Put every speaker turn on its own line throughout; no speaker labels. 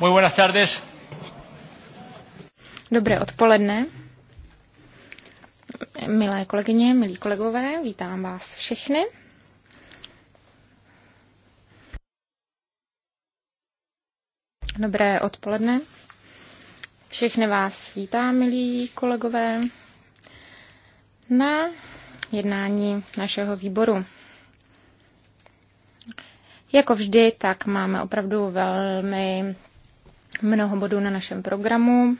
Muy buenas tardes.
Dobré odpoledne. Milé kolegyně, milí kolegové, vítám vás všechny. Dobré odpoledne. Všechny vás vítám, milí kolegové, na jednání našeho výboru. Jako vždy, tak máme opravdu velmi mnoho bodů na našem programu.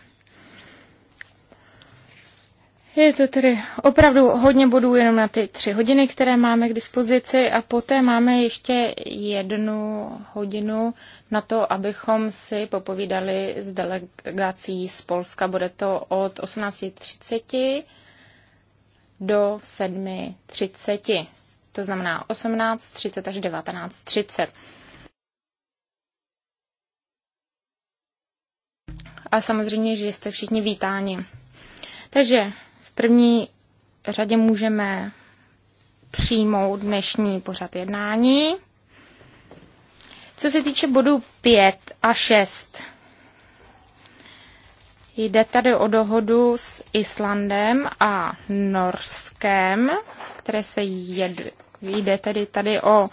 Je to tedy opravdu hodně bodů jenom na ty tři hodiny, které máme k dispozici a poté máme ještě jednu hodinu na to, abychom si popovídali s delegací z Polska. Bude to od 18.30 do 7.30. To znamená 18.30 až 19.30. a samozřejmě, že jste všichni vítáni. Takže v první řadě můžeme přijmout dnešní pořad jednání. Co se týče bodu 5 a 6, jde tady o dohodu s Islandem a Norskem, které se jed, jde tedy tady o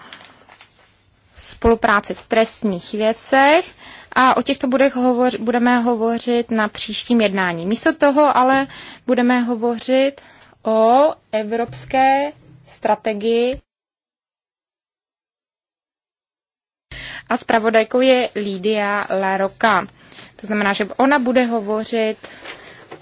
spolupráci v trestních věcech a o těchto bodech hovoř, budeme hovořit na příštím jednání. Místo toho ale budeme hovořit o evropské strategii a zpravodajkou je Lídia Laroka. To znamená, že ona bude hovořit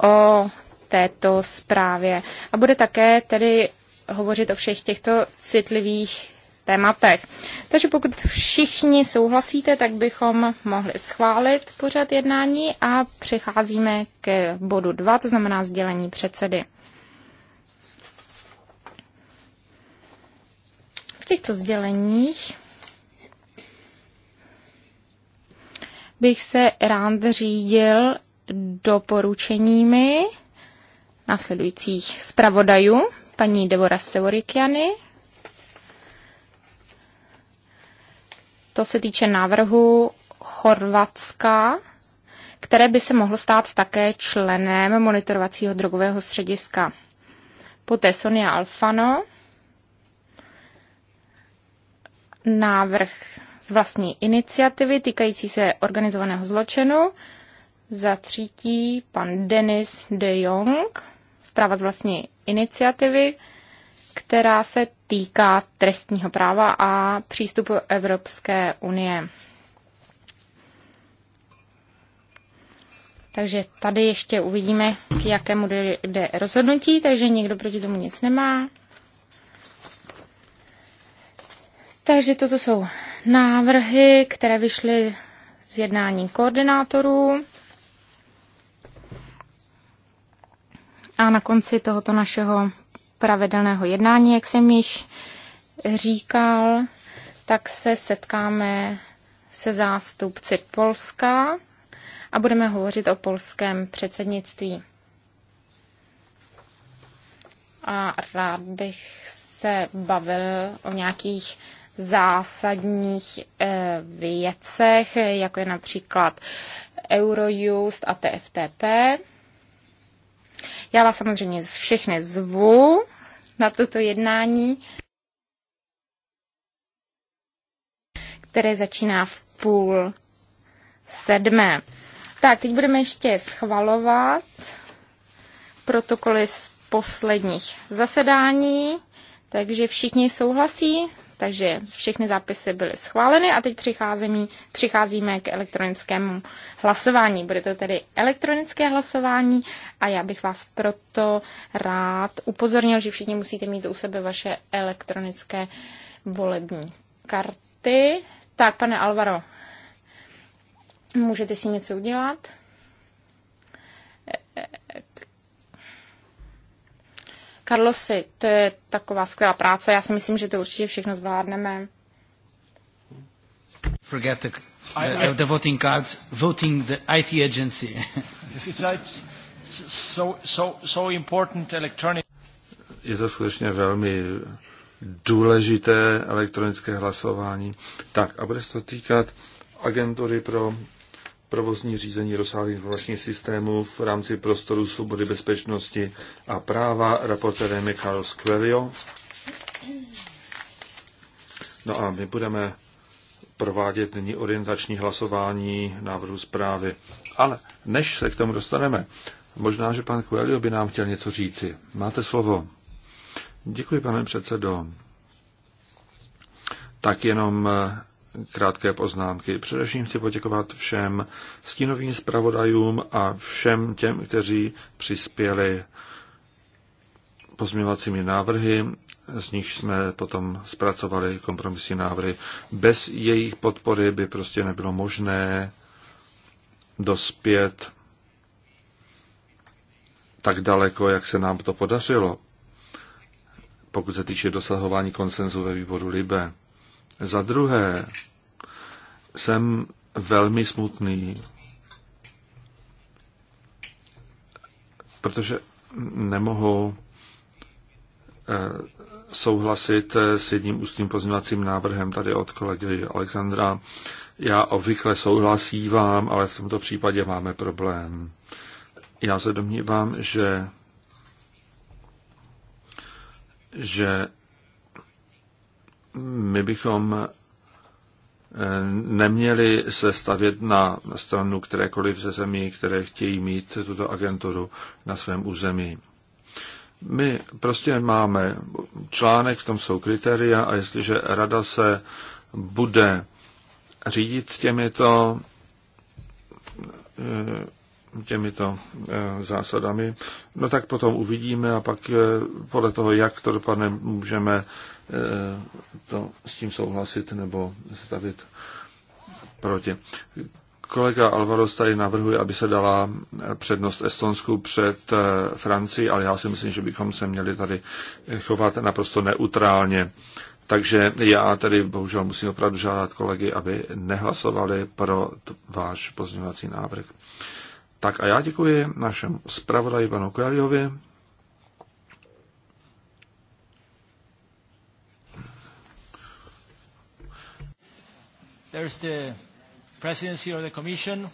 o této zprávě a bude také tedy hovořit o všech těchto citlivých tématech. Takže pokud všichni souhlasíte, tak bychom mohli schválit pořad jednání a přecházíme k bodu 2, to znamená sdělení předsedy. V těchto sděleních bych se rád řídil doporučeními následujících zpravodajů, paní Devora Sevorikiany, To se týče návrhu Chorvatska, které by se mohlo stát také členem monitorovacího drogového střediska. Poté Sonia Alfano, návrh z vlastní iniciativy týkající se organizovaného zločinu. Za třetí pan Denis de Jong, zpráva z vlastní iniciativy, která se týká trestního práva a přístupu Evropské unie. Takže tady ještě uvidíme, k jakému jde rozhodnutí, takže někdo proti tomu nic nemá. Takže toto jsou návrhy, které vyšly z jednání koordinátorů. A na konci tohoto našeho pravidelného jednání, jak jsem již říkal, tak se setkáme se zástupci Polska a budeme hovořit o polském předsednictví. A rád bych se bavil o nějakých zásadních eh, věcech, jako je například Eurojust a TFTP. Já vás samozřejmě všechny zvu na toto jednání, které začíná v půl sedmé. Tak, teď budeme ještě schvalovat protokoly z posledních zasedání, takže všichni souhlasí. Takže všechny zápisy byly schváleny a teď přicházíme, přicházíme k elektronickému hlasování. Bude to tedy elektronické hlasování a já bych vás proto rád upozornil, že všichni musíte mít u sebe vaše elektronické volební karty. Tak, pane Alvaro, můžete si něco udělat? Karlosi, to je taková skvělá práce. Já si myslím, že to určitě všechno zvládneme.
Forget the, the, uh, the voting cards, voting the IT agency. so, so, so important electronic.
Je to skutečně velmi důležité elektronické hlasování. Tak a bude se to týkat agentury pro provozní řízení rozsáhlých informačních systémů v rámci prostoru svobody, bezpečnosti a práva. Raportérem je Carlos Quelio. No a my budeme provádět nyní orientační hlasování návrhu zprávy. Ale než se k tomu dostaneme, možná, že pan Coelho by nám chtěl něco říci. Máte slovo. Děkuji, pane předsedo. Tak jenom krátké poznámky. Především chci poděkovat všem stínovým zpravodajům a všem těm, kteří přispěli pozměňovacími návrhy, z nich jsme potom zpracovali kompromisní návrhy. Bez jejich podpory by prostě nebylo možné dospět tak daleko, jak se nám to podařilo, pokud se týče dosahování konsenzu ve výboru Libe. Za druhé, jsem velmi smutný, protože nemohu eh, souhlasit eh, s jedním ústním pozměňovacím návrhem tady od kolegy Alexandra. Já obvykle souhlasím vám, ale v tomto případě máme problém. Já se domnívám, že že my bychom eh, neměli se stavět na stranu kterékoliv ze zemí, které chtějí mít tuto agenturu na svém území. My prostě máme článek, v tom jsou kritéria a jestliže rada se bude řídit těmito, eh, těmito eh, zásadami, no tak potom uvidíme a pak podle toho, jak to dopadne, můžeme to s tím souhlasit nebo stavit proti. Kolega Alvaro tady navrhuje, aby se dala přednost Estonsku před eh, Francii, ale já si myslím, že bychom se měli tady chovat naprosto neutrálně. Takže já tady bohužel musím opravdu žádat kolegy, aby nehlasovali pro váš pozměňovací návrh. Tak a já děkuji našemu zpravodaji panu Kojaliovi.
There's the presidency of the commission.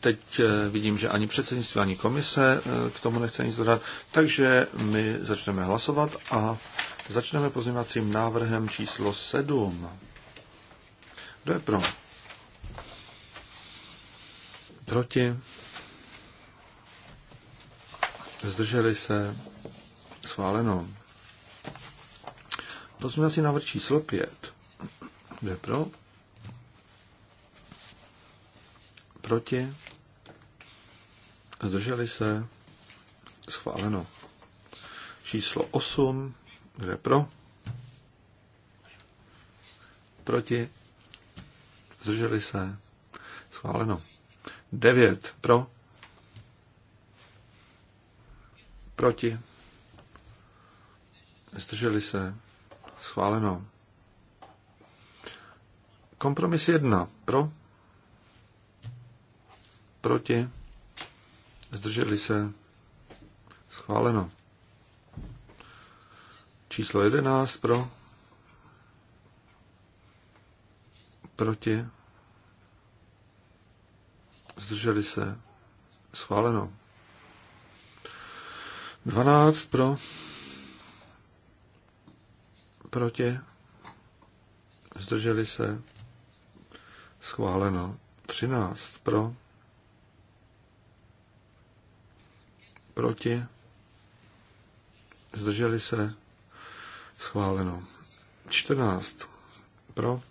Teď eh, vidím, že ani předsednictví, ani komise eh, k tomu nechce nic dodat, takže my začneme hlasovat a začneme pozměňovacím návrhem číslo 7. Kdo je pro? Proti? Zdrželi se? Schváleno. Pozměňovací návrh číslo 5. Kdo je pro? Proti? Zdrželi se? Schváleno. Číslo 8. Kdo je pro? Proti? Zdrželi se? Schváleno. 9. Pro? Proti? Zdrželi se? Schváleno. Kompromis jedna pro, proti, zdrželi se, schváleno. Číslo jedenáct. pro, proti, zdrželi se, schváleno. 12 pro, proti, zdrželi se, schváleno. 13 pro, proti, zdrželi se, schváleno. 14 pro,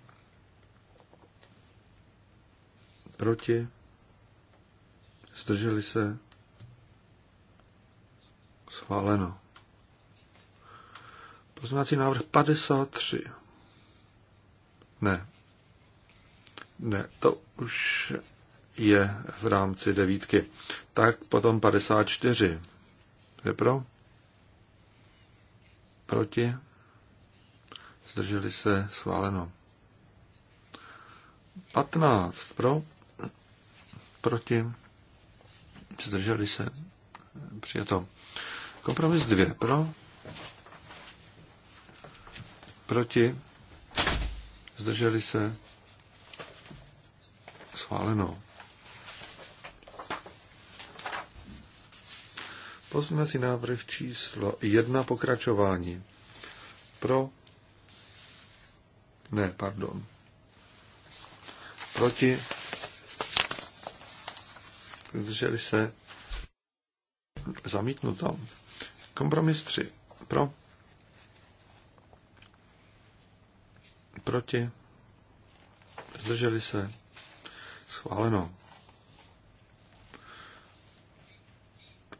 proti, zdrželi se, schváleno. Pozměňovací návrh 53. Ne, ne, to už je v rámci devítky. Tak potom 54. Je pro? Proti? Zdrželi se schváleno. 15 pro? Proti? Zdrželi se přijato. Kompromis 2 pro? Proti? Zdrželi se Schváleno. Pozměňovací návrh číslo 1 pokračování. Pro. Ne, pardon. Proti. Zdrželi se. Zamítnuto. Kompromis 3. Pro. Proti. Zdrželi se. Schváleno.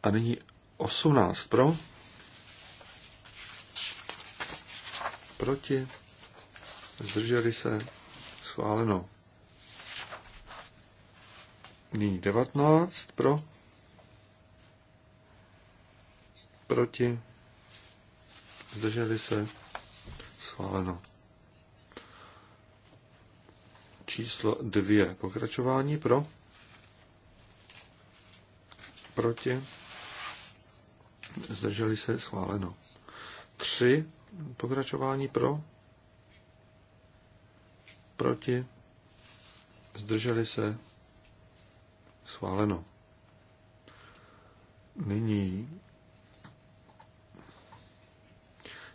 A nyní 18 pro. Proti. Zdrželi se. Schváleno. Nyní 19 pro. Proti. Zdrželi se. Schváleno. číslo 2. Pokračování pro? Proti? Zdrželi se schváleno. 3. Pokračování pro? Proti? Zdrželi se schváleno. Nyní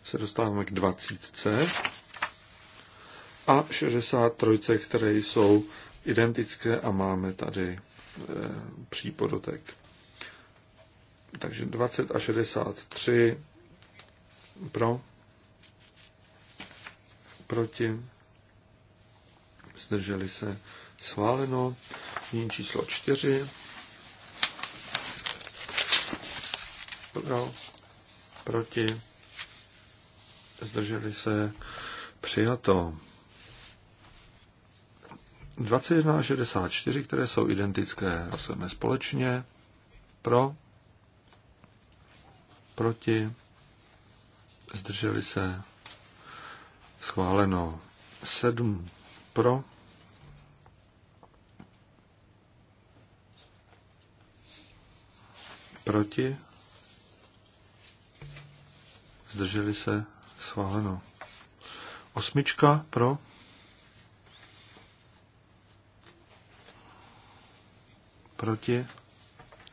se dostáváme k 20 a 63, které jsou identické a máme tady e, přípodotek. Takže 20 a 63 pro, proti, zdrželi se schváleno. Nyní číslo 4. Pro, proti, zdrželi se přijato. 21 a 64, které jsou identické, hlasujeme společně. Pro, proti, zdrželi se, schváleno 7 pro, proti, zdrželi se, schváleno. Osmička pro, Proti?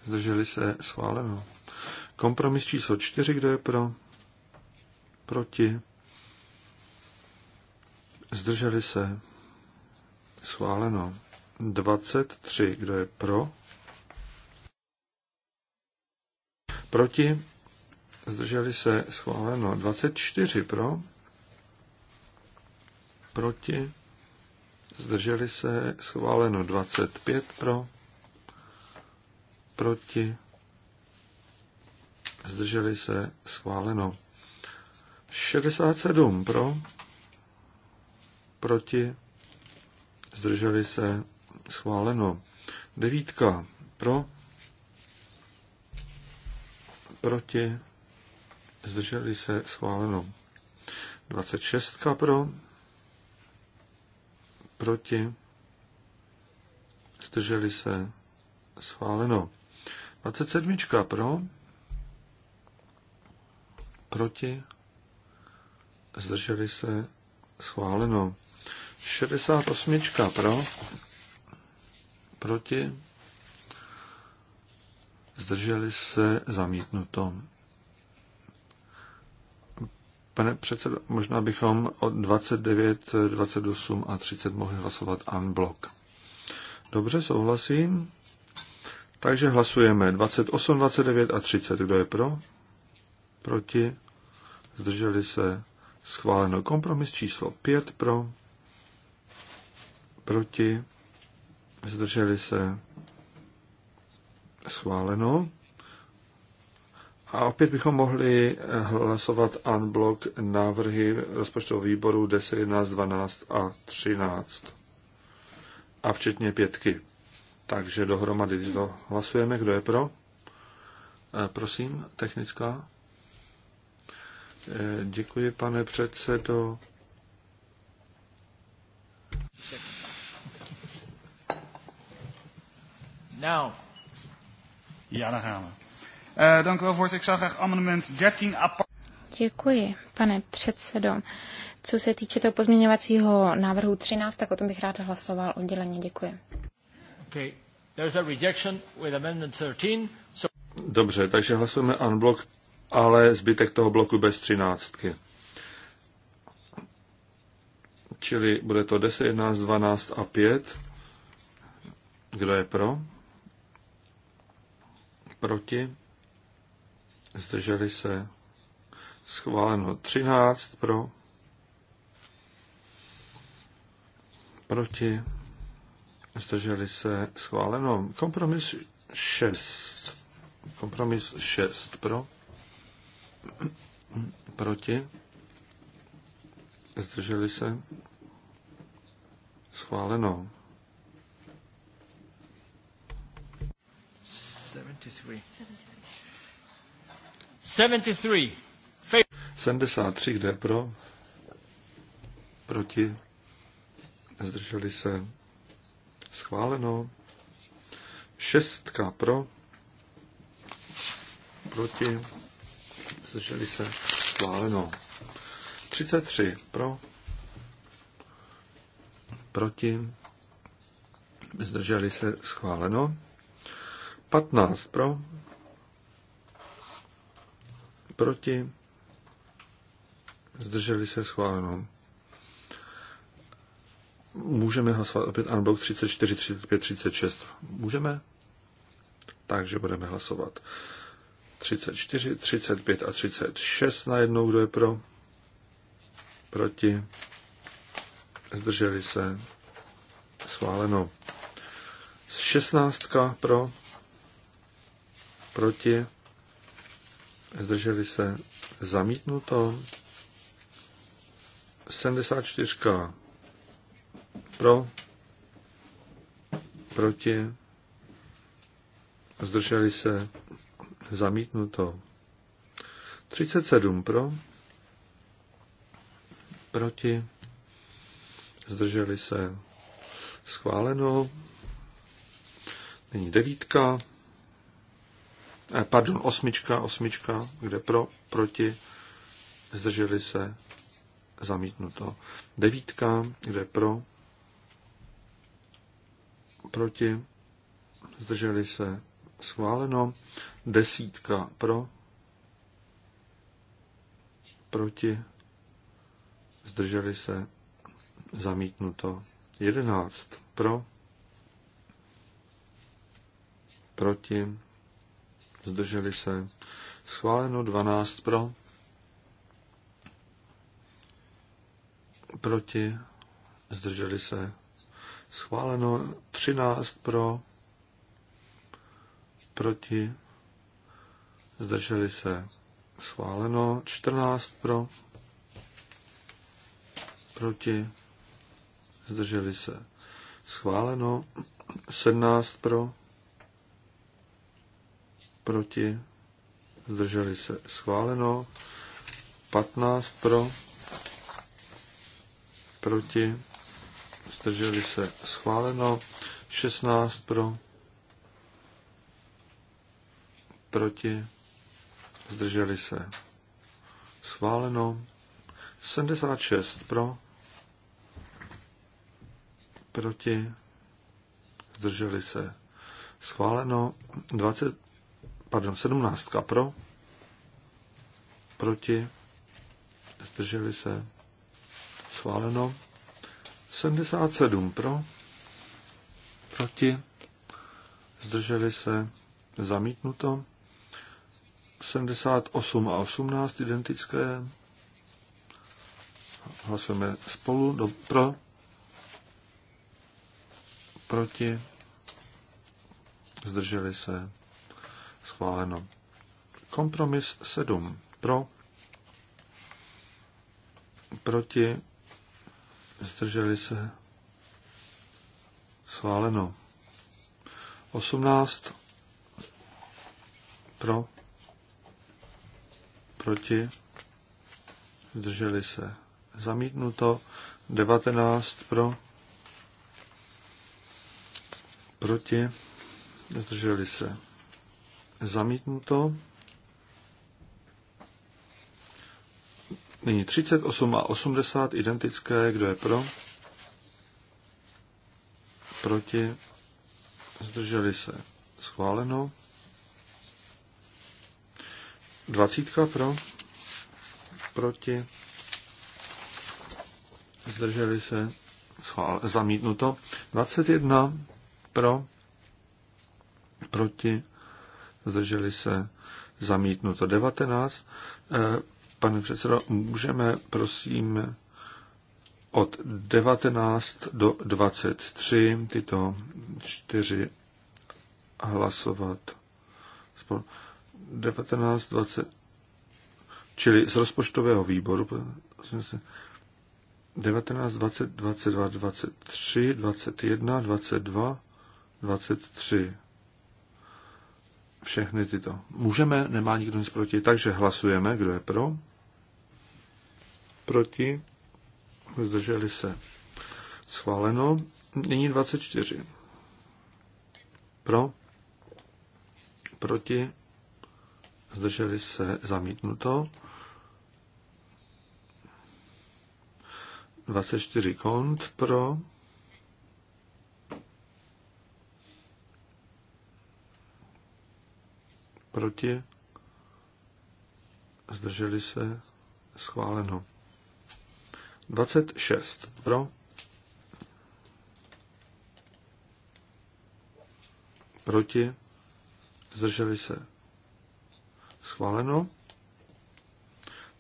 Zdrželi se? Schváleno. Kompromis číslo 4. Kdo je pro? Proti? Zdrželi se? Schváleno. 23. Kdo je pro? Proti? Zdrželi se? Schváleno. 24. Pro? Proti? Zdrželi se? Schváleno. 25. Pro? proti, zdrželi se, schváleno. 67 pro, proti, zdrželi se, schváleno. Devítka pro, proti, zdrželi se, schváleno. 26 pro, proti, zdrželi se, schváleno. 27 pro, proti, zdrželi se, schváleno. 68 pro, proti, zdrželi se, zamítnuto. Pane předsedo, možná bychom od 29, 28 a 30 mohli hlasovat unblock. Dobře, souhlasím. Takže hlasujeme 28, 29 a 30. Kdo je pro? Proti? Zdrželi se? Schváleno. Kompromis číslo 5 pro? Proti? Zdrželi se? Schváleno. A opět bychom mohli hlasovat unblock návrhy rozpočtového výboru 10, 11, 12 a 13. A včetně pětky. Takže dohromady to hlasujeme. Kdo je pro? Eh, prosím, technická. Eh, děkuji, pane předsedo. Now. Ja, dan gaan we. Uh, dank u wel, voorzitter.
Ik zou graag amendement 13 apart.
Děkuji, pane předsedo. Co se týče toho pozměňovacího návrhu 13, tak o tom bych rád hlasoval odděleně. Děkuji.
Dobře, takže hlasujeme unblock, ale zbytek toho bloku bez třináctky. Čili bude to 10, 11, 12 a 5. Kdo je pro? Proti? Zdrželi se? Schváleno 13 pro. Proti? zdrželi se schváleno. Kompromis 6. Kompromis 6 pro, proti, zdrželi se schváleno.
73.
73. 73 kde pro, proti, zdrželi se Schváleno. Šestka pro. Proti. Zdrželi se. Schváleno. 33 pro. Proti. Zdrželi se. Schváleno. 15 pro. Proti. Zdrželi se. Schváleno. Můžeme hlasovat opět unblock 34, 35, 36. Můžeme? Takže budeme hlasovat 34, 35 a 36 na jednou, Kdo je pro? Proti? Zdrželi se? Schváleno. 16 pro? Proti? Zdrželi se? Zamítnuto. 74 pro? Proti? Zdrželi se? Zamítnuto. 37 pro? Proti? Zdrželi se? Schváleno. není devítka. Eh, pardon, osmička, osmička, kde pro, proti, zdrželi se, zamítnuto. Devítka, kde pro, proti, zdrželi se schváleno, desítka pro, proti, zdrželi se zamítnuto, jedenáct pro, proti, zdrželi se schváleno, dvanáct pro, proti, zdrželi se Schváleno 13 pro, proti, zdrželi se. Schváleno 14 pro, proti, zdrželi se. Schváleno 17 pro, proti, zdrželi se. Schváleno 15 pro, proti, zdrželi se schváleno, 16 pro, proti, zdrželi se schváleno, 76 pro, proti, zdrželi se schváleno, 20, pardon, 17 pro, proti, zdrželi se schváleno, 77 pro, proti, zdrželi se, zamítnuto. 78 a 18 identické. Hlasujeme spolu do, pro, proti, zdrželi se, schváleno. Kompromis 7 pro, proti, zdrželi se, schváleno. 18 pro, proti, zdrželi se, zamítnuto. 19 pro, proti, zdrželi se, zamítnuto. Nyní 38 a 80 identické, kdo je pro? Proti? Zdrželi se. Schváleno. 20 pro? Proti? Zdrželi se. Schvál, zamítnuto. 21 pro? Proti? Zdrželi se. Zamítnuto. 19. Pane předsedo, můžeme prosím od 19 do 23 tyto čtyři hlasovat. 19, 20, čili z rozpočtového výboru 19, 20, 22, 23, 21, 22, 23. Všechny tyto. Můžeme, nemá nikdo nic proti, takže hlasujeme, kdo je pro proti, zdrželi se. Schváleno. Nyní 24. Pro, proti, zdrželi se, zamítnuto. 24 kont pro, proti, zdrželi se, schváleno. 26 pro, proti, zdrželi se. Schváleno.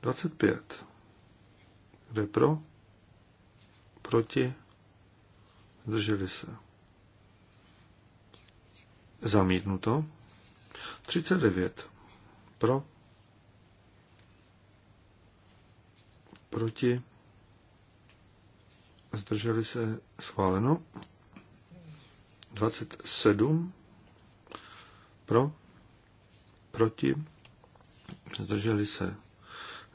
25. Kde pro? Proti. Zdrželi se. Zamítnuto. 39. Pro. Proti zdrželi se schváleno. 27 pro, proti, zdrželi se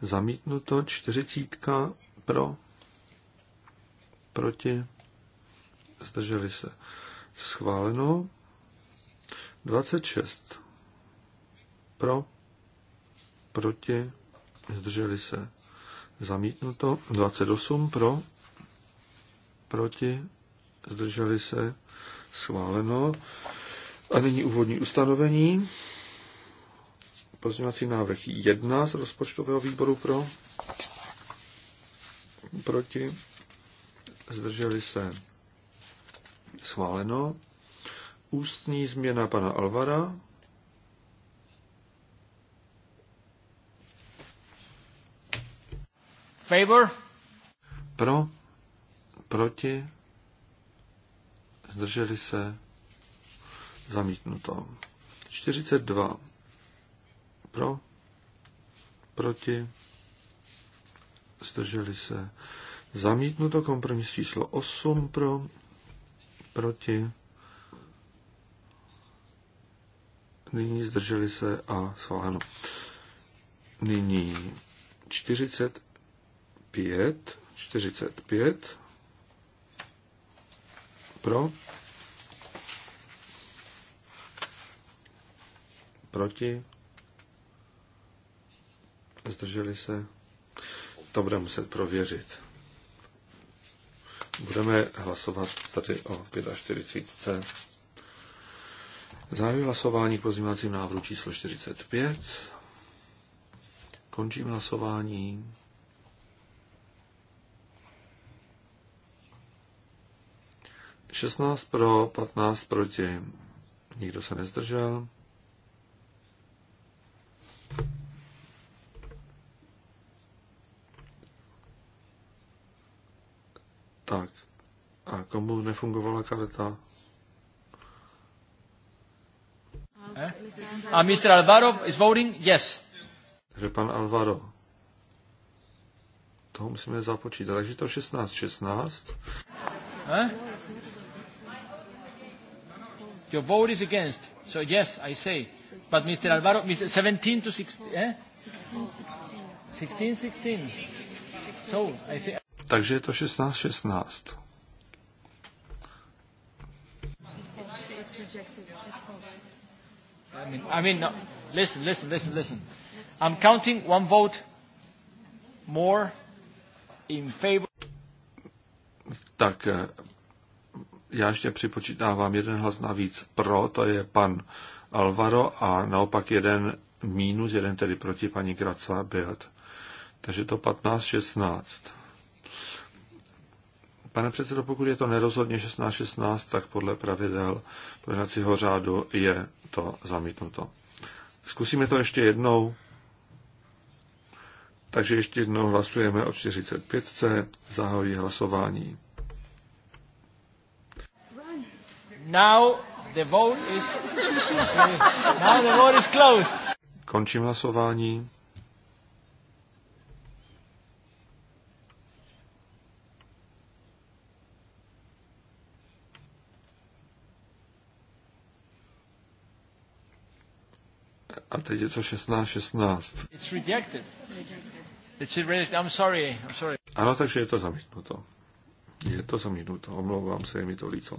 zamítnuto. 40 pro, proti, zdrželi se schváleno. 26 pro, proti, zdrželi se zamítnuto. 28 pro, proti, zdrželi se, schváleno. A nyní úvodní ustanovení. Pozměňovací návrh 1 z rozpočtového výboru pro, proti, zdrželi se, schváleno. Ústní změna pana Alvara, Favor? Pro. Proti? Zdrželi se? Zamítnuto. 42. Pro? Proti? Zdrželi se? Zamítnuto kompromis číslo 8 pro, proti. Nyní zdrželi se a schváleno. Nyní 45, 45 pro. Proti. Zdrželi se. To budeme muset prověřit. Budeme hlasovat tady o 45. Zahajuji hlasování k pozměňovacím návrhu číslo 45. Končím hlasování. 16 pro, 15 proti. Nikdo se nezdržel. Tak. A komu nefungovala karta?
Eh? A Mr.
Alvaro is voting yes. Takže pan Alvaro. To musíme započítat. Takže to 16, 16.
Eh?
Your vote is against. So yes, I say. But Mr. Alvaro, Mr. 17 to 16, eh? 16, 16. So, I think...
Takže je to 16, 16.
I mean, I mean, no. listen, listen, listen, listen. I'm counting one vote more in favor.
Tak eh, já ještě připočítávám jeden hlas navíc pro, to je pan Alvaro a naopak jeden mínus, jeden tedy proti paní Graca Beat. Takže to 15-16. Pane předsedo, pokud je to nerozhodně 16-16, tak podle pravidel pořádacího řádu je to zamítnuto. Zkusíme to ještě jednou. Takže ještě jednou hlasujeme o 45C. Zahojí hlasování.
Now the vote is, now the vote is closed.
Končím hlasování. A teď je to 16, 16.
It's rejected. It's rejected. I'm sorry. I'm sorry.
Ano, takže je to zamítnuto. Je to zamítnuto. Omlouvám se, je mi to líto.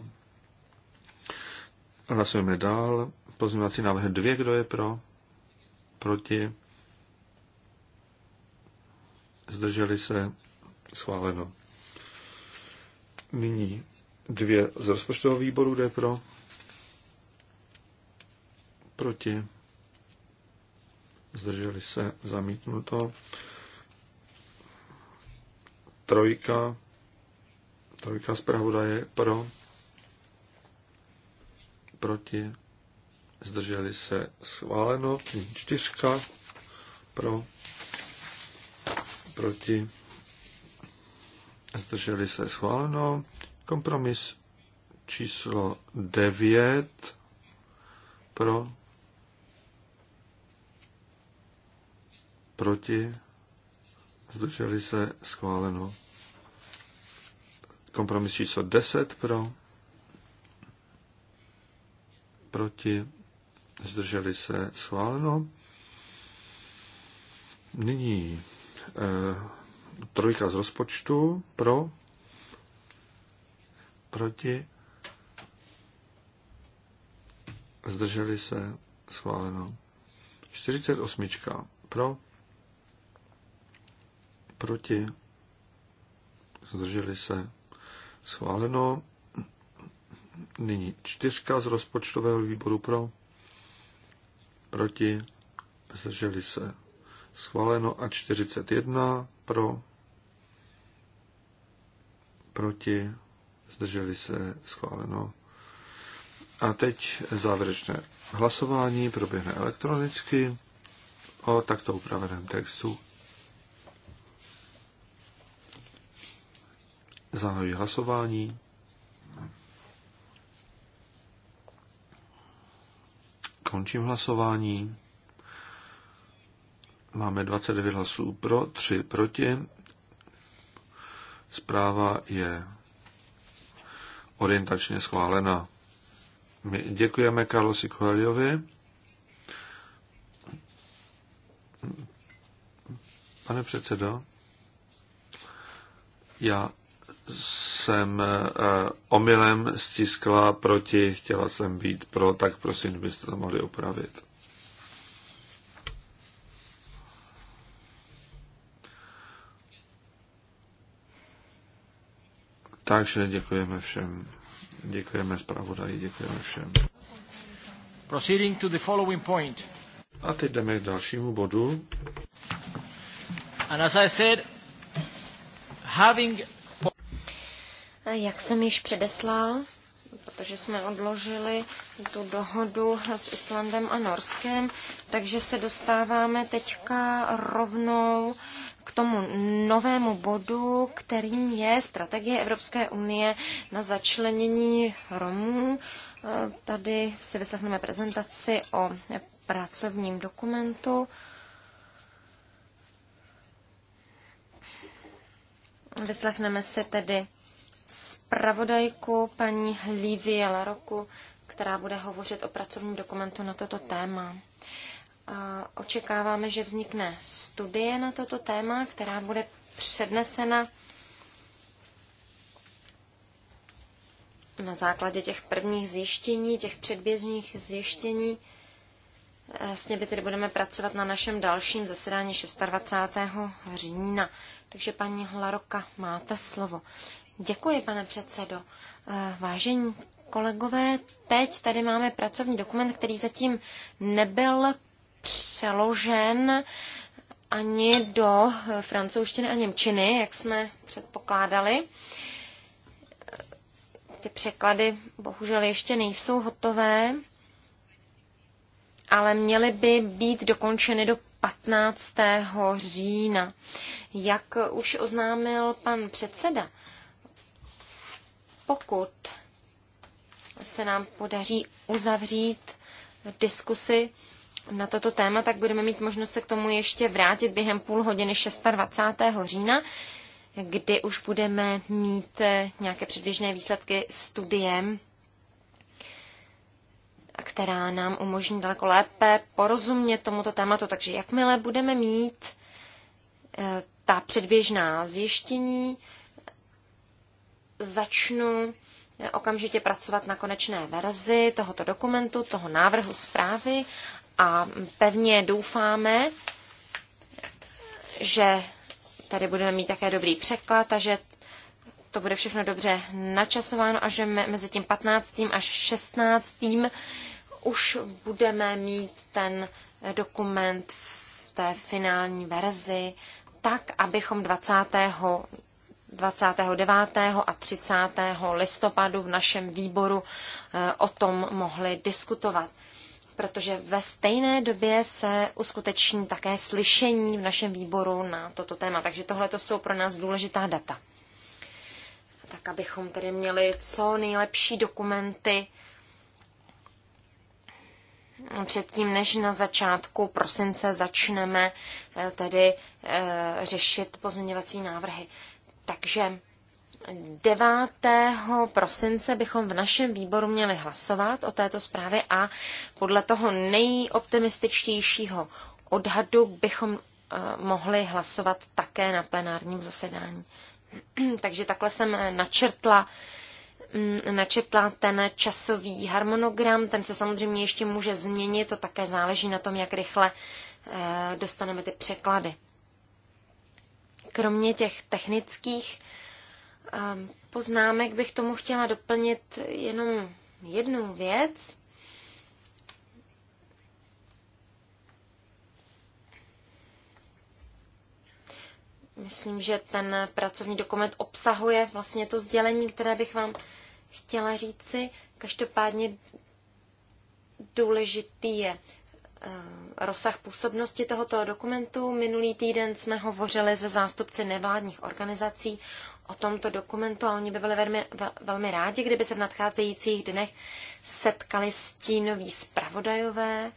Hlasujeme dál. Pozměňovací návrh dvě, kdo je pro? Proti? Zdrželi se? Schváleno. Nyní dvě z rozpočtového výboru, kdo je pro? Proti? Zdrželi se? Zamítnuto. Trojka. Trojka zpravodaje pro proti, zdrželi se schváleno, čtyřka pro, proti, zdrželi se schváleno, kompromis číslo 9 pro, proti, zdrželi se schváleno, kompromis číslo 10 pro, proti, zdrželi se, schváleno. Nyní e, trojka z rozpočtu pro, proti, zdrželi se, schváleno. 48 pro, proti, zdrželi se, schváleno. Nyní čtyřka z rozpočtového výboru pro, proti, zdrželi se. Schváleno a 41 pro, proti, zdrželi se, schváleno. A teď závěrečné hlasování proběhne elektronicky o takto upraveném textu. Zahajuji hlasování. Končím hlasování. Máme 29 hlasů pro, 3 proti. Zpráva je orientačně schválena. My děkujeme Karlosi Koheliovi. Pane předsedo, já jsem eh, omylem stiskla proti, chtěla jsem být pro, tak prosím, byste to mohli opravit. Takže děkujeme všem. Děkujeme zpravodaji, děkujeme všem. Proceeding
to the following point.
A teď jdeme k dalšímu bodu.
And as I said, having
jak jsem již předeslal, protože jsme odložili tu dohodu s Islandem a Norskem, takže se dostáváme teďka rovnou k tomu novému bodu, kterým je strategie Evropské unie na začlenění Romů. E, tady si vyslechneme prezentaci o pracovním dokumentu. Vyslechneme si tedy zpravodajku paní hlívy Laroku, která bude hovořit o pracovním dokumentu na toto téma. Očekáváme, že vznikne studie na toto téma, která bude přednesena na základě těch prvních zjištění, těch předběžných zjištění. S vlastně by tedy budeme pracovat na našem dalším zasedání 26. října. Takže paní Hlaroka, máte slovo. Děkuji, pane předsedo. Eh, vážení kolegové, teď tady máme pracovní dokument, který zatím nebyl přeložen ani do francouzštiny a němčiny, jak jsme předpokládali. Ty překlady bohužel ještě nejsou hotové, ale měly by být dokončeny do 15. října. Jak už oznámil pan předseda, pokud se nám podaří uzavřít diskusy na toto téma, tak budeme mít možnost se k tomu ještě vrátit během půl hodiny 26. října, kdy už budeme mít eh, nějaké předběžné výsledky studiem, která nám umožní daleko lépe porozumět tomuto tématu. Takže jakmile budeme mít eh, ta předběžná zjištění, začnu eh, okamžitě pracovat na konečné verzi tohoto dokumentu, toho návrhu zprávy a pevně doufáme, že tady budeme mít také dobrý překlad a že to bude všechno dobře načasováno a že mezi tím 15. až 16. už budeme mít ten eh, dokument v té finální verzi, tak, abychom 20. 29. a 30. listopadu v našem výboru eh, o tom mohli diskutovat protože ve stejné době se uskuteční také slyšení v našem výboru na toto téma. Takže tohle to jsou pro nás důležitá data. Tak abychom tedy měli co nejlepší dokumenty předtím, než na začátku prosince začneme eh, tedy eh, řešit pozměňovací návrhy. Takže 9. prosince bychom v našem výboru měli hlasovat o této zprávě a podle toho nejoptimističtějšího odhadu bychom eh, mohli hlasovat také na plenárním zasedání. Takže takhle jsem eh, načrtla mm, načetla ten časový harmonogram, ten se samozřejmě ještě může změnit, to také záleží na tom, jak rychle eh, dostaneme ty překlady. Kromě těch technických ehm, poznámek bych tomu chtěla doplnit jenom jednu věc. Myslím, že ten pracovní dokument obsahuje vlastně to sdělení, které bych vám chtěla říci. Každopádně důležitý je Eh, rozsah působnosti tohoto dokumentu. Minulý týden jsme hovořili se zástupci nevládních organizací o tomto dokumentu a oni by byli velmi, velmi rádi, kdyby se v nadcházejících dnech setkali stínoví zpravodajové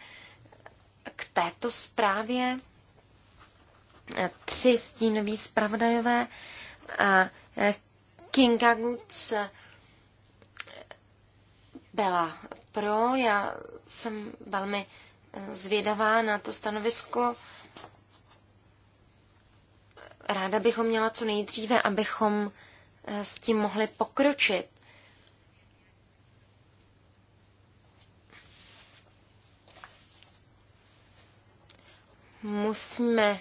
k této zprávě. Eh, tři stínoví zpravodajové. Eh, Kinga Guts byla pro, já jsem velmi zvědavá na to stanovisko. Ráda bych ho měla co nejdříve, abychom eh, s tím mohli pokročit. Musíme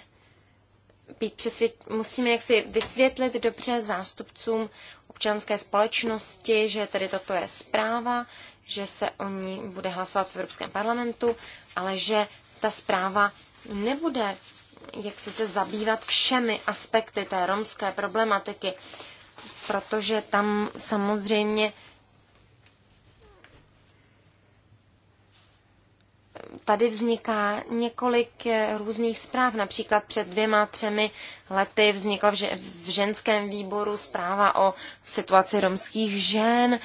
být přesvěd... musíme jaksi vysvětlit dobře zástupcům občanské společnosti, že tedy toto je zpráva, že se o ní bude hlasovat v Evropském parlamentu, ale že ta zpráva nebude jak se se zabývat všemi aspekty té romské problematiky, protože tam samozřejmě tady vzniká několik eh, různých zpráv. Například před dvěma, třemi lety vznikla v ženském výboru zpráva o situaci romských žen.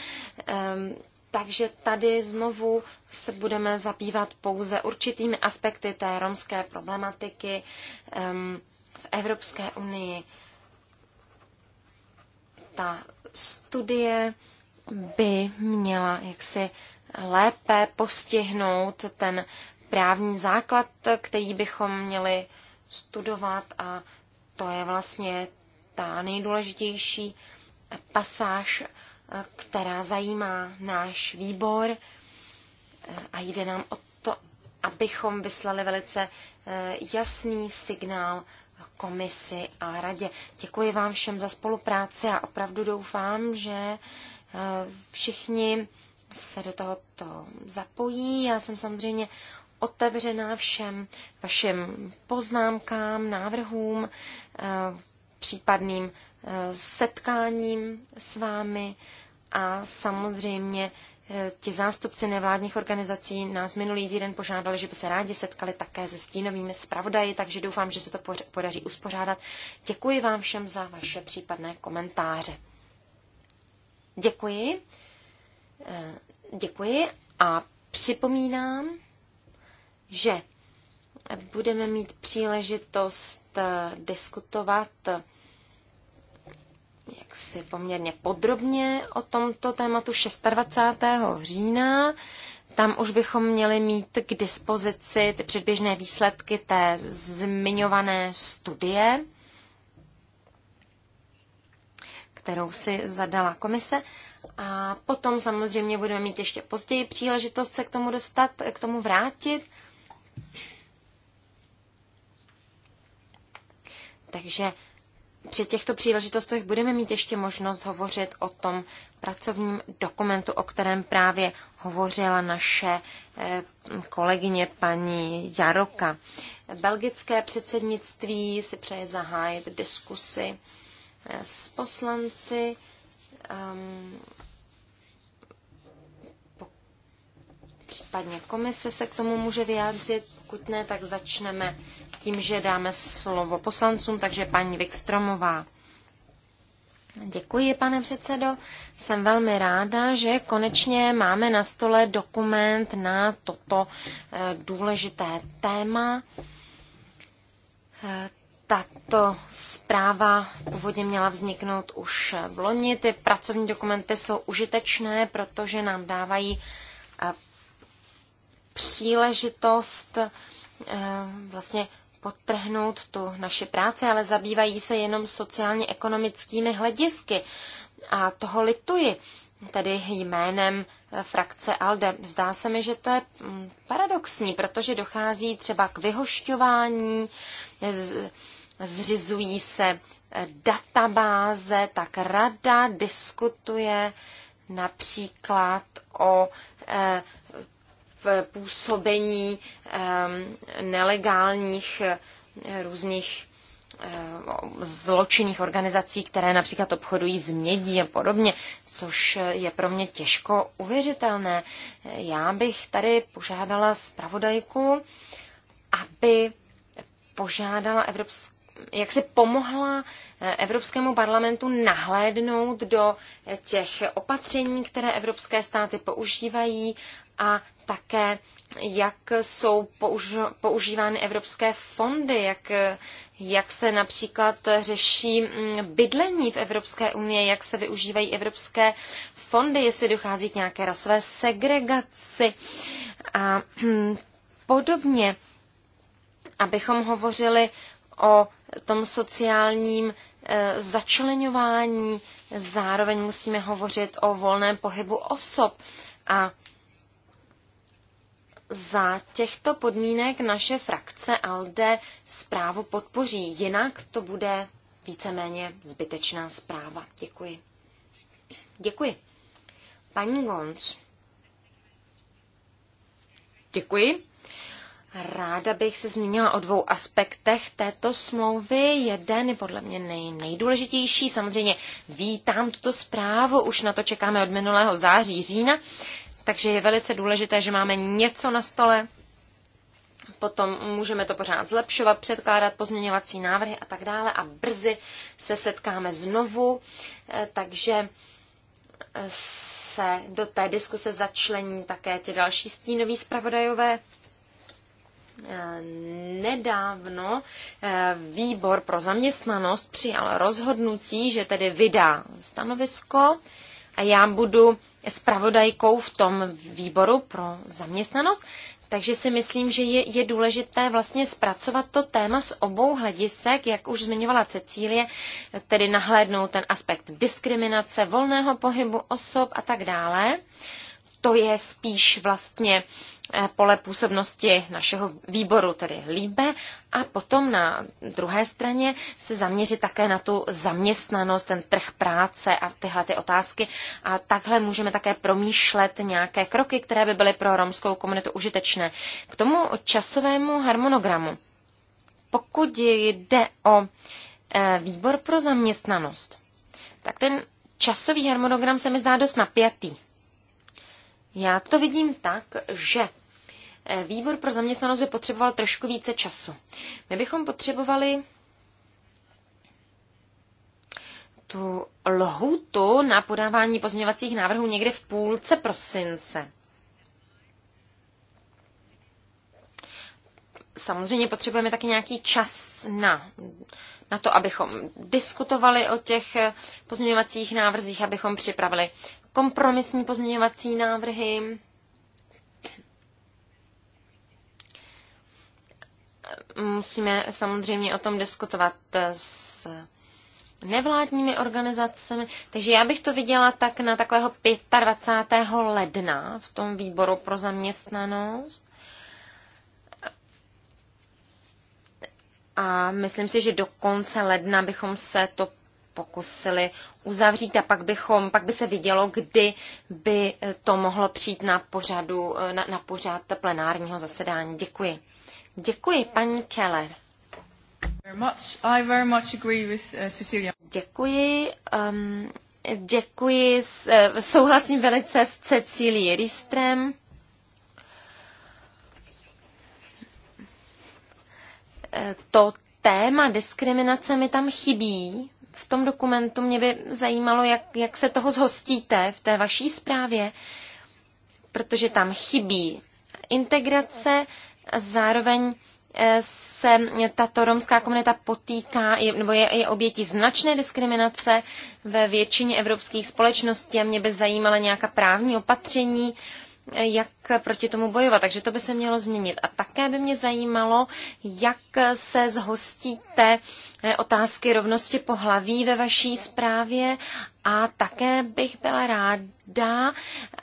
Ehm, takže tady znovu se budeme zabývat pouze určitými aspekty té romské problematiky ehm, v Evropské unii. Ta studie by měla jaksi lépe postihnout ten právní základ, který bychom měli studovat a to je vlastně ta nejdůležitější pasáž, která zajímá náš výbor a jde nám o to, abychom vyslali velice eh, jasný signál komisi a radě. Děkuji vám všem za spolupráci a opravdu doufám, že eh, všichni se do tohoto zapojí. Já jsem samozřejmě otevřená všem vašim poznámkám, návrhům, eh, případným eh, setkáním s vámi a samozřejmě eh, ti zástupci nevládních organizací nás minulý týden požádali, že by se rádi setkali také se stínovými zpravodaji, takže doufám, že se to podaří uspořádat. Děkuji vám všem za vaše případné komentáře. Děkuji. Děkuji a připomínám, že budeme mít příležitost eh, diskutovat eh, jaksi poměrně podrobně o tomto tématu 26. října. Tam už bychom měli mít k dispozici ty předběžné výsledky té zmiňované studie, kterou si zadala komise. A potom samozřejmě budeme mít ještě později příležitost se k tomu dostat, k tomu vrátit. Takže při těchto příležitostech budeme mít ještě možnost hovořit o tom pracovním dokumentu, o kterém právě hovořila naše eh, kolegyně paní Jaroka. Belgické předsednictví si přeje zahájit diskusy eh, s poslanci um, případně komise se k tomu může vyjádřit. Pokud ne, tak začneme tím, že dáme slovo poslancům, takže paní Vikstromová. Děkuji, pane předsedo. Jsem velmi ráda, že konečně máme na stole dokument na toto eh, důležité téma. Eh, tato zpráva původně měla vzniknout už v loni. Ty pracovní dokumenty jsou užitečné, protože nám dávají eh, příležitost eh, vlastně potrhnout tu naši práci, ale zabývají se jenom sociálně-ekonomickými hledisky. A toho lituji, tedy jménem eh, frakce ALDE. Zdá se mi, že to je mm, paradoxní, protože dochází třeba k vyhošťování, zřizují se eh, databáze, tak rada diskutuje například o eh, působení ehm, nelegálních eh, různých zločinných organizací, které například obchodují s mědí a podobně, což je pro mě těžko uvěřitelné. Já bych tady požádala zpravodajku, aby požádala Evropské jak si pomohla eh, Evropskému parlamentu nahlédnout do eh, těch opatření, které evropské státy používají a také, jak jsou používány evropské fondy, jak, eh, jak se například řeší mm, bydlení v Evropské unii, jak se využívají evropské fondy, jestli dochází k nějaké rasové segregaci a hm, podobně. Abychom hovořili o tom sociálním eh, začlenování, zároveň musíme hovořit o volném pohybu osob a za těchto podmínek naše frakce ALDE zprávu podpoří, jinak to bude víceméně zbytečná zpráva. Děkuji. Děkuji. Paní Gonc. Děkuji. Ráda bych se zmínila o dvou aspektech této smlouvy. Jeden je podle mě nej, nejdůležitější. Samozřejmě vítám tuto zprávu, už na to čekáme od minulého září, října, takže je velice důležité, že máme něco na stole. Potom můžeme to pořád zlepšovat, předkládat pozměňovací návrhy a tak dále a brzy se setkáme znovu, eh, takže eh, se do té diskuse začlení také ti další stínoví zpravodajové. Eh, nedávno eh, výbor pro zaměstnanost přijal rozhodnutí, že tedy vydá stanovisko a já budu spravodajkou v tom výboru pro zaměstnanost, takže si myslím, že je, je důležité vlastně zpracovat to téma z obou hledisek, jak už zmiňovala Cecílie, tedy nahlédnout ten aspekt diskriminace, volného pohybu osob a tak dále. Uh, to je spíš vlastně eh, pole působnosti našeho výboru, tedy líbe, a potom na druhé straně se zaměřit také na tu zaměstnanost, ten trh práce a tyhle ty otázky. A takhle můžeme také promýšlet nějaké kroky, které by byly pro romskou komunitu užitečné. K tomu časovému harmonogramu. Pokud jde o eh, výbor pro zaměstnanost, tak ten časový harmonogram se mi zdá dost napjatý. Já to vidím tak, že eh, výbor pro zaměstnanost by potřeboval trošku více času. My bychom potřebovali tu lhutu na podávání pozměňovacích návrhů někde v půlce prosince. Samozřejmě potřebujeme taky nějaký čas na, na to, abychom diskutovali o těch eh, pozměňovacích návrzích, abychom připravili kompromisní pozměňovací návrhy. Musíme samozřejmě o tom diskutovat s nevládními organizacemi. Takže já bych to viděla tak na takového 25. ledna v tom výboru pro zaměstnanost. A myslím si, že do konce ledna bychom se to pokusili uzavřít a pak bychom, pak by se vidělo, kdy by to mohlo přijít na, pořadu, na, na pořad plenárního zasedání. Děkuji. Děkuji, paní Keller. Uh, děkuji. Um, děkuji. S, uh, souhlasím velice s Cecílií Ristrem. Eh, to téma diskriminace mi tam chybí v tom dokumentu mě by zajímalo, jak, jak se toho zhostíte v té vaší zprávě, protože tam chybí integrace, a zároveň eh, se tato romská komunita potýká je, nebo je, je obětí značné diskriminace ve většině evropských společností a mě by zajímala nějaká právní opatření, jak proti tomu bojovat. Takže to by se mělo změnit. A také by mě zajímalo, jak se zhostíte eh, otázky rovnosti pohlaví ve vaší zprávě a také bych byla ráda,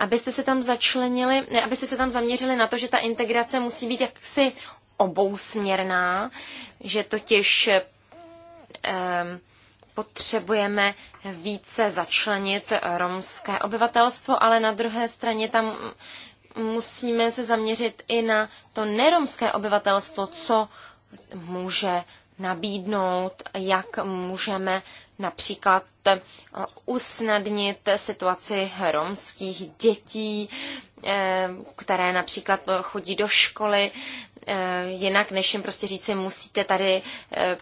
abyste se tam začlenili, abyste se tam zaměřili na to, že ta integrace musí být jaksi obousměrná, že totiž um, potřebujeme více začlenit romské obyvatelstvo, ale na druhé straně tam musíme se zaměřit i na to neromské obyvatelstvo, co může nabídnout, jak můžeme například usnadnit situaci romských dětí, Eh, které například eh, chodí do školy, eh, jinak než jim prostě říci, musíte tady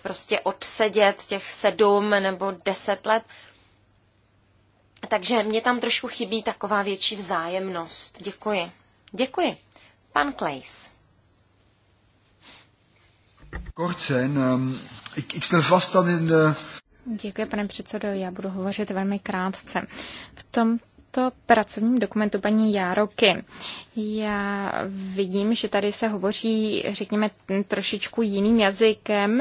prostě odsedět těch sedm nebo deset let. Takže mě tam trošku chybí taková větší vzájemnost. Děkuji. Děkuji. Pan Klejs.
Ehm,
Děkuji, pane předsedo. Já budu hovořit velmi krátce. V tom tomto pracovním dokumentu paní Jároky. Já vidím, že tady se hovoří, řekněme, trošičku jiným jazykem,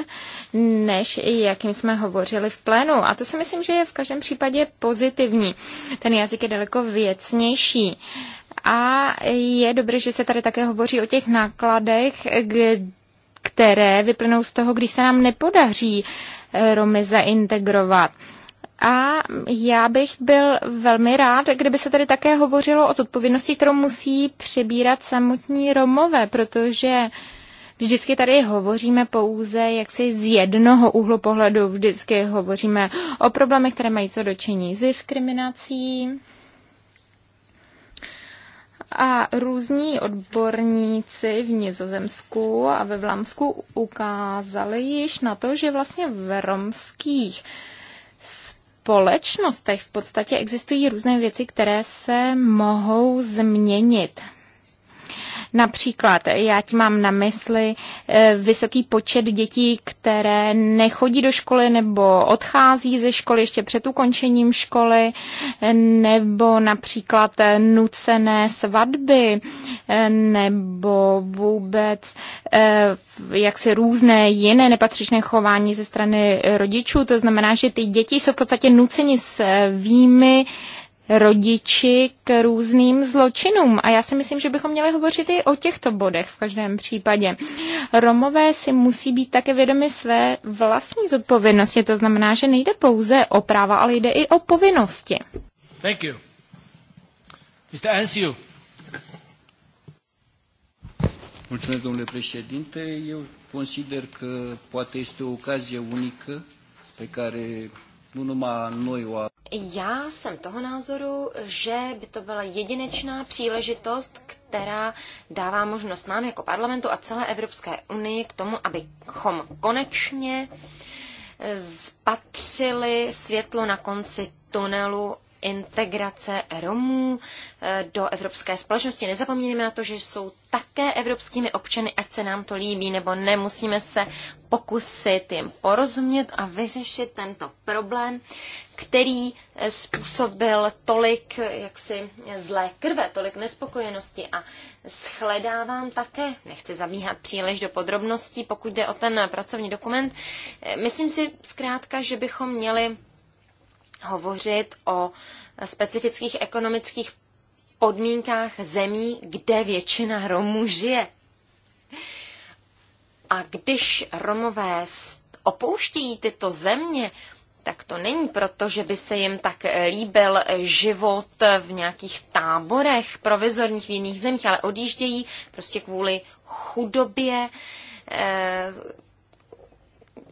než jakým jsme hovořili v plénu. A to si myslím, že je v každém případě pozitivní. Ten jazyk je daleko věcnější. A je dobré, že se tady také hovoří o těch nákladech, které vyplynou z toho, když se nám nepodaří eh, Romy zaintegrovat. A já bych byl velmi rád, kdyby se tady také hovořilo o zodpovědnosti, kterou musí přebírat samotní Romové, protože vždycky tady hovoříme pouze jaksi z jednoho úhlu pohledu, vždycky hovoříme o problémech, které mají co dočení s diskriminací. A různí odborníci v Nizozemsku a ve Vlámsku ukázali již na to, že vlastně v romských společnostech v podstatě existují různé věci, které se mohou změnit. Například, já tím mám na mysli eh, vysoký počet dětí, které nechodí do školy nebo odchází ze školy ještě před ukončením školy, eh, nebo například eh, nucené svatby, nebo vůbec jaksi různé jiné nepatřičné chování ze strany rodičů. To znamená, že ty děti jsou v podstatě nuceni svými rodiči k různým zločinům. A já si myslím, že bychom měli hovořit i o těchto bodech v každém případě. Romové si musí být také vědomi své vlastní zodpovědnosti. To znamená, že nejde pouze o práva, ale jde i o povinnosti.
Thank you. Mr. Ansiu. Mulțumesc, domnule președinte. Eu consider că poate este o ocazie unică pe care
já jsem toho názoru, že by to byla jedinečná příležitost, která dává možnost nám jako parlamentu a celé Evropské unii k tomu, abychom konečně eh, spatřili světlo na konci tunelu integrace Romů eh, do evropské společnosti. Nezapomínáme na to, že jsou také evropskými občany, ať se nám to líbí nebo ne. Musíme se pokusit jim porozumět a vyřešit tento problém, který eh, způsobil tolik eh, jaksi zlé krve, tolik nespokojenosti a shledávám také, nechci zabíhat příliš do podrobností, pokud jde o ten pracovní dokument, myslím si zkrátka, že bychom měli hovořit o specifických ekonomických podmínkách zemí, kde většina Romů žije. A když Romové opouštějí tyto země, tak to není proto, že by se jim tak líbil život v nějakých táborech provizorních v jiných zemích, ale odjíždějí prostě kvůli chudobě, eh,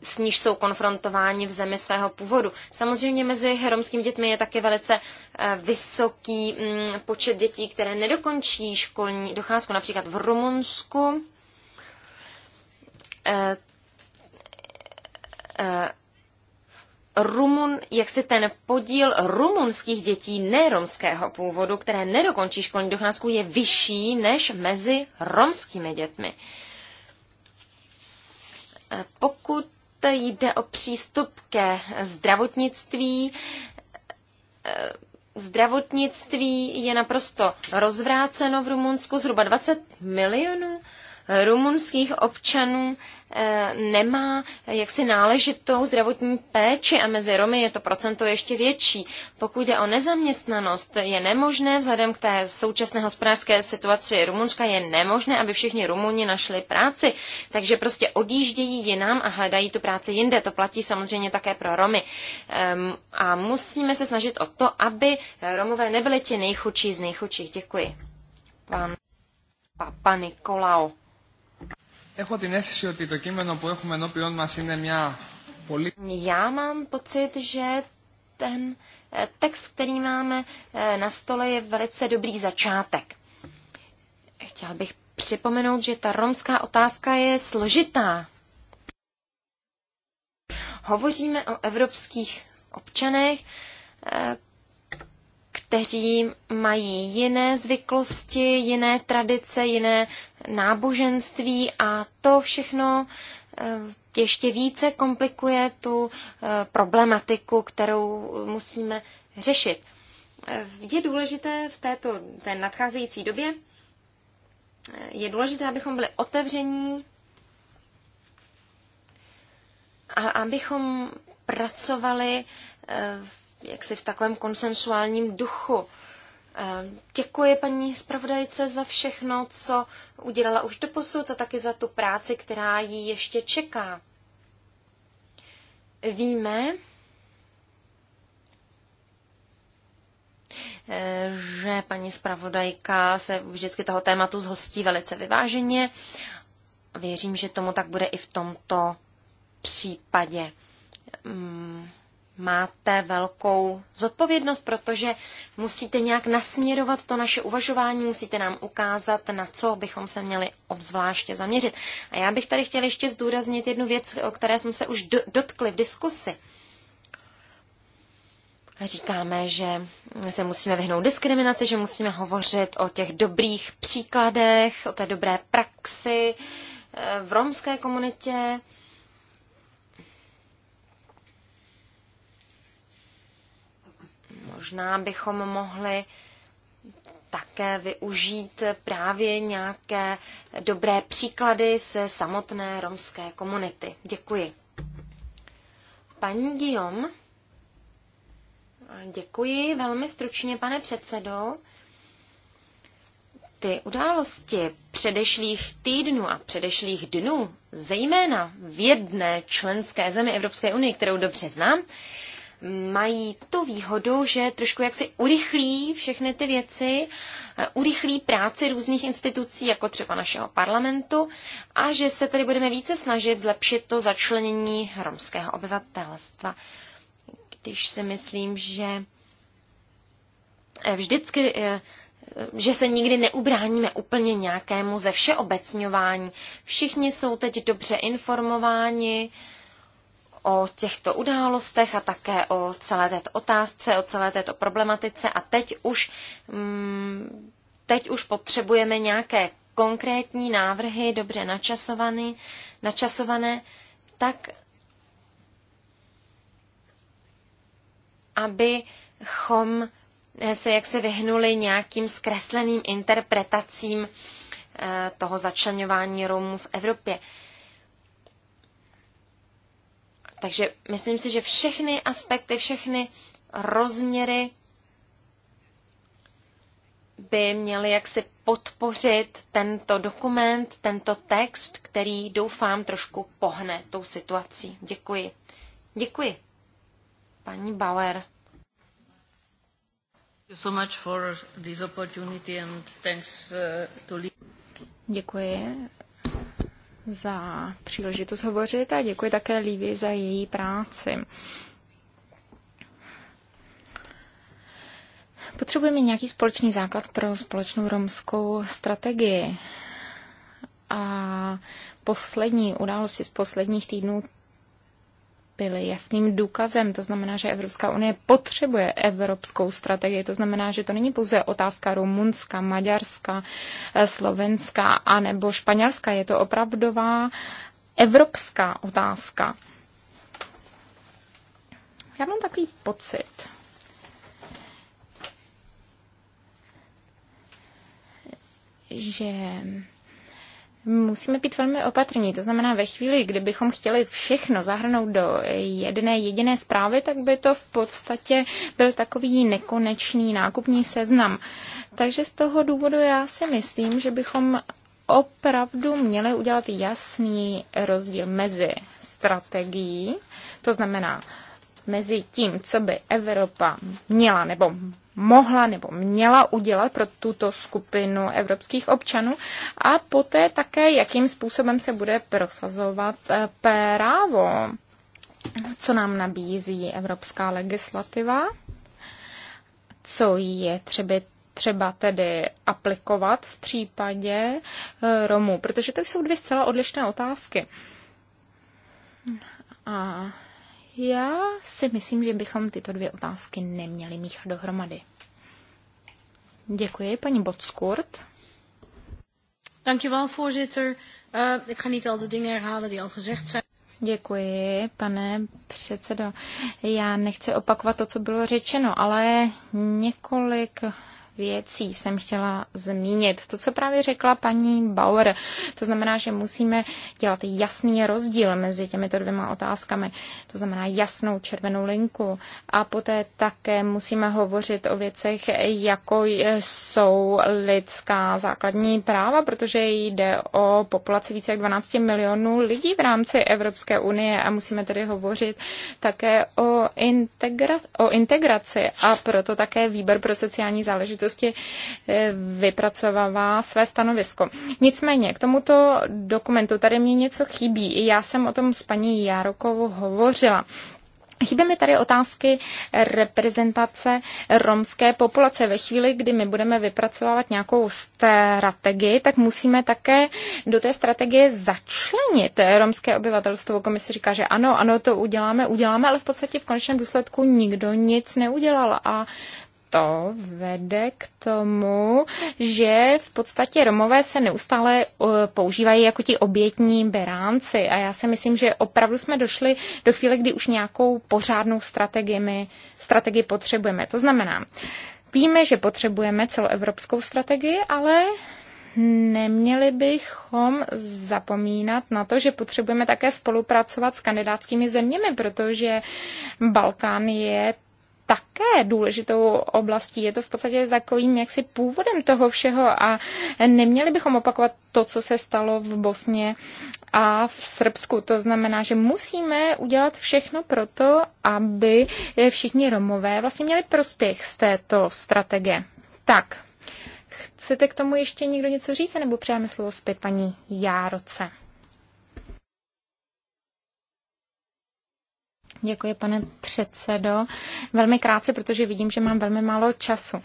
s níž jsou konfrontováni v zemi svého původu. Samozřejmě mezi romskými dětmi je také velice eh, vysoký mm, počet dětí, které nedokončí školní docházku, například v Rumunsku. Eh, eh, Rumun, jak si ten podíl rumunských dětí neromského původu, které nedokončí školní docházku, je vyšší než mezi romskými dětmi. Pokud jde o přístup ke zdravotnictví. Eh, zdravotnictví je naprosto rozvráceno v Rumunsku, zhruba 20 milionů rumunských občanů eh, nemá jaksi náležitou zdravotní péči a mezi Romy je to procento ještě větší. Pokud je o nezaměstnanost, je nemožné, vzhledem k té současné hospodářské situaci Rumunska, je nemožné, aby všichni Rumuni našli práci, takže prostě odjíždějí jinam a hledají tu práci jinde. To platí samozřejmě také pro Romy. Ehm, a musíme se snažit o to, aby Romové nebyli ti nejchudší z nejchudších. Děkuji. Pan Papa Nikolao. Έχω την αίσθηση ότι το κείμενο που έχουμε ενώπιόν μας είναι μια πολύ... Já mám pocit, že ten eh, text, který máme eh, na stole, je velice dobrý začátek. Chtěla bych připomenout, že ta romská otázka je složitá. Hovoříme o evropských občanech, eh, kteří mají jiné zvyklosti, jiné tradice, jiné náboženství a to všechno eh, ještě více komplikuje tu eh, problematiku, kterou musíme řešit. Eh, je důležité v této té nadcházející době, je důležité, abychom byli otevření a abychom pracovali v jaksi v takovém konsensuálním duchu. Eh, děkuji paní zpravodajce za všechno, co udělala už do posud a taky za tu práci, která jí ještě čeká. Víme, eh, že paní zpravodajka se vždycky toho tématu zhostí velice vyváženě. Věřím, že tomu tak bude i v tomto případě. Mm máte velkou zodpovědnost, protože musíte nějak nasměrovat to naše uvažování, musíte nám ukázat, na co bychom se měli obzvláště zaměřit. A já bych tady chtěla ještě zdůraznit jednu věc, o které jsme se už do, dotkli v diskusi. Říkáme, že se musíme vyhnout diskriminaci, že musíme hovořit o těch dobrých příkladech, o té dobré praxi eh, v romské komunitě. Možná bychom mohli také využít právě nějaké dobré příklady se samotné romské komunity. Děkuji. Paní Guillaume, děkuji velmi stručně, pane předsedo. Ty události předešlých týdnů a předešlých dnů, zejména v jedné členské zemi Evropské unie, kterou dobře znám, mají tu výhodu, že trošku jaksi urychlí všechny ty věci, eh, urychlí práci různých institucí, jako třeba našeho parlamentu, a že se tedy budeme více snažit zlepšit to začlenění romského obyvatelstva. Když si myslím, že eh, vždycky eh, že se nikdy neubráníme úplně nějakému ze všeobecňování. Všichni jsou teď dobře informováni, o těchto událostech a také o celé této otázce, o celé této problematice a teď už, mm, teď už potřebujeme nějaké konkrétní návrhy, dobře načasované, načasované tak, abychom se jak se vyhnuli nějakým zkresleným interpretacím eh, toho začlenování Romů v Evropě. Takže myslím si, že všechny aspekty, všechny rozměry by měly jaksi podpořit tento dokument, tento text, který doufám trošku pohne tou situací. Děkuji. Děkuji. Paní Bauer. Uh,
Děkuji za příležitost hovořit a děkuji také Lívi za její práci. Potřebujeme nějaký společný základ pro společnou romskou strategii. A poslední události z posledních týdnů byly jasným důkazem. To znamená, že Evropská unie potřebuje evropskou strategii. To znamená, že to není pouze otázka Rumunska, Maďarska, eh, Slovenska a nebo Španělska. Je to opravdová evropská otázka. Já mám takový pocit, že musíme být velmi opatrní. To znamená, ve chvíli, kdybychom chtěli všechno zahrnout do jedné jediné zprávy, tak by to v podstatě byl takový nekonečný nákupní seznam. Takže z toho důvodu já si myslím, že bychom opravdu měli udělat jasný rozdíl mezi strategií, to znamená mezi tím, co by Evropa měla nebo mohla nebo měla udělat pro tuto skupinu evropských občanů a poté také, jakým způsobem se bude prosazovat eh, právo, co nám nabízí evropská legislativa, co je třeba třeba tedy aplikovat v případě eh, Romů, protože to jsou dvě zcela odlišné otázky. A já si myslím, že bychom tyto dvě otázky neměli míchat dohromady. Děkuji, paní Botskurt. Dankjewel, voorzitter. Uh, ik ga niet al de dingen herhalen die al gezegd zijn. Děkuji, pane předsedo. Já nechci opakovat to, co bylo řečeno, ale několik věcí jsem chtěla zmínit. To, co právě řekla paní Bauer, to znamená, že musíme dělat jasný rozdíl mezi těmito dvěma otázkami, to znamená jasnou červenou linku a poté také musíme hovořit o věcech, jako jsou lidská základní práva, protože jde o populaci více jak 12 milionů lidí v rámci Evropské unie a musíme tedy hovořit také o, integra- o integraci a proto také výbor pro sociální záležitosti příležitosti eh, vypracovává své stanovisko. Nicméně k tomuto dokumentu tady mě něco chybí. Já jsem o tom s paní Járokovou hovořila. Chybí mi tady otázky reprezentace romské populace. Ve chvíli, kdy my budeme vypracovávat nějakou strategii, tak musíme také do té strategie začlenit romské obyvatelstvo. Komise říká, že ano, ano, to uděláme, uděláme, ale v podstatě v konečném důsledku nikdo nic neudělal. A to vede k tomu, že v podstatě Romové se neustále uh, používají jako ti obětní beránci. A já si myslím, že opravdu jsme došli do chvíle, kdy už nějakou pořádnou strategii, my, strategii potřebujeme. To znamená, víme, že potřebujeme celoevropskou strategii, ale neměli bychom zapomínat na to, že potřebujeme také spolupracovat s kandidátskými zeměmi, protože Balkán je také důležitou oblastí. Je to v podstatě takovým jaksi původem toho všeho a neměli bychom opakovat to, co se stalo v Bosně a v Srbsku. To znamená, že musíme udělat všechno pro to, aby všichni Romové vlastně měli prospěch z této strategie. Tak, chcete k tomu ještě někdo něco říct, nebo přejeme slovo zpět paní Jároce? Děkuji, pane předsedo. Velmi krátce, protože vidím, že mám velmi málo času.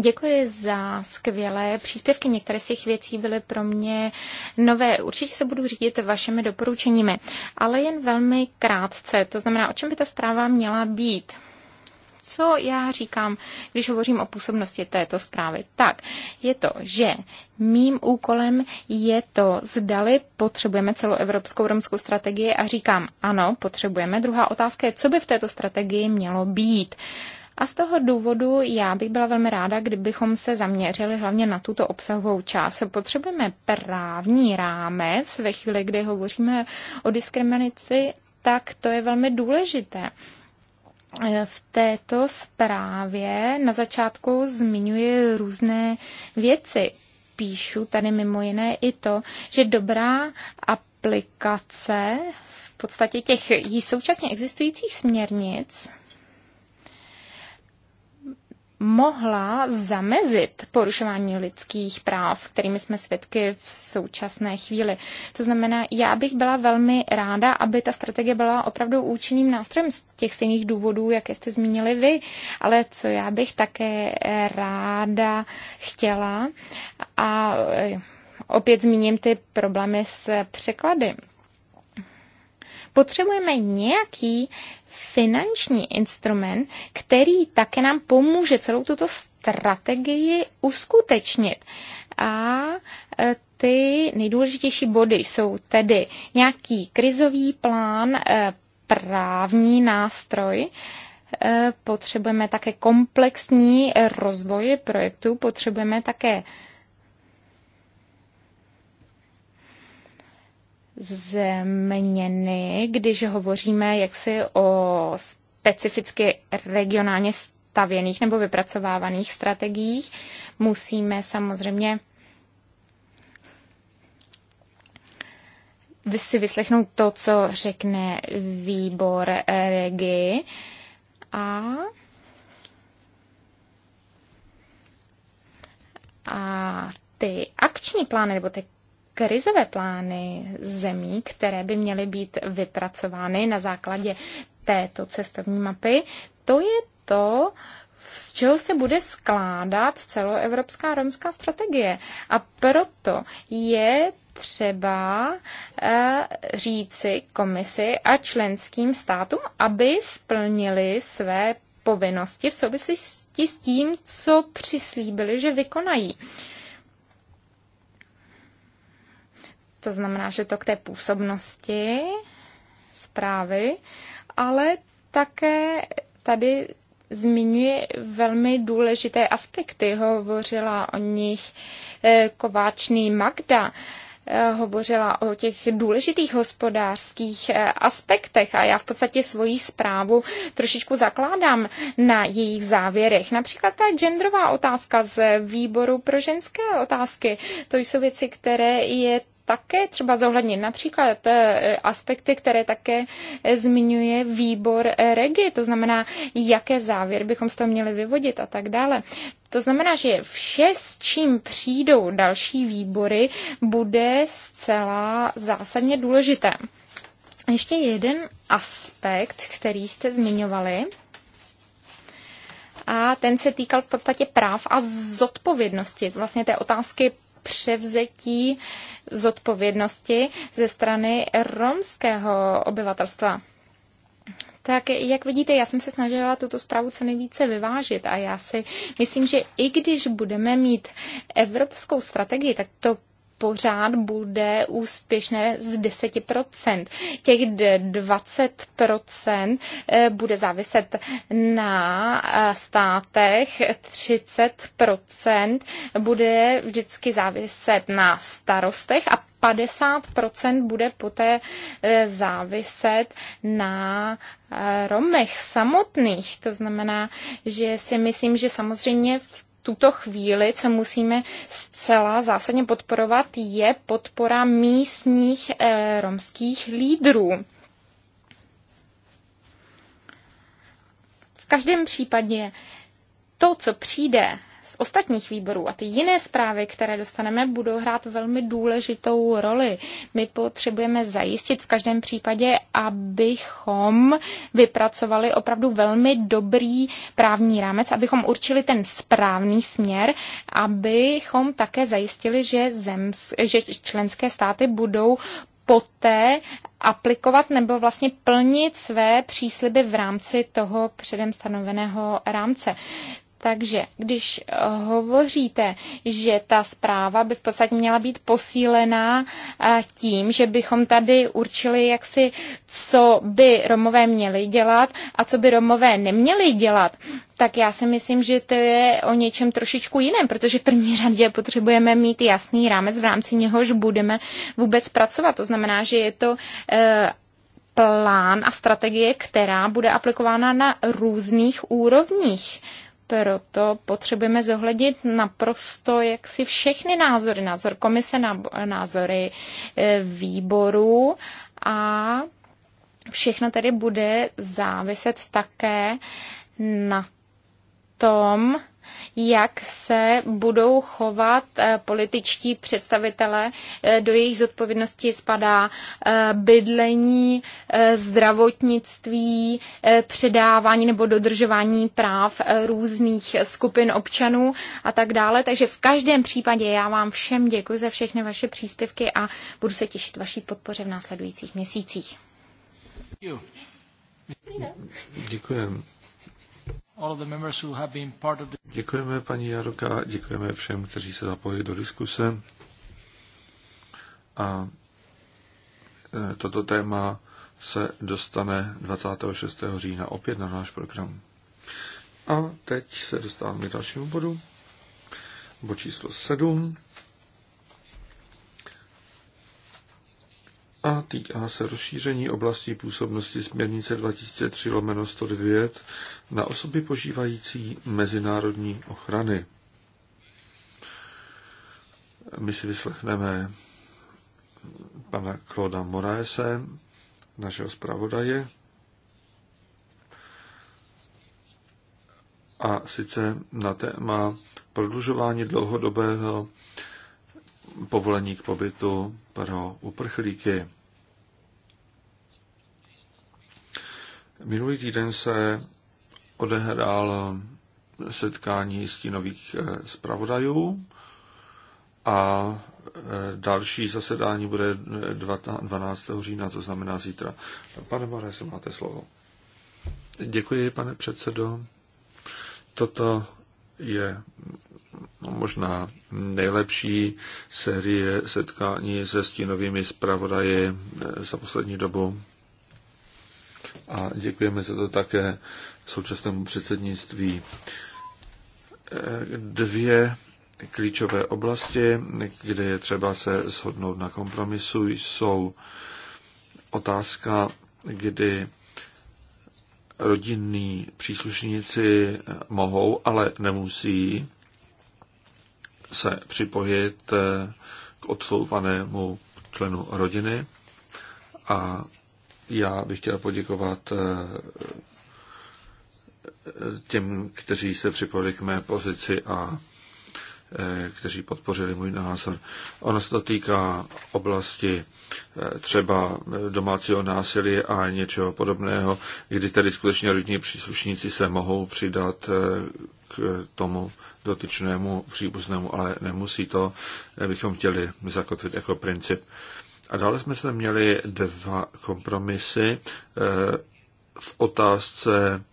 Děkuji za skvělé příspěvky. Některé z těch věcí byly pro mě nové. Určitě se budu řídit vašimi doporučeními, ale jen velmi krátce. To znamená, o čem by ta zpráva měla být? co já říkám, když hovořím o působnosti této zprávy? Tak, je to, že mým úkolem je to, zdali potřebujeme celo-evropskou romskou strategii a říkám, ano, potřebujeme. Druhá otázka je, co by v této strategii mělo být. A z toho důvodu já bych byla velmi ráda, kdybychom se zaměřili hlavně na tuto obsahovou část. Potřebujeme právní rámec ve chvíli, kdy hovoříme o diskriminaci, tak to je velmi důležité. Eh, v této zprávě na začátku zmiňuje různé věci. Píšu tady mimo jiné i to, že dobrá aplikace v podstatě těch již současně existujících směrnic mohla zamezit porušování lidských práv, kterými jsme svědky v současné chvíli. To znamená, já bych byla velmi ráda, aby ta strategie byla opravdu účinným nástrojem z těch stejných důvodů, jaké jste zmínili vy, ale co já bych také ráda chtěla a eh, opět zmíním ty problémy s překlady. Potřebujeme nějaký finanční instrument, který také nám pomůže celou tuto strategii uskutečnit. A e, ty nejdůležitější body jsou tedy nějaký krizový plán, e, právní nástroj, e, potřebujeme také komplexní rozvoj projektu, potřebujeme také změny, když hovoříme jaksi o specificky regionálně stavěných nebo vypracovávaných strategiích, musíme samozřejmě si vyslechnout to, co řekne výbor regi a a ty akční plány nebo ty krizové plány zemí, které by měly být vypracovány na základě této cestovní mapy, to je to, z čeho se bude skládat celoevropská romská strategie. A proto je třeba eh, říci komisi a členským státům, aby splnili své povinnosti v souvislosti s tím, co přislíbili, že vykonají. To znamená, že to k té působnosti zprávy, ale také tady zmiňuje velmi důležité aspekty. Hovořila o nich eh, Kováčný Magda, eh, hovořila o těch důležitých hospodářských eh, aspektech a já v podstatě svoji zprávu trošičku zakládám na jejich závěrech. Například ta genderová otázka z výboru pro ženské otázky, to jsou věci, které je také třeba zohlednit. Například eh, aspekty, které také eh, zmiňuje výbor eh, regi, to znamená, jaké závěr bychom z toho měli vyvodit a tak dále. To znamená, že vše, s čím přijdou další výbory, bude zcela zásadně důležité. Ještě jeden aspekt, který jste zmiňovali, a ten se týkal v podstatě práv a zodpovědnosti, vlastně té otázky převzetí zodpovědnosti ze strany romského obyvatelstva. Tak jak vidíte, já jsem se snažila tuto zprávu co nejvíce vyvážit a já si myslím, že i když budeme mít evropskou strategii, tak to pořád bude úspěšné z 10%. Těch 20% eh, bude záviset na eh, státech, 30% bude vždycky záviset na starostech a 50% bude poté eh, záviset na Romech samotných. To znamená, že si myslím, že samozřejmě v tuto chvíli, co musíme zcela zásadně podporovat, je podpora místních eh, romských lídrů. V každém případě to, co přijde ostatních výborů. A ty jiné zprávy, které dostaneme, budou hrát velmi důležitou roli. My potřebujeme zajistit v každém případě, abychom vypracovali opravdu velmi dobrý právní rámec, abychom určili ten správný směr, abychom také zajistili, že, zem, že členské státy budou poté aplikovat nebo vlastně plnit své přísliby v rámci toho předem stanoveného rámce. Takže když eh, hovoříte, že ta zpráva by v podstatě měla být posílená eh, tím, že bychom tady určili jaksi, co by Romové měli dělat a co by Romové neměli dělat, tak já si myslím, že to je o něčem trošičku jiném, protože v první řadě potřebujeme mít jasný rámec, v rámci něhož budeme vůbec pracovat. To znamená, že je to eh, plán a strategie, která bude aplikována na různých úrovních proto potřebujeme zohlednit naprosto jaksi všechny názory, názor komise, názory e, výborů a všechno tedy bude záviset také na tom, jak se budou chovat eh, političtí představitelé. Eh, do jejich zodpovědnosti spadá eh, bydlení, zdravotnictví, předávání nebo dodržování práv různých skupin občanů a tak dále. Takže v každém případě já vám všem děkuji za všechny vaše příspěvky a budu se těšit vaší podpoře v následujících měsících.
Děkuji. Děkujeme paní Jaroka, děkujeme všem, kteří se zapojili do diskuse. A e, toto téma se dostane 26. října opět na náš program. A teď se dostáváme k dalšímu bodu. Bod číslo 7. a týká se rozšíření oblasti působnosti směrnice 2003 109 na osoby požívající mezinárodní ochrany. My si vyslechneme pana Kloda Moraese, našeho zpravodaje, a sice na téma prodlužování dlouhodobého povolení k pobytu pro uprchlíky. Minulý týden se odehrál setkání stínových eh, zpravodajů a eh, další zasedání bude 12. října, to znamená zítra. Pane More, máte slovo. Děkuji, pane předsedo. Toto je možná nejlepší série setkání se stínovými zpravodaji eh, za poslední dobu. A děkujeme za to také současnému předsednictví. Eh, dvě klíčové oblasti, kde je třeba se shodnout na kompromisu, jsou otázka, kdy rodinní příslušníci mohou, ale nemusí se připojit eh, k odsouvanému členu rodiny. A já bych chtěl poděkovat eh, eh, těm, kteří se připojili k mé pozici a Eh, kteří podpořili můj názor. Ono se to týká oblasti eh, třeba domácího násilí a něčeho podobného, kdy tedy skutečně rodní příslušníci se mohou přidat eh, k tomu dotyčnému příbuznému, ale nemusí to, bychom chtěli zakotvit jako princip. A dále jsme se měli dva kompromisy v otázce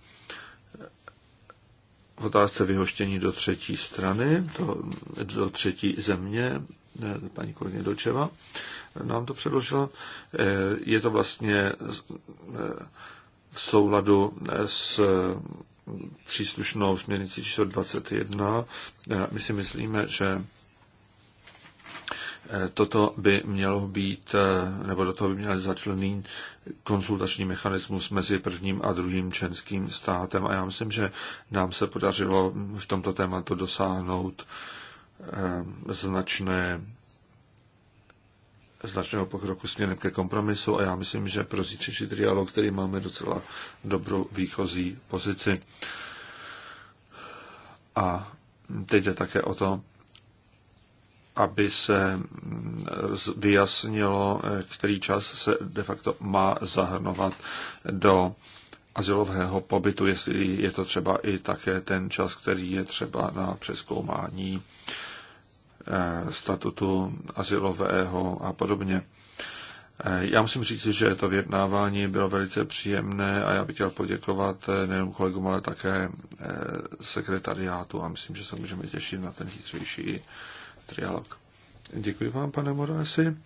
v otázce vyhoštění do třetí strany, do, do třetí země, eh, paní kolegyně Dočeva nám to předložila. Eh, je to vlastně eh, v souladu s příslušnou směrnicí číslo 21. My si myslíme, že Eh, toto by mělo být, eh, nebo do toho by měl začlený konsultační mechanismus mezi prvním a druhým členským státem. A já myslím, že nám se podařilo v tomto tématu dosáhnout eh, značné značného pokroku směrem ke kompromisu a já myslím, že pro zítřejší dialog, který máme docela dobrou výchozí pozici. A teď je také o to, aby se mm, vyjasnilo, eh, který čas se de facto má zahrnovat do azylového pobytu, jestli je to třeba i také ten čas, který je třeba na přeskoumání eh, statutu azylového a podobně. Eh, já musím říct, že to vyjednávání bylo velice příjemné a já bych chtěl poděkovat nejen kolegům, ale také sekretariátu a myslím, že se můžeme těšit na ten chytřejší trialog. Děkuji vám, pane Morasi.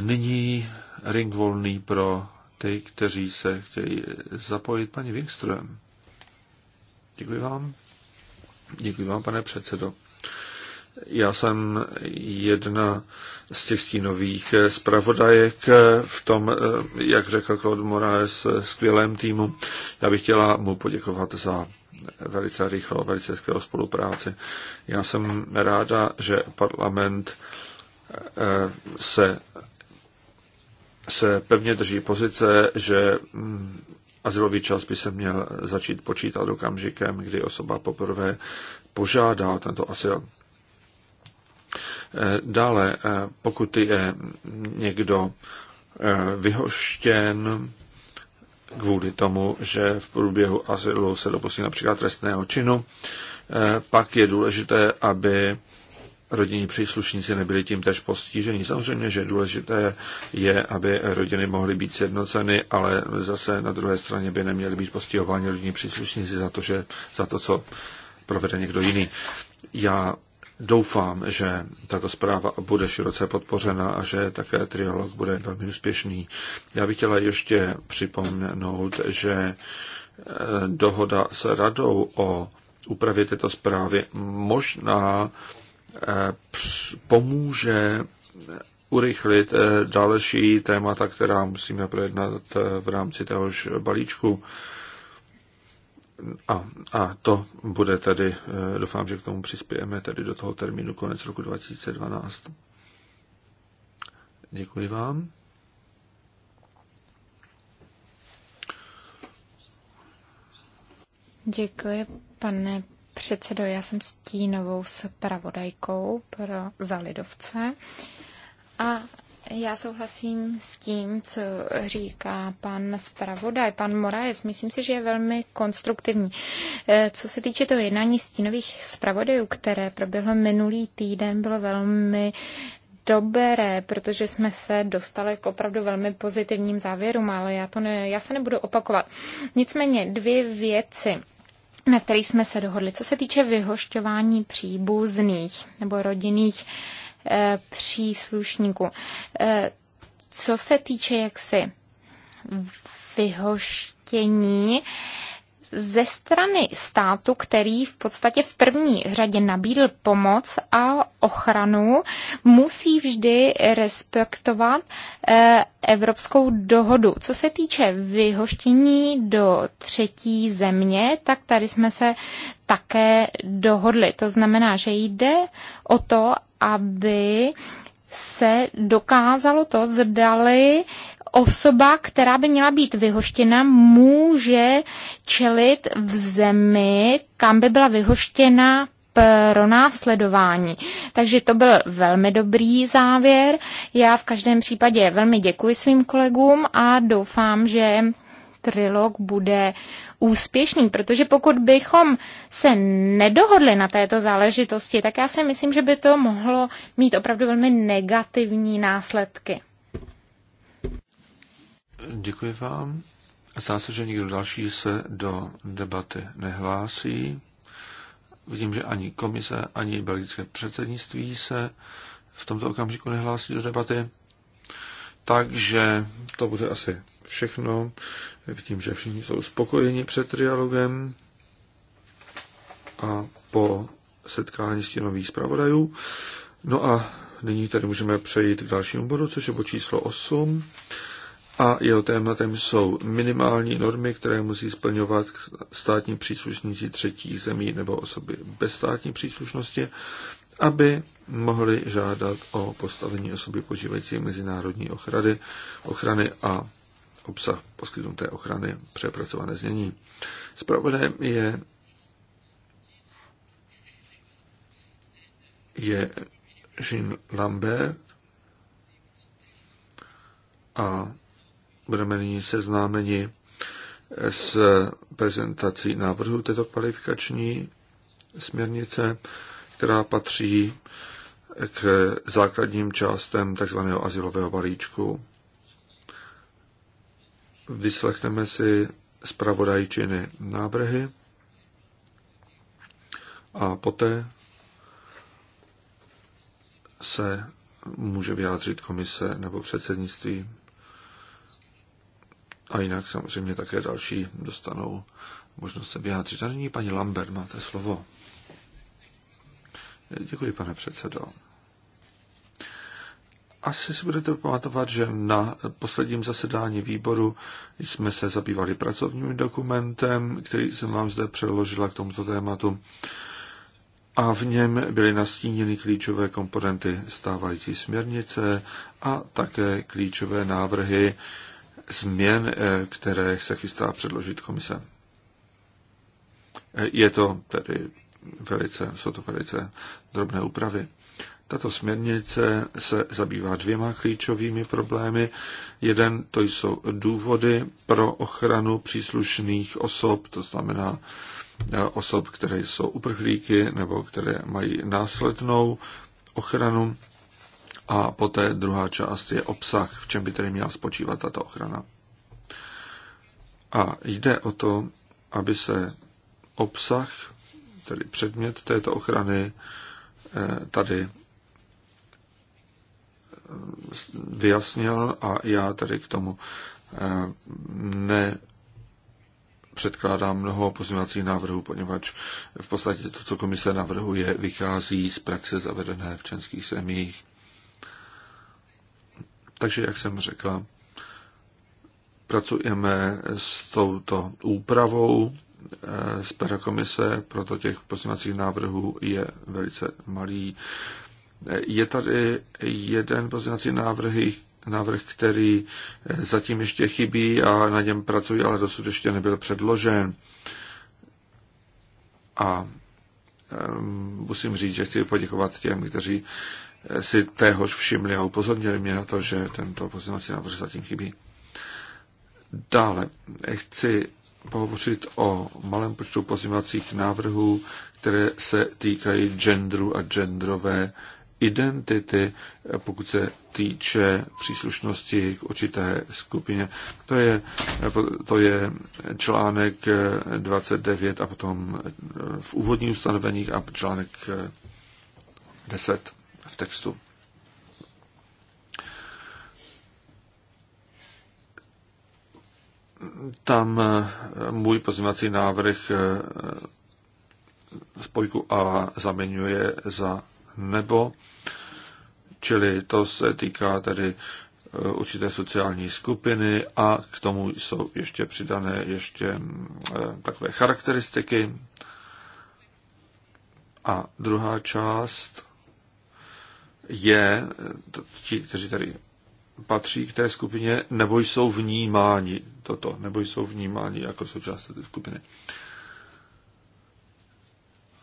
Nyní ring volný pro ty, kteří se chtějí zapojit, paní Wingström. Děkuji vám. Děkuji vám, pane předsedo. Já jsem jedna z těch stínových zpravodajek v tom, eh, jak řekl Claude Moraes, eh, skvělém týmu. Já bych chtěla mu poděkovat za velice rychlo velice skvělou spolupráci. Já jsem ráda, že parlament eh, se, se pevně drží pozice, že mm, azylový čas by se měl začít počítat okamžikem, kdy osoba poprvé požádá o tento asil. Eh, dále, eh, pokud je někdo vyhoštěn kvůli tomu, že v průběhu asilu se dopustí například trestného činu. Eh, pak je důležité, aby rodinní příslušníci nebyli tím tež postiženi. Samozřejmě, že důležité je, aby rodiny mohly být sjednoceny, ale zase na druhé straně by neměly být postihováni rodinní příslušníci za to, že, za to co provede někdo jiný. Já Doufám, že tato zpráva bude široce podpořena a že také triolog bude velmi úspěšný. Já bych chtěla ještě připomenout, že eh, dohoda s radou o úpravě této zprávy možná eh, pomůže eh, urychlit další témata, která musíme projednat v rámci téhož balíčku. A, a to bude tedy, eh, doufám, že k tomu přispějeme tedy do toho termínu konec roku 2012. Děkuji vám.
Děkuji, pane předsedo. Já jsem stínovou s pravodajkou pro, Zalidovce. A já souhlasím s tím, co říká pan zpravodaj, pan Moraes. Myslím si, že je velmi konstruktivní. Eh, co se týče toho jednání stínových zpravodajů, které proběhlo minulý týden, bylo velmi dobré, protože jsme se dostali k opravdu velmi pozitivním závěrům, ale já, to ne, já se nebudu opakovat. Nicméně dvě věci na který jsme se dohodli. Co se týče vyhošťování příbuzných nebo rodinných Eh, příslušníků. Eh, co se týče jaksi vyhoštění, ze strany státu, který v podstatě v první řadě nabídl pomoc a ochranu, musí vždy respektovat eh, Evropskou dohodu. Co se týče vyhoštění do třetí země, tak tady jsme se také dohodli. To znamená, že jde o to, aby se dokázalo to, zdali osoba, která by měla být vyhoštěna, může čelit v zemi, kam by byla vyhoštěna pro následování. Takže to byl velmi dobrý závěr. Já v každém případě velmi děkuji svým kolegům a doufám, že trilog bude úspěšný, protože pokud bychom se nedohodli na této záležitosti, tak já si myslím, že by to mohlo mít opravdu velmi negativní následky.
Děkuji vám. Zdá se, že nikdo další se do debaty nehlásí. Vidím, že ani komise, ani belgické předsednictví se v tomto okamžiku nehlásí do debaty. Takže to bude asi všechno. Vidím, že všichni jsou spokojeni před trialogem a po setkání stěnových zpravodajů. No a nyní tady můžeme přejít k dalšímu bodu, což je bod číslo 8. A jeho tématem jsou minimální normy, které musí splňovat státní příslušníci třetích zemí nebo osoby bez státní příslušnosti, aby mohli žádat o postavení osoby požívající mezinárodní ochrany, ochrany a obsah poskytnuté ochrany přepracované znění. Zpravodajem je, je Jean Lambert a budeme nyní seznámeni s prezentací návrhu této kvalifikační směrnice, která patří k základním částem tzv. asilového balíčku. Vyslechneme si zpravodajčiny návrhy a poté se může vyjádřit komise nebo předsednictví. A jinak samozřejmě také další dostanou možnost se vyjádřit. A nyní paní Lambert, máte slovo. Děkuji, pane předsedo. Asi si budete pamatovat, že na posledním zasedání výboru jsme se zabývali pracovním dokumentem, který jsem vám zde přeložila k tomuto tématu. A v něm byly nastíněny klíčové komponenty stávající směrnice a také klíčové návrhy změn, eh, které se chystá předložit komise. Eh, je to tedy velice, jsou to velice drobné úpravy. Tato směrnice se zabývá dvěma klíčovými problémy. Jeden to jsou důvody pro ochranu příslušných osob, to znamená eh, osob, které jsou uprchlíky nebo které mají následnou ochranu. A poté druhá část je obsah, v čem by tedy měla spočívat tato ochrana. A jde o to, aby se obsah, tedy předmět této ochrany, eh, tady vyjasnil a já tady k tomu eh, ne předkládám mnoho pozměňovacích návrhů, poněvadž v podstatě to, co komise navrhuje, vychází z praxe zavedené v českých zemích. Takže, jak jsem řekla, pracujeme s touto úpravou eh, z pera komise, proto těch pozměňovacích návrhů je velice malý. Je tady jeden pozměňovací návrh, návrh, který zatím ještě chybí a na něm pracuji, ale dosud ještě nebyl předložen. A ehm, musím říct, že chci poděkovat těm, kteří si téhož všimli a upozornili mě na to, že tento pozměňovací návrh zatím chybí. Dále chci pohovořit o malém počtu pozměňovacích návrhů, které se týkají genderu a genderové identity, pokud se týče příslušnosti k určité skupině. To je, to je článek 29 a potom v úvodních ustanoveních a článek 10 v textu. Tam můj pozměňovací návrh spojku A zaměňuje za nebo Čili to se týká tedy eh, určité sociální skupiny a k tomu jsou ještě přidané ještě mm, eh, takové charakteristiky. A druhá část je, eh, ti, kteří tady patří k té skupině, nebo jsou vnímáni toto, nebo jsou vnímáni jako součást té skupiny. Uh,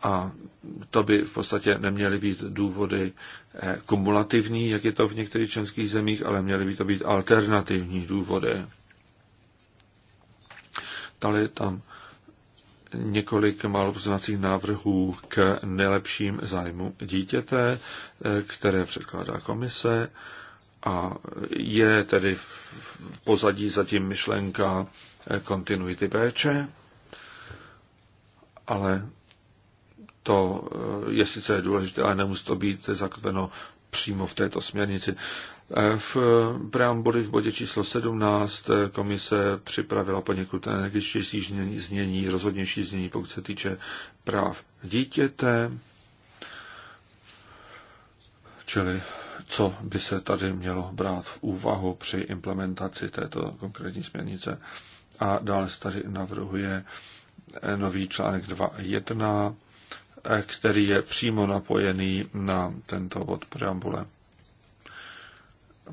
a to by v podstatě neměly být důvody eh, kumulativní, jak je to v některých členských zemích, ale měly by to být alternativní důvody. Tady tam několik málo poznacích návrhů k nejlepším zájmu dítěte, eh, které překládá komise a je tedy v pozadí zatím myšlenka eh, kontinuity péče, ale to eh, je sice důležité, ale nemusí to být zakveno přímo v této směrnici. Eh, v eh, preambuli v bodě číslo 17 komise připravila poněkud energičtější znění, rozhodnější znění, pokud se týče práv dítěte, čili co by se tady mělo brát v úvahu při implementaci této konkrétní směrnice. A dále se tady navrhuje nový článek který je přímo napojený na tento bod preambule.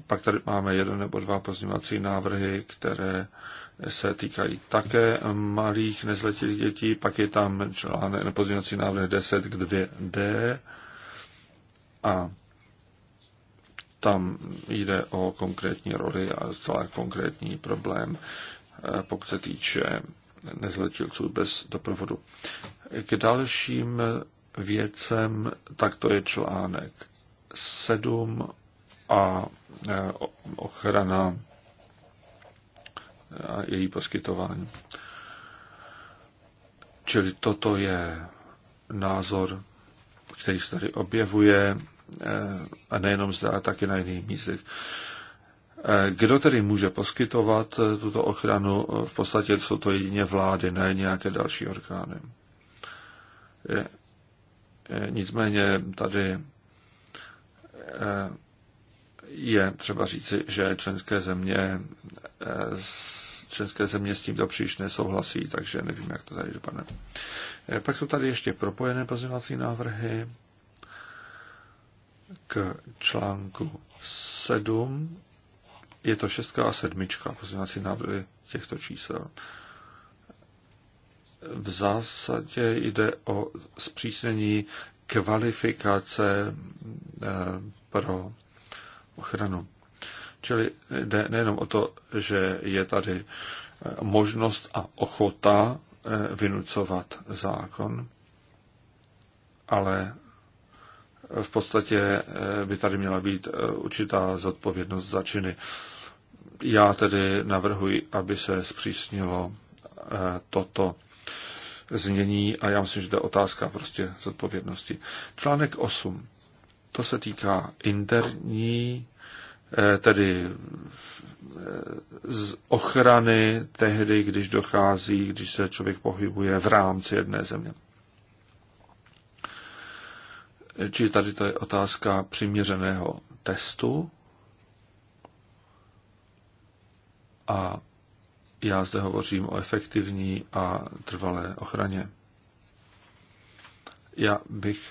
Pak tady máme jeden nebo dva pozměňovací návrhy, které se týkají také malých nezletilých dětí. Pak je tam článek pozměňovací návrh 10 k 2D a tam jde o konkrétní roli a celá konkrétní problém, eh, pokud se týče nezletilců bez doprovodu. K dalším věcem, tak to je článek 7 a e, ochrana e, a její poskytování. Čili toto je názor, který se tady objevuje e, a nejenom zde, ale taky na jiných místech. Kdo tedy může poskytovat eh, tuto ochranu? Eh, v podstatě jsou to jedině vlády, ne nějaké další orgány. Nicméně tady eh, je třeba říci, že členské země, členské země s tímto příliš nesouhlasí, takže nevím, jak to tady dopadne. Pak jsou tady ještě propojené pozměňovací návrhy k článku 7 je to šestka a sedmička, pozměňovací návrhy těchto čísel. V zásadě jde o zpřísnění kvalifikace eh, pro ochranu. Čili jde nejenom o to, že je tady eh, možnost a ochota eh, vynucovat zákon, ale v podstatě by tady měla být určitá zodpovědnost za činy já tedy navrhuji, aby se zpřísnilo eh, toto změní a já myslím, že to je otázka prostě zodpovědnosti. Článek 8. To se týká interní, eh, tedy eh, z ochrany tehdy, když dochází, když se člověk pohybuje v rámci jedné země. Čili tady to je otázka přiměřeného testu A já zde hovořím o efektivní a trvalé ochraně. Já bych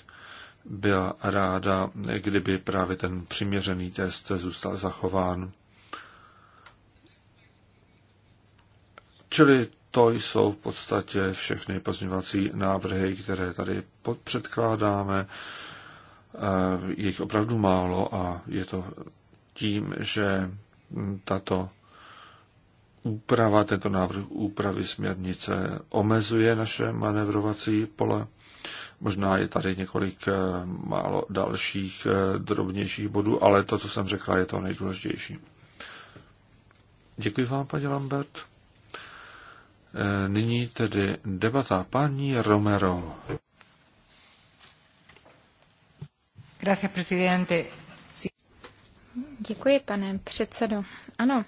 byla ráda, kdyby právě ten přiměřený test zůstal zachován. Čili to jsou v podstatě všechny pozměňovací návrhy, které tady předkládáme. Eh, je jich opravdu málo a je to tím, že tato úprava, tento návrh úpravy směrnice omezuje naše manevrovací pole. Možná je tady několik eh, málo dalších eh, drobnějších bodů, ale to, co jsem řekla, je to nejdůležitější. Děkuji vám, paní Lambert. Eh, nyní tedy debata paní Romero.
Gracias, presidente.
Děkuji, pane předsedo. Ano,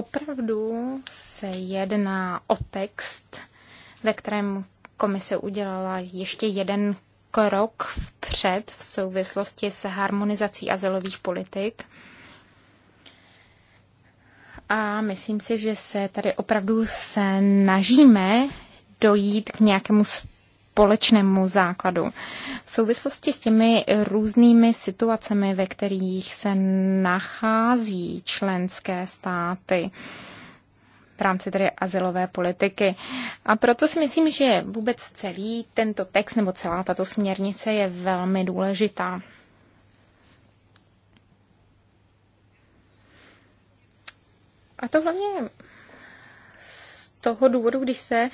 Opravdu se jedná o text, ve kterém komise udělala ještě jeden krok vpřed v souvislosti s harmonizací azylových politik. A myslím si, že se tady opravdu snažíme dojít k nějakému společnému základu. V souvislosti s těmi různými situacemi, ve kterých se nachází členské státy, v rámci tedy asilové politiky. A proto si myslím, že vůbec celý tento text nebo celá tato směrnice je velmi důležitá. A to hlavně z toho důvodu, když se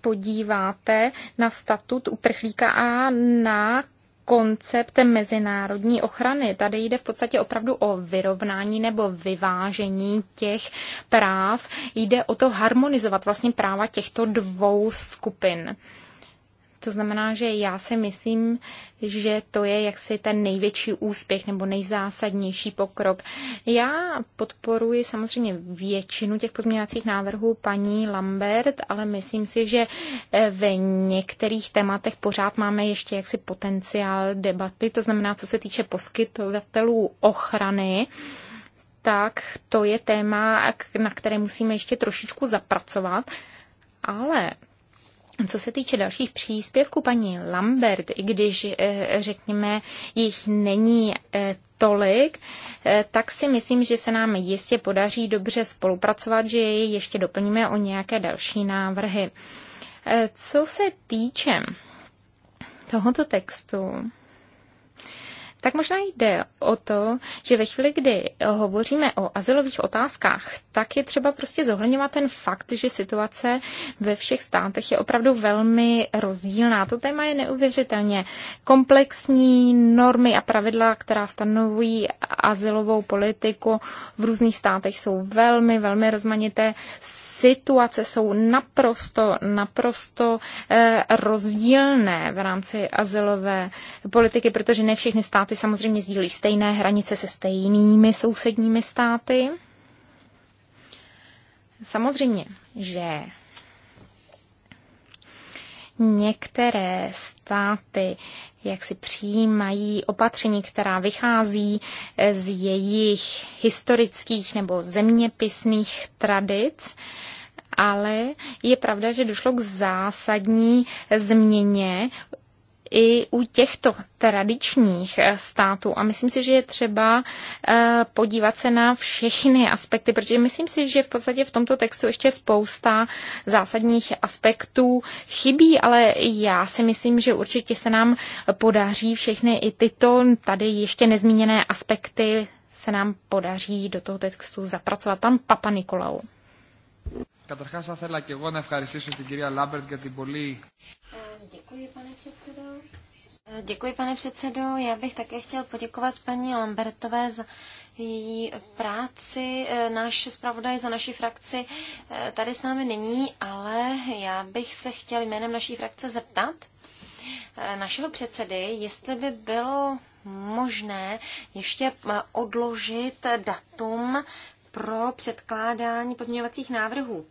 podíváte na statut uprchlíka a na koncept mezinárodní ochrany. Tady jde v podstatě opravdu o vyrovnání nebo vyvážení těch práv. Jde o to harmonizovat vlastně práva těchto dvou skupin. To znamená, že já si myslím, že to je jaksi ten největší úspěch nebo nejzásadnější pokrok. Já podporuji samozřejmě většinu těch pozměňovacích návrhů paní Lambert, ale myslím si, že eh, ve některých tématech pořád máme ještě jaksi potenciál debaty. To znamená, co se týče poskytovatelů ochrany, tak to je téma, na které musíme ještě trošičku zapracovat. Ale co se týče dalších příspěvků paní Lambert, i když, eh, řekněme, jich není eh, tolik, eh, tak si myslím, že se nám jistě podaří dobře spolupracovat, že je ještě doplníme o nějaké další návrhy. Co se týče tohoto textu, tak možná jde o to, že ve chvíli, kdy hovoříme o azylových otázkách, tak je třeba prostě zohledňovat ten fakt, že situace ve všech státech je opravdu velmi rozdílná. To téma je neuvěřitelně komplexní normy a pravidla, která stanovují azylovou politiku v různých státech jsou velmi, velmi rozmanité situace jsou naprosto, naprosto eh, rozdílné v rámci azylové politiky, protože ne všechny státy samozřejmě sdílí stejné hranice se stejnými sousedními státy. Samozřejmě, že některé státy jak si přijímají opatření, která vychází eh, z jejich historických nebo zeměpisných tradic, ale je pravda, že došlo k zásadní změně i u těchto tradičních eh, států. A myslím si, že je třeba eh, podívat se na všechny aspekty, protože myslím si, že v podstatě v tomto textu ještě spousta zásadních aspektů chybí, ale já si myslím, že určitě se nám podaří všechny i tyto tady ještě nezmíněné aspekty se nám podaří do toho textu zapracovat. Tam Papa Nikolau.
Καταρχάς θα ήθελα και εγώ να ευχαριστήσω την κυρία Λάμπερτ για την πολύ...
Děkuji, pane předsedo. Děkuji, pane předsedo. Já bych také chtěl poděkovat paní Lambertové za její práci. Náš zpravodaj za naši frakci eh, tady s námi není, ale já bych se chtěl jménem naší frakce zeptat eh, našeho předsedy, jestli by bylo možné ještě eh, odložit datum pro předkládání pozměňovacích návrhů.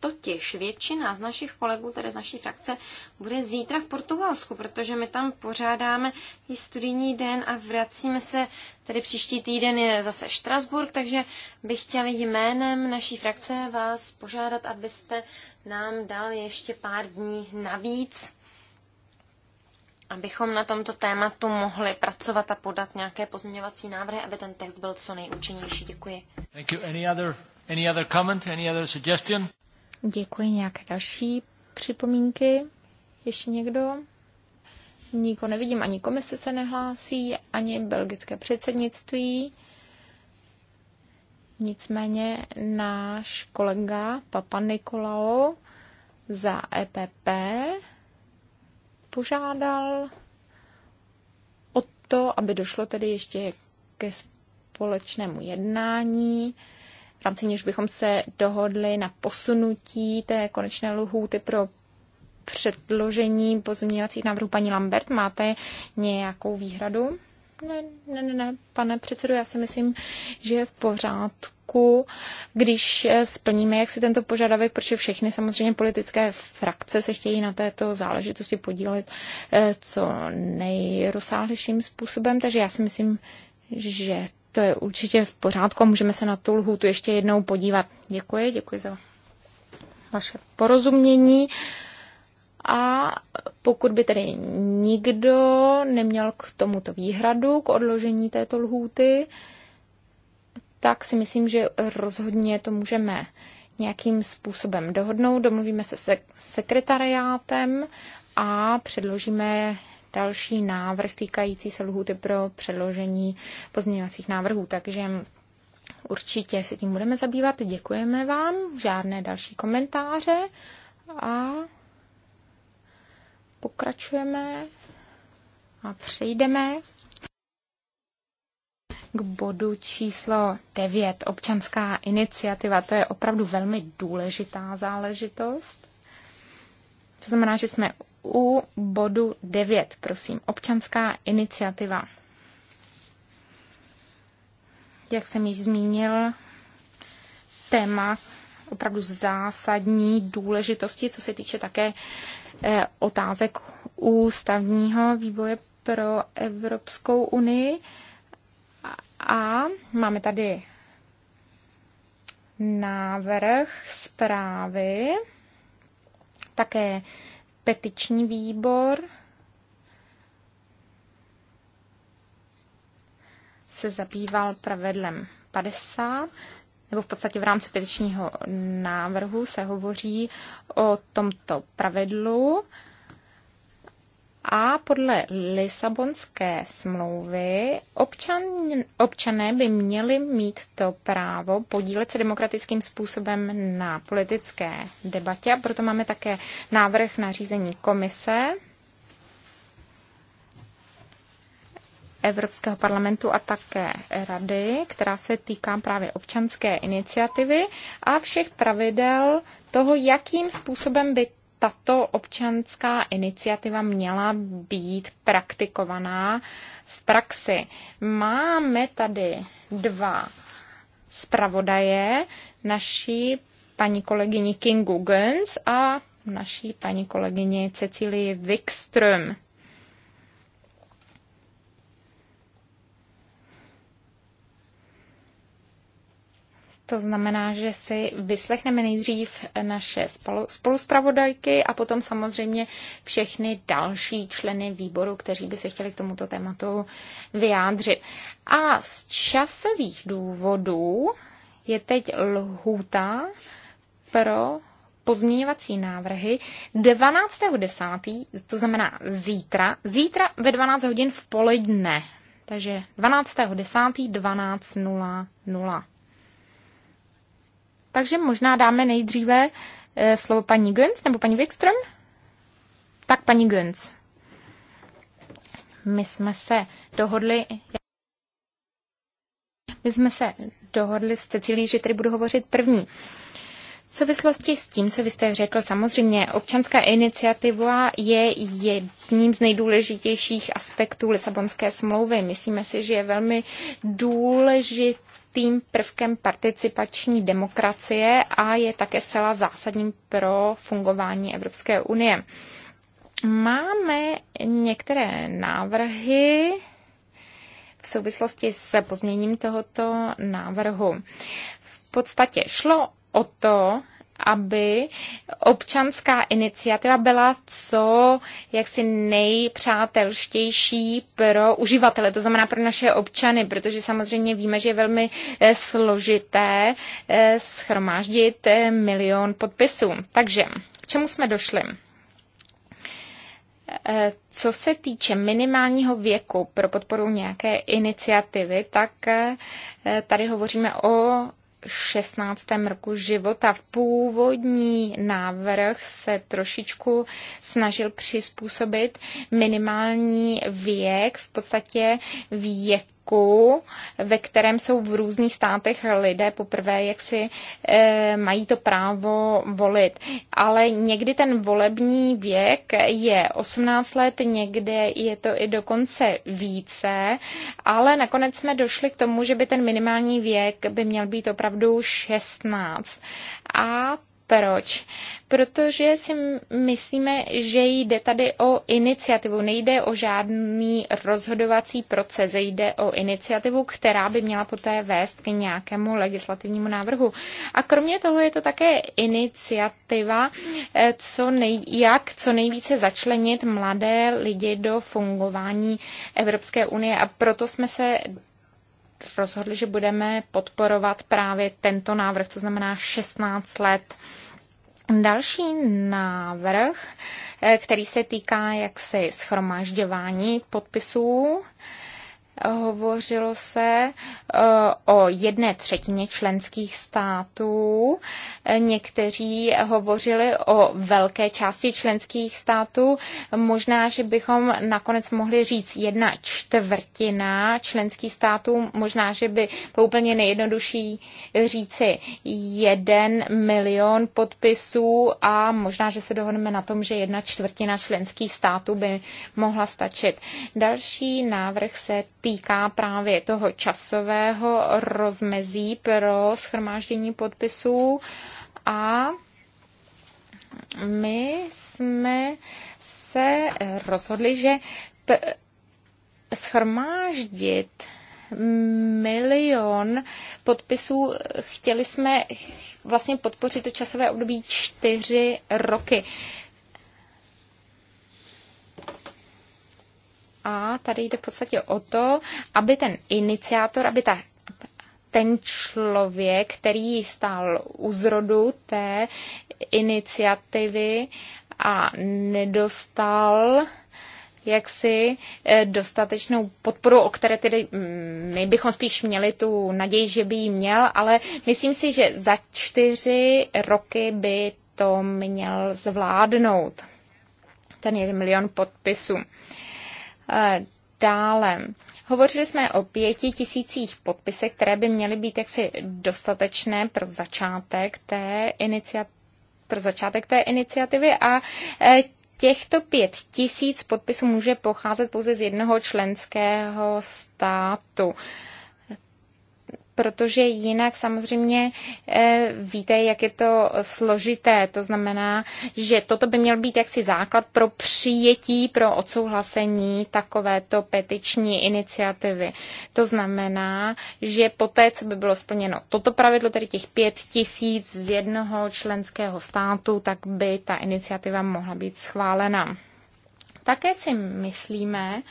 Totiž většina z našich kolegů, tedy z naší frakce, bude zítra v Portugalsku, protože my tam pořádáme i studijní den a vracíme se, tedy příští týden je zase Štrasburg, takže bych chtěla jménem naší frakce vás požádat, abyste nám dal ještě pár dní navíc abychom na tomto tématu mohli pracovat a podat nějaké pozměňovací návrhy, aby ten text byl co nejúčinnější. Děkuji.
Thank you. Any other, any other comment, any other suggestion?
Děkuji. Nějaké další připomínky? Ještě někdo? Niko nevidím, ani komise se nehlásí, ani belgické předsednictví. Nicméně náš kolega Papa Nikolao za EPP požádal o to, aby došlo tedy ještě ke společnému jednání, v rámci něž bychom se dohodli na posunutí té konečné lhůty pro předložení pozměňovacích návrhů. Paní Lambert, máte nějakou výhradu?
Ne, ne,
ne, ne, pane předsedo, já si myslím, že je v pořádku, když eh, splníme jak si tento požadavek, protože všechny samozřejmě politické frakce se chtějí na této záležitosti podílet eh, co nejrozsáhlejším způsobem, takže já si myslím, že to je určitě v pořádku a můžeme se na tu lhůtu ještě jednou podívat. Děkuji, děkuji za vaše porozumění. A pokud by tedy nikdo neměl k tomuto výhradu, k odložení této lhůty, tak si myslím, že rozhodně to můžeme nějakým způsobem dohodnout. Domluvíme se se sekretariátem a předložíme další návrh týkající se lhůty pro předložení pozměňovacích návrhů. Takže určitě se tím budeme zabývat. Děkujeme vám. Žádné další komentáře. A pokračujeme a přejdeme k bodu číslo 9. Občanská iniciativa, to je opravdu velmi důležitá záležitost. To znamená, že jsme u bodu 9, prosím. Občanská iniciativa. Jak jsem již zmínil, téma opravdu zásadní důležitosti, co se týče také Eh, otázek ústavního vývoje pro Evropskou unii. A máme tady návrh zprávy, také petiční výbor se zabýval pravidlem 50 nebo v podstatě v rámci petičního návrhu se hovoří o tomto pravidlu. A podle Lisabonské smlouvy občan, občané by měli mít to právo podílet se demokratickým způsobem na politické debatě. A proto máme také návrh na řízení komise, Evropského parlamentu a také rady, která se týká právě občanské iniciativy a všech pravidel toho, jakým způsobem by tato občanská iniciativa měla být praktikovaná v praxi. Máme tady dva zpravodaje, naší paní kolegyni Kingu Gens a naší paní kolegyni Cecílii Wikström. To znamená, že si vyslechneme nejdřív naše spolu, spoluspravodajky a potom samozřejmě všechny další členy výboru, kteří by se chtěli k tomuto tématu vyjádřit. A z časových důvodů je teď lhůta pro pozměňovací návrhy 12.10., to znamená zítra, zítra ve 12 hodin v poledne. Takže 12.10. 12.00. Takže možná dáme nejdříve eh, slovo paní Gönc nebo paní Wikström? Tak paní Gönc. My jsme se dohodli, my jsme se dohodli s Cecilí, že tady budu hovořit první. V souvislosti s tím, co vy jste řekl, samozřejmě občanská iniciativa je jedním z nejdůležitějších aspektů Lisabonské smlouvy. Myslíme si, že je velmi důležité důležitým prvkem participační demokracie a je také zcela zásadním pro fungování Evropské unie. Máme některé návrhy v souvislosti s pozměním tohoto návrhu. V podstatě šlo o to, aby občanská iniciativa byla co jaksi nejpřátelštější pro uživatele, to znamená pro naše občany, protože samozřejmě víme, že je velmi eh, složité eh, schromáždit eh, milion podpisů. Takže k čemu jsme došli? Co se týče minimálního věku pro podporu nějaké iniciativy, tak tady hovoříme o 16. roku života. Původní návrh se trošičku snažil přizpůsobit minimální věk, v podstatě věk roku, ve kterém jsou v různých státech lidé poprvé, jak si e, mají to právo volit. Ale někdy ten volební věk je 18 let, někde je to i dokonce více, ale nakonec jsme došli k tomu, že by ten minimální věk by měl být opravdu 16. A proč? Protože si myslíme, že jde tady o iniciativu, nejde o žádný rozhodovací proces, jde o iniciativu, která by měla poté vést k nějakému legislativnímu návrhu. A kromě toho je to také iniciativa, eh, co nej, jak co nejvíce začlenit mladé lidi do fungování Evropské unie. A proto jsme se rozhodli, že budeme podporovat právě tento návrh, to znamená 16 let. Další návrh, eh, který se týká jaksi schromažďování podpisů, Hovořilo se eh, o jedné třetině členských států. Někteří hovořili o velké části členských států. Možná, že bychom nakonec mohli říct jedna čtvrtina členských států. Možná, že by to úplně nejjednodušší říci jeden milion podpisů a možná, že se dohodneme na tom, že jedna čtvrtina členských států by mohla stačit. Další návrh se týká právě toho časového rozmezí pro schromáždění podpisů a my jsme se rozhodli, že p- schromáždit milion podpisů. Chtěli jsme vlastně podpořit to časové období čtyři roky. A tady jde v podstatě o to, aby ten iniciátor, aby ta ten člověk, který stál u zrodu té iniciativy a nedostal jaksi eh, dostatečnou podporu, o které tedy mm, my bychom spíš měli tu naději, že by ji měl, ale myslím si, že za čtyři roky by to měl zvládnout, ten jeden milion podpisů. E, dále, hovořili jsme o pěti tisících podpisech, které by měly být jaksi dostatečné pro začátek té iniciativy pro začátek té iniciativy a e, těchto pět tisíc podpisů může pocházet pouze z jednoho členského státu protože jinak samozřejmě eh, víte, jak je to složité. To znamená, že toto by měl být jaksi základ pro přijetí, pro odsouhlasení takovéto petiční iniciativy. To znamená, že poté, co by bylo splněno toto pravidlo, tedy těch pět tisíc z jednoho členského státu, tak by ta iniciativa mohla být schválena. Také si myslíme,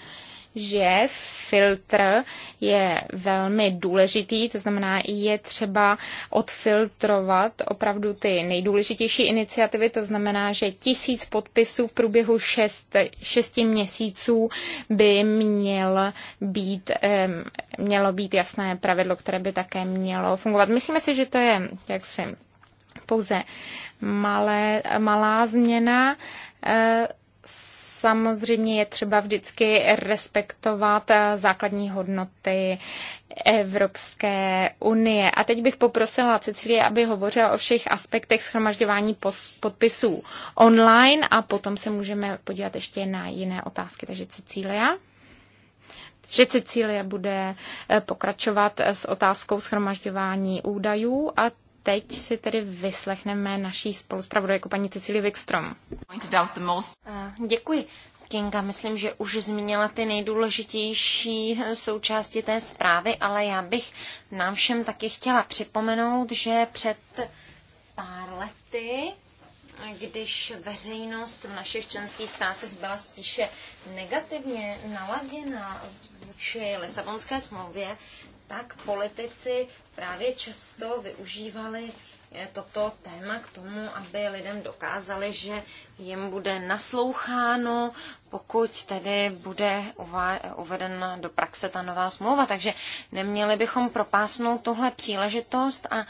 že filtr je velmi důležitý, to znamená, je třeba odfiltrovat opravdu ty nejdůležitější iniciativy, to znamená, že tisíc podpisů v průběhu šest, šesti měsíců by měl být, mělo být jasné pravidlo, které by také mělo fungovat. Myslíme si, že to je jaksi pouze malé, malá změna s eh, samozřejmě je třeba vždycky respektovat eh, základní hodnoty Evropské unie. A teď bych poprosila Cecilie, aby hovořila o všech aspektech schromažďování podpisů online a potom se můžeme podívat ještě na jiné otázky. Takže Cecília že Cecília bude eh, pokračovat s otázkou schromažďování údajů a teď si tedy vyslechneme naší spoluspravodajku paní Cecily Wikstrom.
Děkuji. Kinga, myslím, že už zmínila ty nejdůležitější součásti té zprávy, ale já bych nám všem taky chtěla připomenout, že před pár lety když veřejnost v našich členských státech byla spíše negativně naladěna vůči Lisabonské smlouvě, tak politici právě často využívali eh, toto téma k tomu, aby lidem dokázali, že jim bude nasloucháno, pokud tedy bude eh, uvedena do praxe ta nová smlouva. Takže neměli bychom propásnout tuhle příležitost a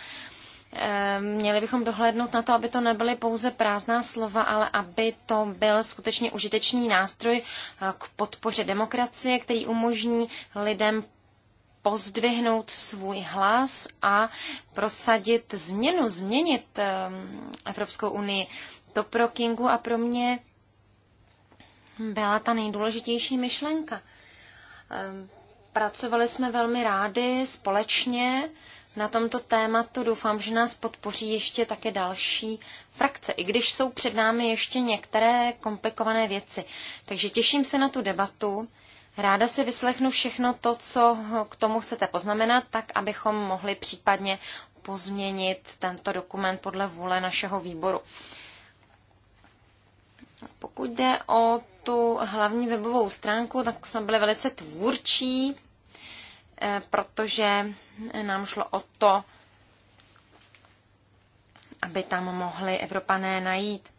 eh, měli bychom dohlédnout na to, aby to nebyly pouze prázdná slova, ale aby to byl skutečně užitečný nástroj k podpoře demokracie, který umožní lidem pozdvihnout svůj hlas a prosadit změnu, změnit ehm, Evropskou unii. To pro Kingu a pro mě byla ta nejdůležitější myšlenka. Ehm, pracovali jsme velmi rádi společně na tomto tématu. Doufám, že nás podpoří ještě také další frakce, i když jsou před námi ještě některé komplikované věci. Takže těším se na tu debatu. Ráda si vyslechnu všechno to, co k tomu chcete poznamenat, tak abychom mohli případně pozměnit tento dokument podle vůle našeho výboru. Pokud jde o tu hlavní webovou stránku, tak jsme byli velice tvůrčí, eh, protože nám šlo o to, aby tam mohli Evropané najít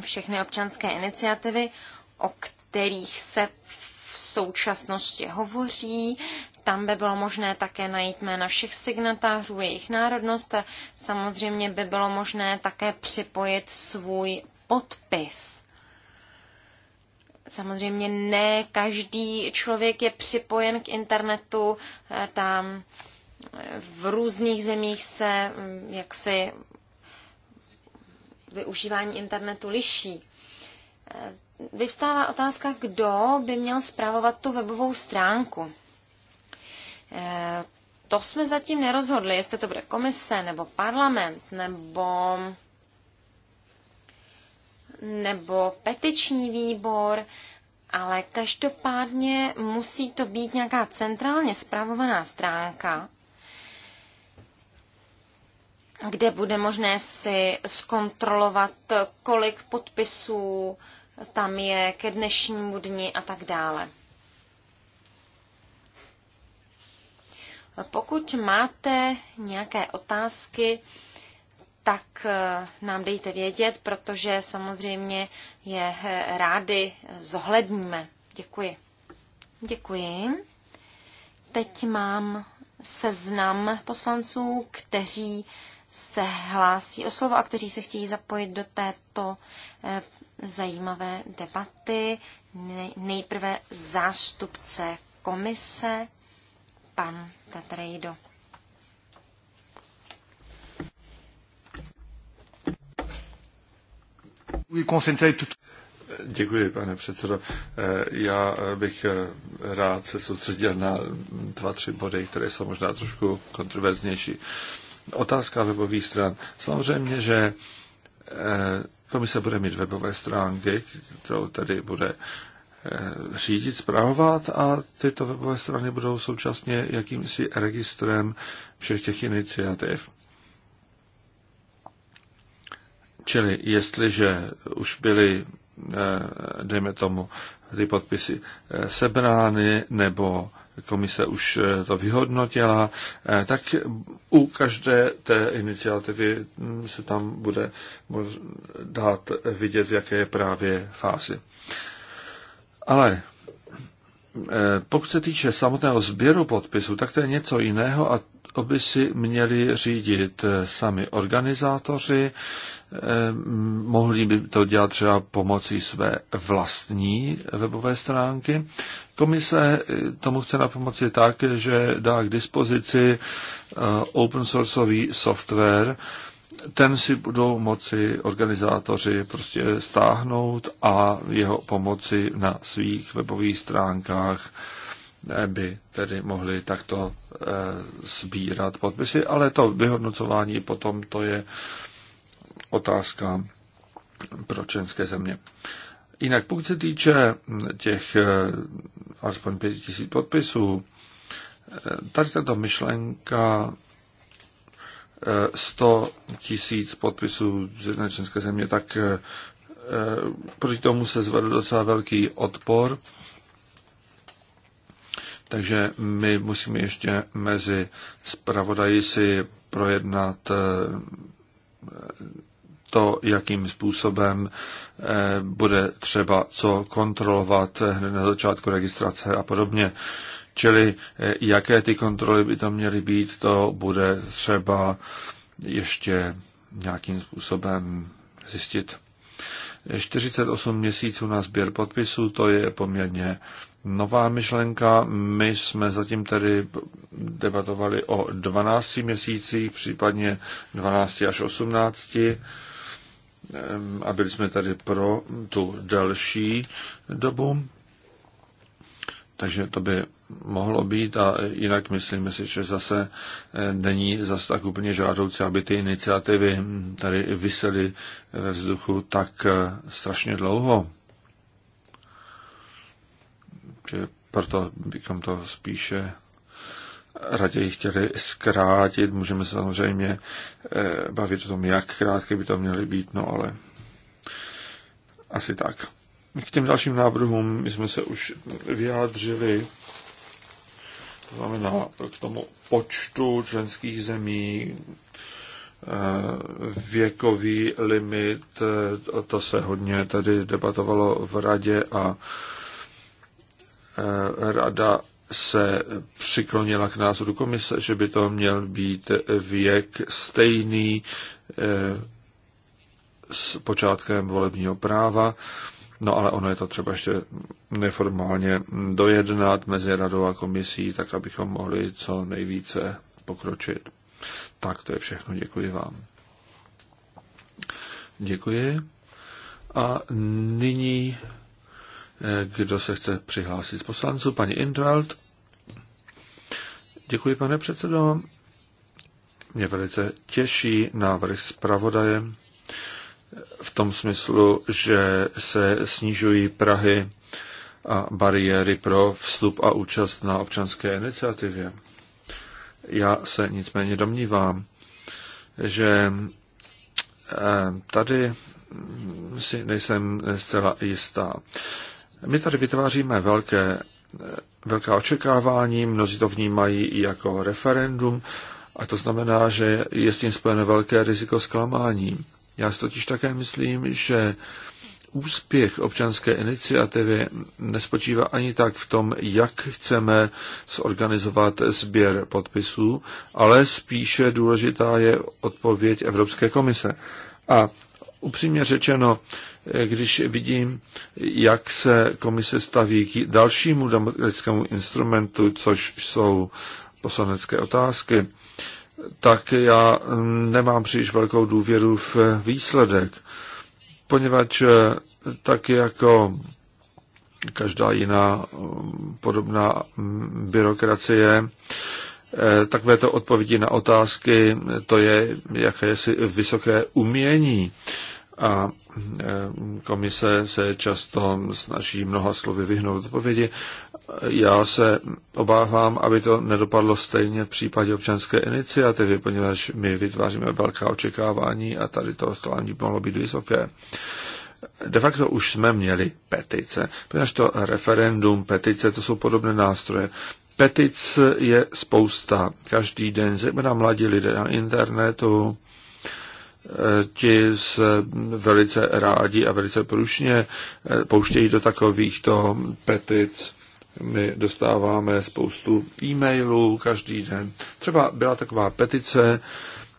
všechny občanské iniciativy, o které kterých se v současnosti hovoří. Tam by bylo možné také najít jména všech signatářů, jejich národnost a samozřejmě by bylo možné také připojit svůj podpis. Samozřejmě ne každý člověk je připojen k internetu, tam v různých zemích se mm, jaksi využívání internetu liší vyvstává otázka, kdo by měl zprávovat tu webovou stránku. Eh, to jsme zatím nerozhodli, jestli to bude komise nebo parlament nebo nebo petiční výbor, ale každopádně musí to být nějaká centrálně zpravovaná stránka, kde bude možné si zkontrolovat, kolik podpisů tam je ke dnešnímu dni a tak dále. Pokud máte nějaké otázky, tak eh, nám dejte vědět, protože samozřejmě je eh, rádi zohledníme. Děkuji. Děkuji. Teď mám seznam poslanců, kteří se hlásí o slovo a kteří se chtějí zapojit do této eh, zajímavé debaty. Nejprve zástupce komise, pan Tatrejdo.
Děkuji, pane předsedo. Eh, já bych eh, rád se soustředil na dva, tři body, které jsou možná trošku kontroverznější. Otázka webových stran. Samozřejmě, že eh, Komise bude mít webové stránky, kterou tady bude eh, řídit, zprávovat a tyto webové strany budou současně jakýmsi registrem všech těch iniciativ. Čili jestliže už byly, eh, dejme tomu, ty podpisy eh, sebrány nebo komise už eh, to vyhodnotila, eh, tak u každé té iniciativy hm, se tam bude dát vidět, v jaké je právě fázi. Ale eh, pokud se týče samotného sběru podpisu, tak to je něco jiného a aby si měli řídit sami organizátoři, hm, mohli by to dělat třeba pomocí své vlastní webové stránky, Komise eh, tomu chce na pomoci tak, že dá k dispozici eh, open sourceový software, ten si budou moci organizátoři prostě stáhnout a jeho pomoci na svých webových stránkách eh, by tedy mohli takto e, sbírat podpisy, ale to vyhodnocování potom to je otázka pro členské země. Jinak pokud se týče těch alespoň pět tisíc podpisů. Tady tato myšlenka 100 eh, tisíc podpisů z jedné členské země, tak eh, proti tomu se zvedl docela velký odpor. Takže my musíme ještě mezi zpravodaji si projednat eh, to, jakým způsobem eh, bude třeba co kontrolovat hned na začátku registrace a podobně. Čili eh, jaké ty kontroly by tam měly být, to bude třeba ještě nějakým způsobem zjistit. 48 měsíců na sběr podpisů, to je poměrně nová myšlenka. My jsme zatím tedy debatovali o 12 měsících, případně 12 až 18 a byli jsme tady pro tu další dobu. Takže to by mohlo být a jinak myslíme si, že zase e, není zase tak úplně žádoucí, aby ty iniciativy tady vysely ve vzduchu tak e, strašně dlouho. Že proto bychom to spíše raději chtěli zkrátit. Můžeme se samozřejmě eh, bavit o tom, jak krátké by to měly být, no ale asi tak. K těm dalším návrhům my jsme se už vyjádřili, to znamená k tomu počtu členských zemí, eh, věkový limit, eh, to se hodně tady debatovalo v radě a rada se přiklonila k názoru komise, že by to měl být věk stejný eh, s počátkem volebního práva, no ale ono je to třeba ještě neformálně dojednat mezi radou a komisí, tak abychom mohli co nejvíce pokročit. Tak to je všechno, děkuji vám. Děkuji. A nyní kdo se chce přihlásit z poslanců. Paní Indralt. Děkuji, pane předsedo. Mě velice těší návrh s pravodajem v tom smyslu, že se snižují Prahy a bariéry pro vstup a účast na občanské iniciativě. Já se nicméně domnívám, že eh, tady si nejsem zcela jistá. My tady vytváříme velké, velká očekávání, mnozí to vnímají i jako referendum, a to znamená, že je s tím spojeno velké riziko zklamání. Já si totiž také myslím, že úspěch občanské iniciativy nespočívá ani tak v tom, jak chceme zorganizovat sběr podpisů, ale spíše důležitá je odpověď Evropské komise. A upřímně řečeno, Eh, když vidím, jak se komise staví k dalšímu demokratickému instrumentu, což jsou poslanecké otázky, tak já nemám příliš velkou důvěru v výsledek, poněvadž eh, tak jako každá jiná mm, podobná mm, byrokracie, eh, to odpovědi na otázky, to je jakési vysoké umění. A Komise se často snaží mnoha slovy vyhnout odpovědi. Já se obávám, aby to nedopadlo stejně v případě občanské iniciativy, poněvadž my vytváříme velká očekávání a tady to očekávání mohlo být vysoké. De facto už jsme měli petice, protože to referendum, petice, to jsou podobné nástroje. Petic je spousta. Každý den, zejména mladí lidé na internetu, ti se velice rádi a velice prušně eh, pouštějí do takovýchto petic. My dostáváme spoustu e-mailů každý den. Třeba byla taková petice,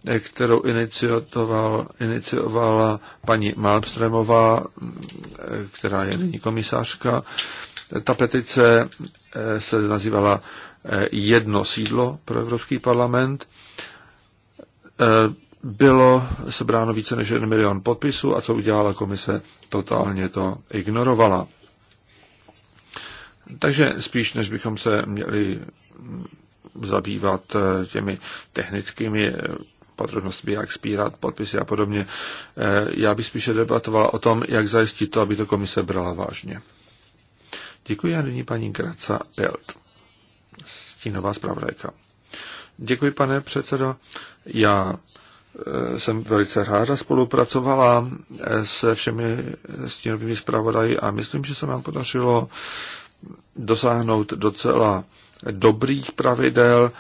eh, kterou inicioval, iniciovala paní Malmstremová, eh, která je nyní komisářka. Ta petice se nazývala Jedno sídlo pro Evropský parlament bylo sebráno více než 1 milion podpisů a co udělala komise, totálně to ignorovala. Takže spíš, než bychom se měli zabývat eh, těmi technickými eh, podrobnostmi, jak spírat podpisy a podobně, eh, já bych spíše debatovala o tom, jak zajistit to, aby to komise brala vážně. Děkuji a nyní paní Graca Pelt, stínová zpravodajka. Děkuji, pane předsedo. Já Eh, jsem velice ráda spolupracovala eh, se všemi stínovými zpravodaji a myslím, že se nám podařilo dosáhnout docela dobrých pravidel,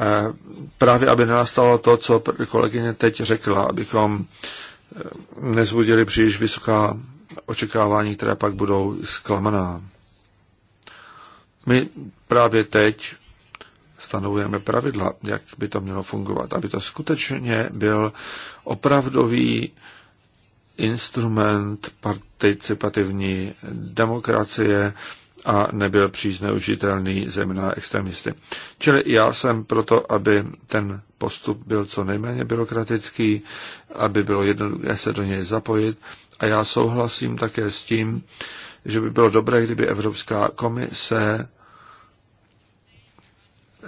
eh, právě aby nenastalo to, co kolegyně teď řekla, abychom nezbudili příliš vysoká očekávání, které pak budou zklamaná. My právě teď stanovujeme pravidla, jak by to mělo fungovat, aby to skutečně byl opravdový instrument participativní demokracie a nebyl přízneužitelný zejména extremisty. Čili já jsem proto, aby ten postup byl co nejméně byrokratický, aby bylo jednoduché se do něj zapojit a já souhlasím také s tím, že by bylo dobré, kdyby Evropská komise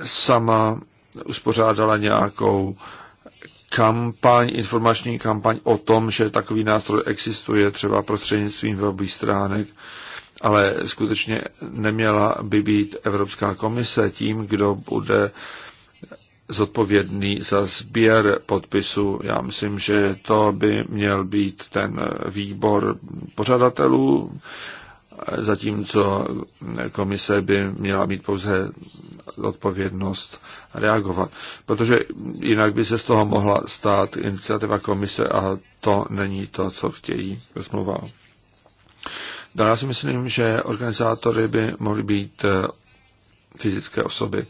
sama uspořádala nějakou kampaň, informační kampaň o tom, že takový nástroj existuje třeba prostřednictvím webových stránek, ale skutečně neměla by být Evropská komise tím, kdo bude zodpovědný za sběr podpisu. Já myslím, že to by měl být ten výbor pořadatelů, zatímco komise by měla mít pouze odpovědnost reagovat, protože jinak by se z toho mohla stát iniciativa komise a to není to, co chtějí ve smlouvách. Dále si myslím, že organizátory by mohly být eh, fyzické osoby.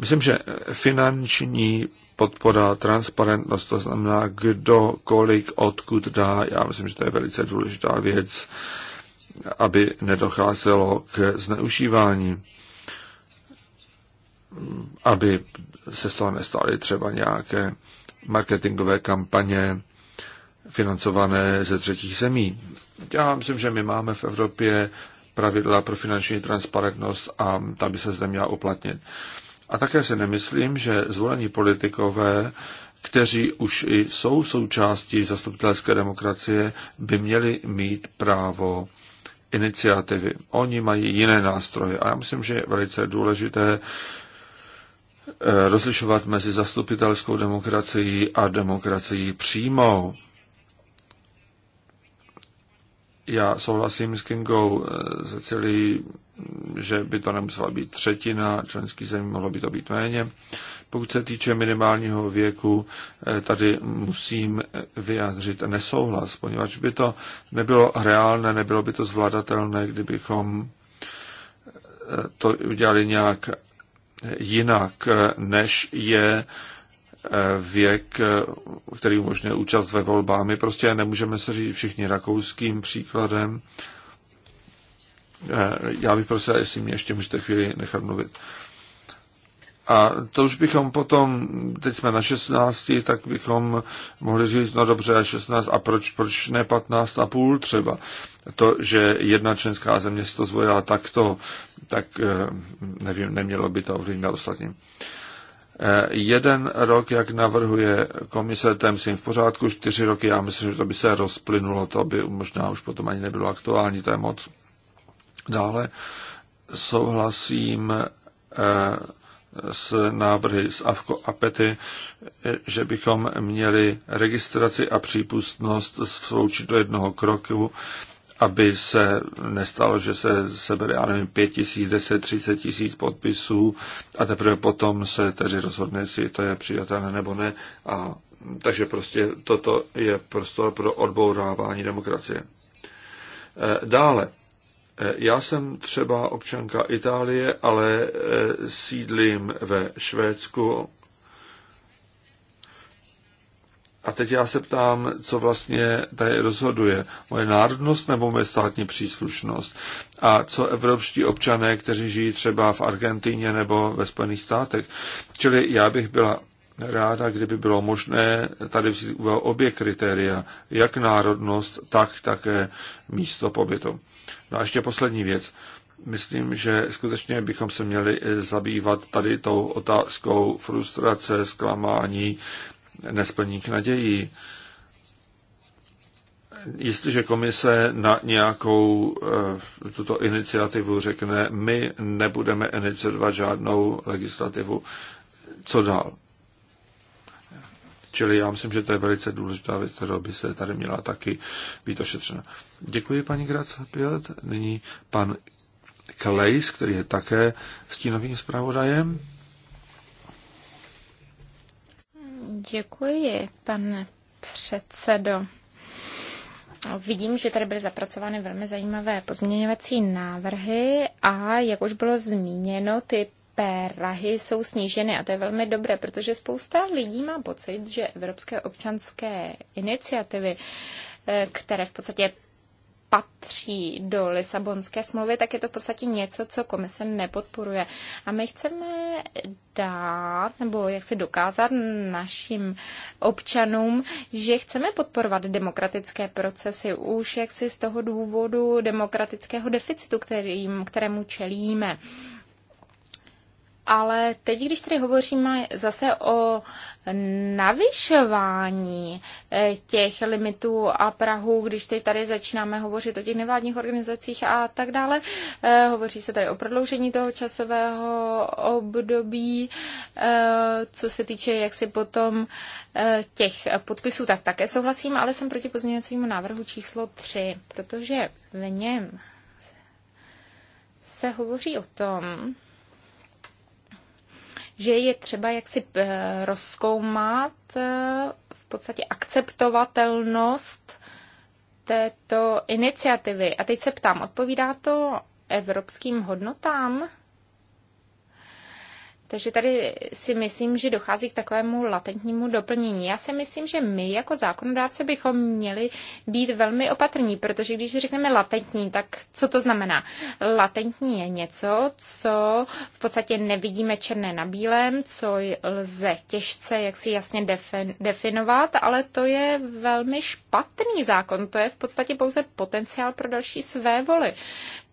Myslím, že finanční podpora, transparentnost, to znamená, kdo kolik, odkud dá, já myslím, že to je velice důležitá věc aby nedocházelo k zneužívání, aby se z toho nestaly třeba nějaké marketingové kampaně financované ze třetích zemí. Já myslím, že my máme v Evropě pravidla pro finanční transparentnost a ta by se zde měla uplatnit. A také si nemyslím, že zvolení politikové, kteří už i jsou součástí zastupitelské demokracie, by měli mít právo iniciativy. Oni mají jiné nástroje a já myslím, že je velice důležité eh, rozlišovat mezi zastupitelskou demokracií a demokracií přímou. Já souhlasím s Kingou eh, se celý, že by to nemusela být třetina členských zemí, mohlo by to být méně. Pokud se týče minimálního věku, eh, tady musím vyjádřit nesouhlas, poněvadž by to nebylo reálné, nebylo by to zvladatelné, kdybychom eh, to udělali nějak eh, jinak, než je věk, který umožňuje účast ve volbách. My prostě nemůžeme se říct všichni rakouským příkladem. Já bych prosil, jestli mě ještě můžete chvíli nechat mluvit. A to už bychom potom, teď jsme na 16, tak bychom mohli říct, no dobře, 16 a proč, proč ne 15 a půl třeba. To, že jedna členská země si to zvolila takto, tak eh, nevím, nemělo by to ovlivňovat ostatním. Eh, jeden rok, jak navrhuje komise, to myslím v pořádku, čtyři roky, já myslím, že to by se rozplynulo, to by možná už potom ani nebylo aktuální, to je moc. Dále souhlasím eh, s návrhy z AFKO a PETY, e, že bychom měli registraci a přípustnost sloučit do jednoho kroku, aby se nestalo, že se sebere, já nevím, 5 tisíc, 10, 30 tisíc podpisů a teprve potom se tedy rozhodne, jestli to je přijatelné nebo ne. A, takže prostě toto je prostor pro odbourávání demokracie. E, dále, Eh, já jsem třeba občanka Itálie, ale eh, sídlím ve Švédsku. A teď já se ptám, co vlastně tady rozhoduje. Moje národnost nebo moje státní příslušnost? A co evropští občané, kteří žijí třeba v Argentíně nebo ve Spojených státech? Čili já bych byla ráda, kdyby bylo možné tady vzít obě kritéria, jak národnost, tak také místo pobytu. No a ještě poslední věc. Myslím, že skutečně bychom se měli eh, zabývat tady tou otázkou frustrace, zklamání, nesplných nadějí jestliže komise na nějakou eh, tuto iniciativu řekne, my nebudeme iniciovat žádnou legislativu, co dál? Čili já myslím, že to je velice důležitá věc, kterou by se tady měla taky být ošetřena. Děkuji, paní Gracapiot. Nyní pan Klejs, který je také stínovým zpravodajem.
Děkuji, pane předsedo. Vidím, že tady byly zapracovány velmi zajímavé pozměňovací návrhy a jak už bylo zmíněno, ty Prahy jsou sníženy a to je velmi dobré, protože spousta lidí má pocit, že evropské občanské iniciativy, eh, které v podstatě patří do Lisabonské smlouvy, tak je to v podstatě něco, co komise nepodporuje. A my chceme dát, nebo jak se dokázat našim občanům, že chceme podporovat demokratické procesy už jaksi z toho důvodu demokratického deficitu, kterým, kterému čelíme. Ale teď, když tady hovoříme zase o navyšování eh, těch limitů a Prahu, když teď tady začínáme hovořit o těch nevládních organizacích a tak dále, eh, hovoří se tady o prodloužení toho časového období, eh, co se týče jak si potom těch podpisů, tak také souhlasím, ale jsem proti pozměňovacímu návrhu číslo 3, protože v něm se hovoří o tom, že je třeba jaksi eh, rozkoumat eh, v podstatě akceptovatelnost této iniciativy. A teď se ptám, odpovídá to evropským hodnotám? Takže tady si myslím, že dochází k takovému latentnímu doplnění. Já si myslím, že my jako zákonodárce bychom měli být velmi opatrní, protože když řekneme latentní, tak co to znamená? Latentní je něco, co v podstatě nevidíme černé na bílém, co lze těžce jak si jasně defin- definovat, ale to je velmi špatný zákon. To je v podstatě pouze potenciál pro další své voly.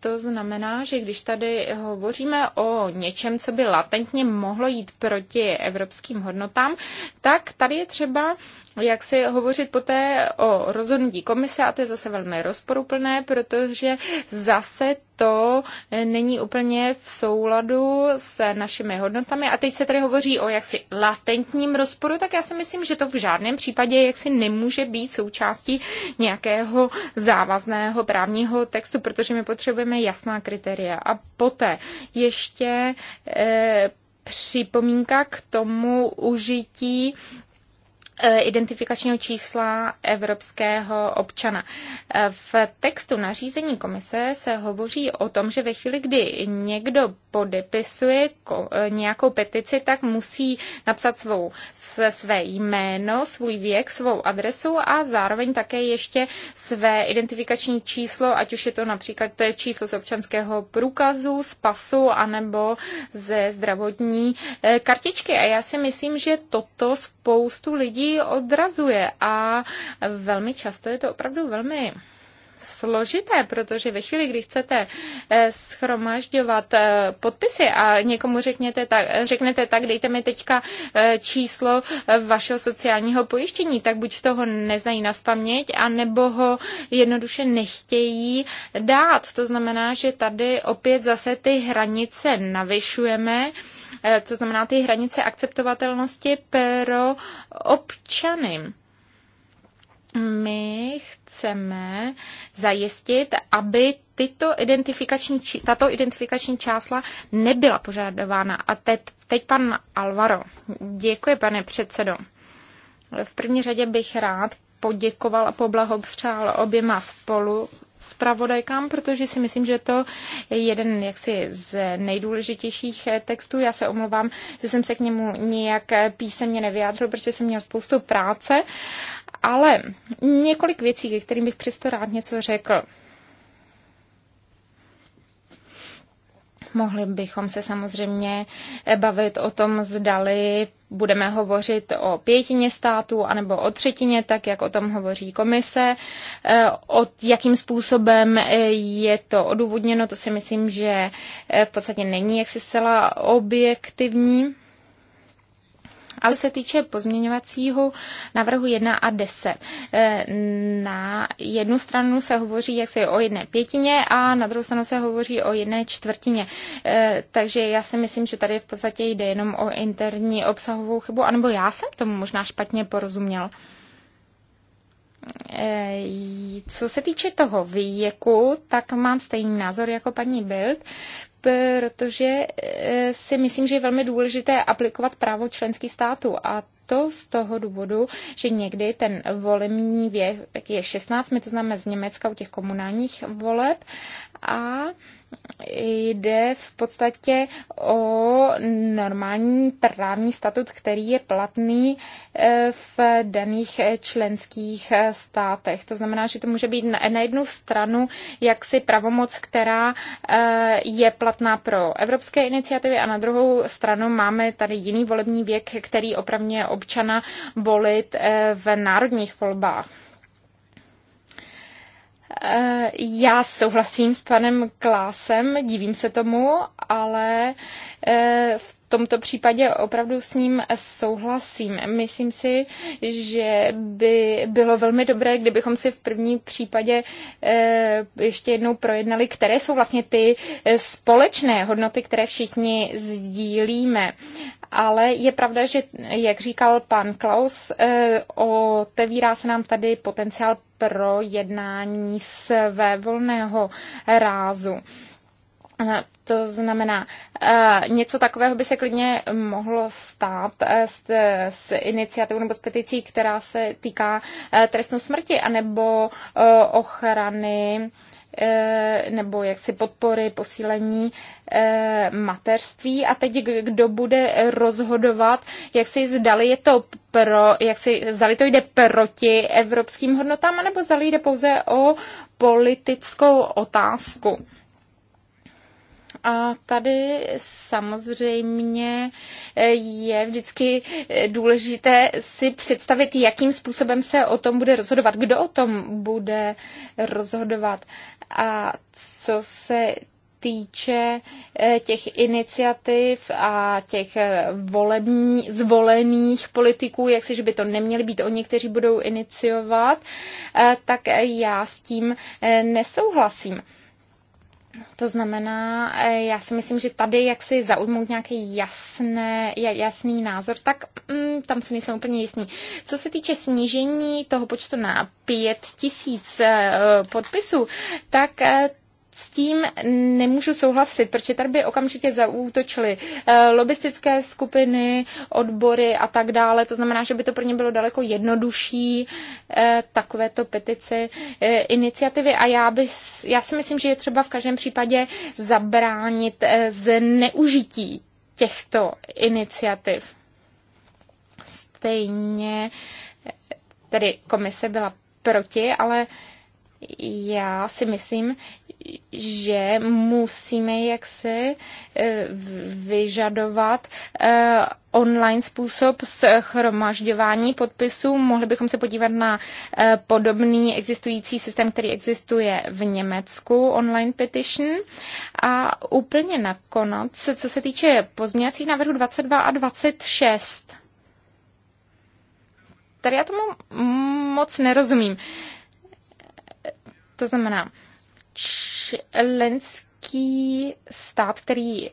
To znamená, že když tady hovoříme o něčem, co by latentně mohlo jít proti evropským hodnotám, tak tady je třeba jak si hovořit poté o rozhodnutí komise a to je zase velmi rozporuplné, protože zase to není úplně v souladu s našimi hodnotami. A teď se tady hovoří o jaksi latentním rozporu, tak já si myslím, že to v žádném případě jaksi nemůže být součástí nějakého závazného právního textu, protože my potřebujeme jasná kritéria. A poté ještě eh, připomínka k tomu užití E, identifikačního čísla evropského občana. E, v textu nařízení komise se hovoří o tom, že ve chvíli, kdy někdo podepisuje e, nějakou petici, tak musí napsat svou, své jméno, svůj věk, svou adresu a zároveň také ještě své identifikační číslo, ať už je to například to je číslo z občanského průkazu, z pasu anebo ze zdravotní kartičky. A já si myslím, že toto spoustu lidí odrazuje a velmi často je to opravdu velmi složité, protože ve chvíli, kdy chcete eh, schromažďovat eh, podpisy a někomu řekněte tak, řeknete tak, dejte mi teďka eh, číslo vašeho sociálního pojištění, tak buď toho neznají na spaměť, anebo ho jednoduše nechtějí dát. To znamená, že tady opět zase ty hranice navyšujeme Eh, co znamená ty hranice akceptovatelnosti pro občany. My chceme zajistit, aby tyto identifikační, tato identifikační čásla nebyla požadována. A teď, teď pan Alvaro. Děkuji, pane předsedo. V první řadě bych rád poděkoval a poblahopřál oběma spolu zpravodajkám, protože si myslím, že to je jeden jaksi z nejdůležitějších eh, textů. Já se omlouvám, že jsem se k němu nijak eh, písemně nevyjádřil, protože jsem měl spoustu práce, ale několik věcí, ke kterým bych přesto rád něco řekl. Mohli bychom se samozřejmě bavit o tom, zdali budeme hovořit o pětině států anebo o třetině, tak jak o tom hovoří komise. E, o jakým způsobem je to odůvodněno, to si myslím, že e, v podstatě není jaksi zcela objektivní. Ale se týče pozměňovacího návrhu 1 a 10, eh, na jednu stranu se hovoří jak se o jedné pětině a na druhou stranu se hovoří o jedné čtvrtině. Eh, takže já si myslím, že tady v podstatě jde jenom o interní obsahovou chybu, anebo já jsem tomu možná špatně porozuměl. Eh, co se týče toho věku, tak mám stejný názor jako paní Bild protože eh, si myslím, že je velmi důležité aplikovat právo členských států a to z toho důvodu, že někdy ten volební věk je 16, my to známe z Německa u těch komunálních voleb a jde v podstatě o normální právní statut, který je platný eh, v daných eh, členských eh, státech. To znamená, že to může být na jednu stranu jaksi pravomoc, která je platná pro evropské iniciativy a na druhou stranu máme tady jiný volební věk, který opravňuje občana volit v národních volbách. Eh, já souhlasím s panem Klásem, divím se tomu, ale E, v tomto případě opravdu s ním souhlasím. Myslím si, že by bylo velmi dobré, kdybychom si v prvním případě e, ještě jednou projednali, které jsou vlastně ty e, společné hodnoty, které všichni sdílíme. Ale je pravda, že, jak říkal pan Klaus, otevírá se nám tady potenciál pro jednání své volného rázu. To znamená, eh, něco takového by se klidně mohlo stát eh, s, s iniciativou nebo s peticí, která se týká eh, trestnou smrti anebo ochrany nebo jaksi podpory, posílení mateřství a teď kdo bude rozhodovat, jak si zdali je to pro, jak si zdali to jde proti evropským hodnotám, anebo zdali jde pouze o politickou otázku. A tady samozřejmě eh, je vždycky eh, důležité si představit, jakým způsobem se o tom bude rozhodovat, kdo o tom bude rozhodovat. A co se týče eh, těch iniciativ a těch volební, zvolených politiků, jak si, že by to neměli být oni, kteří budou iniciovat, tak já s tím nesouhlasím. To znamená, e, já si myslím, že tady, jak si zaujmout nějaký jasné, jasný názor, tak mm, tam si nejsem úplně jistý. Co se týče snížení toho počtu na pět tisíc e, podpisů, tak e, s tím nemůžu souhlasit, protože tady by okamžitě zaútočily eh, lobistické skupiny, odbory a tak dále. To znamená, že by to pro ně bylo daleko jednodušší eh, takovéto petici, eh, iniciativy. A já, bys, já si myslím, že je třeba v každém případě zabránit zneužití těchto iniciativ. Stejně tedy komise byla proti, ale já si myslím, že musíme jaksi eh, vyžadovat eh, online způsob schromažďování podpisů. Mohli bychom se podívat na eh, podobný existující systém, který existuje v Německu, online petition. A úplně nakonec, co se týče pozměňovacích návrhů 22 a 26. Tady já tomu moc nerozumím. To znamená, členský stát, který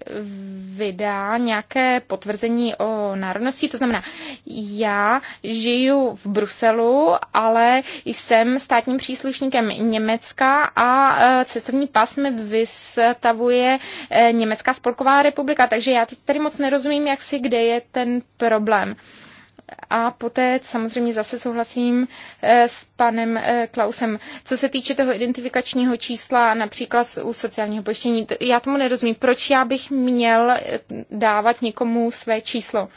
vydá nějaké potvrzení o národnosti, to znamená, já žiju v Bruselu, ale jsem státním příslušníkem Německa a e, cestovní pas mi vystavuje e, Německá spolková republika, takže já teď tady moc nerozumím, jak si kde je ten problém a poté samozřejmě zase souhlasím eh, s panem eh, Klausem. Co se týče toho identifikačního čísla, například u sociálního pojištění, já tomu nerozumím. Proč já bych měl eh, dávat někomu své číslo?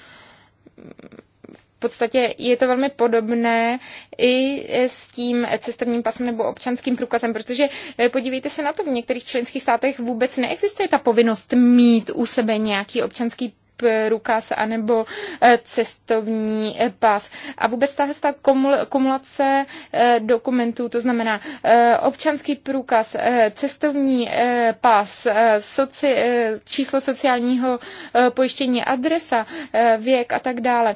V podstatě je to velmi podobné i s tím cestovním pasem nebo občanským průkazem, protože podívejte se na to, v některých členských státech vůbec neexistuje ta povinnost mít u sebe nějaký občanský průkaz anebo e, cestovní e, pas A vůbec tahle ta kumulace e, dokumentů, to znamená občanský průkaz, cestovní pas, soci, číslo sociálního pojištění, adresa, věk a tak dále.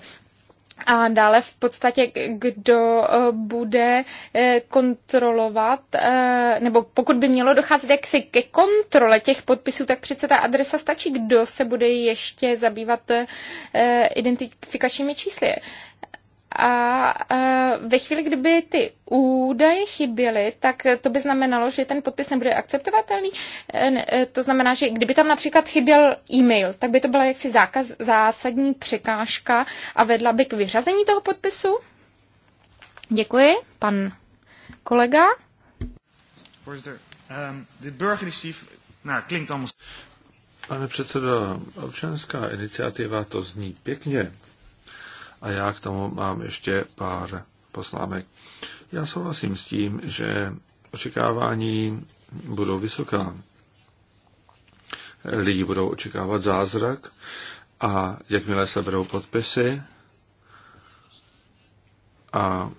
A dále v podstatě, kdo eh, bude eh, kontrolovat, eh, nebo pokud by mělo docházet jaksi ke kontrole těch podpisů, tak přece ta adresa stačí, kdo se bude ještě zabývat identifikačními čísly. A e, ve chvíli, kdyby ty údaje chyběly, tak to by znamenalo, že ten podpis nebude akceptovatelný. E, e, to znamená, že kdyby tam například chyběl e-mail, tak by to byla jaksi zákaz, zásadní překážka a vedla by k vyřazení toho podpisu. Děkuji, pan kolega. Ehm,
Pane předsedo, občanská iniciativa to zní pěkně, a já k tomu mám ještě pár poslámek. Já souhlasím s tím, že očekávání budou vysoká. Lidi budou očekávat zázrak a jakmile se berou podpisy a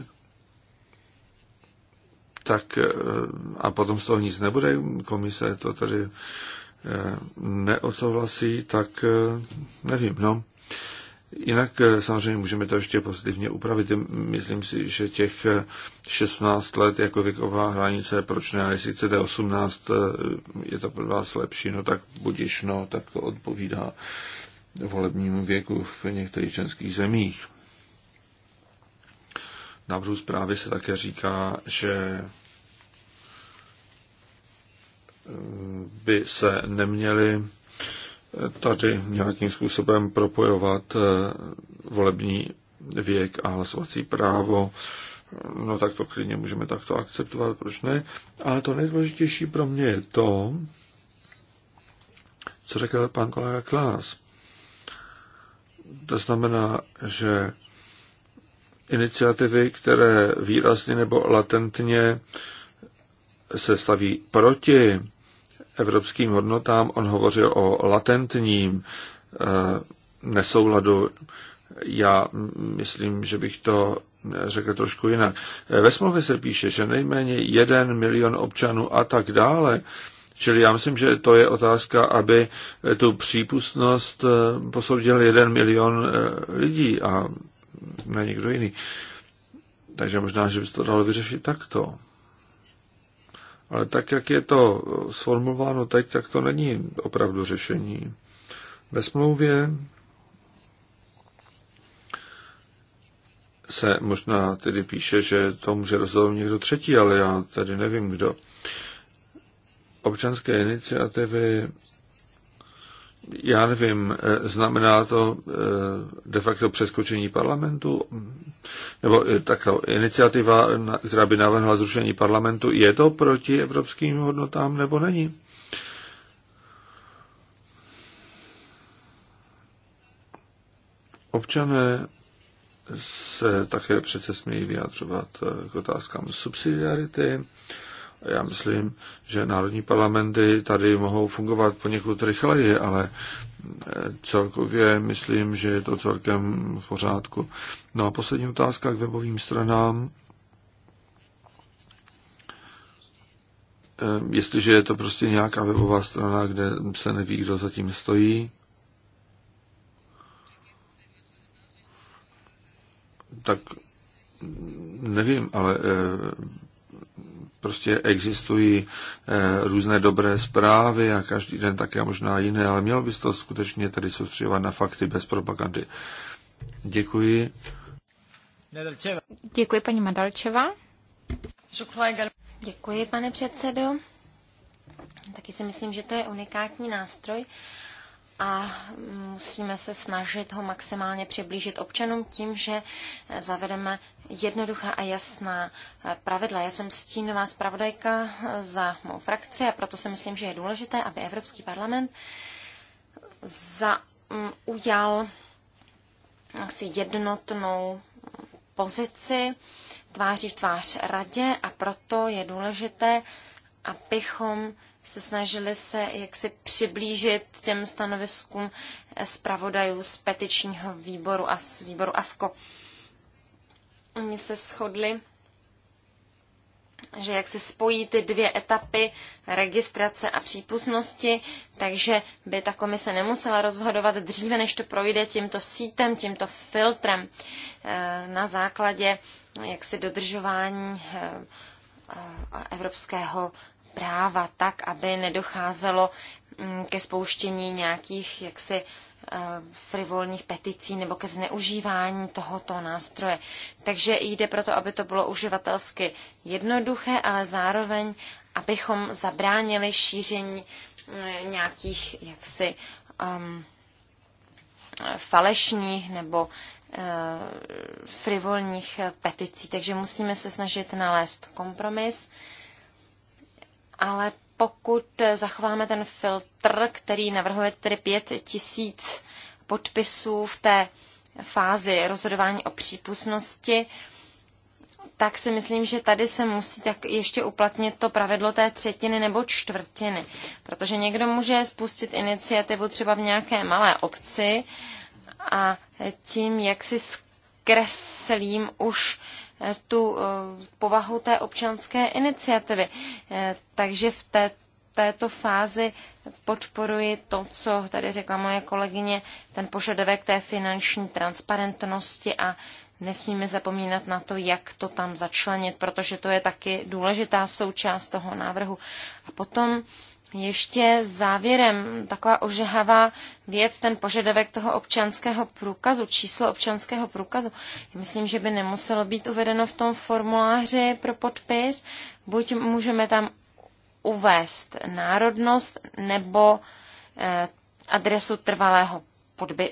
e, tak e, a potom z toho nic nebude, komise to tady e, neodsouhlasí, tak nevím, no. Jinak eh, samozřejmě můžeme to ještě pozitivně upravit. Myslím si, že těch 16 eh, let jako věková hranice, proč ne, jestli chcete 18, je to pro vás lepší, no tak budiš, no, tak to odpovídá volebnímu věku v některých členských zemích. Na návrhu zprávy se také říká, že eh, by se neměly tady nějakým způsobem propojovat eh, volební věk a hlasovací právo. No tak to klidně můžeme takto akceptovat, proč ne? Ale to nejdůležitější pro mě je to, co řekl pan kolega Klás. To znamená, že iniciativy, které výrazně nebo latentně se staví proti evropským hodnotám. On hovořil o latentním eh, nesouladu. Já myslím, že bych to eh, řekl trošku jinak. Eh, ve smlouvě se píše, že nejméně jeden milion občanů a tak dále. Čili já myslím, že to je otázka, aby tu přípustnost posoudil jeden milion lidí a ne někdo jiný. Takže možná, že by se to dalo vyřešit takto. Ale tak, jak je to sformulováno teď, tak to není opravdu řešení. Ve smlouvě se možná tedy píše, že to může rozhodnout někdo třetí, ale já tady nevím, kdo. Občanské iniciativy, já nevím, e, znamená to e, de facto přeskočení parlamentu? nebo eh, taková iniciativa, která by navrhla zrušení parlamentu, je to proti evropským hodnotám nebo není? Občané se také přece smějí vyjadřovat eh, k otázkám subsidiarity, já myslím, že národní parlamenty tady mohou fungovat poněkud rychleji, ale eh, celkově myslím, že je to celkem v pořádku. No a poslední otázka k webovým stranám. Eh, jestliže je to prostě nějaká webová strana, kde se neví, kdo zatím stojí, tak mm, nevím, ale eh, Prostě existují eh, různé dobré zprávy a každý den také možná jiné, ale měl bys to skutečně tady soustředovat na fakty bez propagandy. Děkuji.
Děkuji, paní Madalčeva. Děkuji, pane předsedo. Taky si myslím, že to je unikátní nástroj, a musíme se snažit ho maximálně přiblížit občanům tím, že zavedeme jednoduchá a jasná pravidla. Já jsem stínová zpravodajka za mou frakci a proto si myslím, že je důležité, aby Evropský parlament za, um, ujal jednotnou pozici tváří v tvář radě a proto je důležité, abychom se snažili se jaksi přiblížit těm stanoviskům zpravodajů z petičního výboru a z výboru AFKO. Oni se shodli, že jak se spojí ty dvě etapy registrace a přípustnosti, takže by ta komise nemusela rozhodovat dříve, než to projde tímto sítem, tímto filtrem eh, na základě jaksi dodržování eh, evropského práva tak, aby nedocházelo mm, ke spouštění nějakých jaksi eh, frivolních peticí nebo ke zneužívání tohoto nástroje. Takže jde proto, aby to bylo uživatelsky jednoduché, ale zároveň, abychom zabránili šíření eh, nějakých jaksi um, ehm, falešních nebo eh, frivolních peticí. Takže musíme se snažit nalézt kompromis ale pokud zachováme ten filtr, který navrhuje tedy pět tisíc podpisů v té fázi rozhodování o přípustnosti, tak si myslím, že tady se musí tak ještě uplatnit to pravidlo té třetiny nebo čtvrtiny. Protože někdo může spustit iniciativu třeba v nějaké malé obci a tím, jak si zkreslím už tu eh, povahu té občanské iniciativy. Eh, takže v té, této fázi podporuji to, co tady řekla moje kolegyně, ten požadavek té finanční transparentnosti a nesmíme zapomínat na to, jak to tam začlenit, protože to je taky důležitá součást toho návrhu. A potom ještě závěrem taková ožehavá věc, ten požadavek toho občanského průkazu, číslo občanského průkazu. Myslím, že by nemuselo být uvedeno v tom formuláři pro podpis. Buď můžeme tam uvést národnost nebo eh, adresu trvalého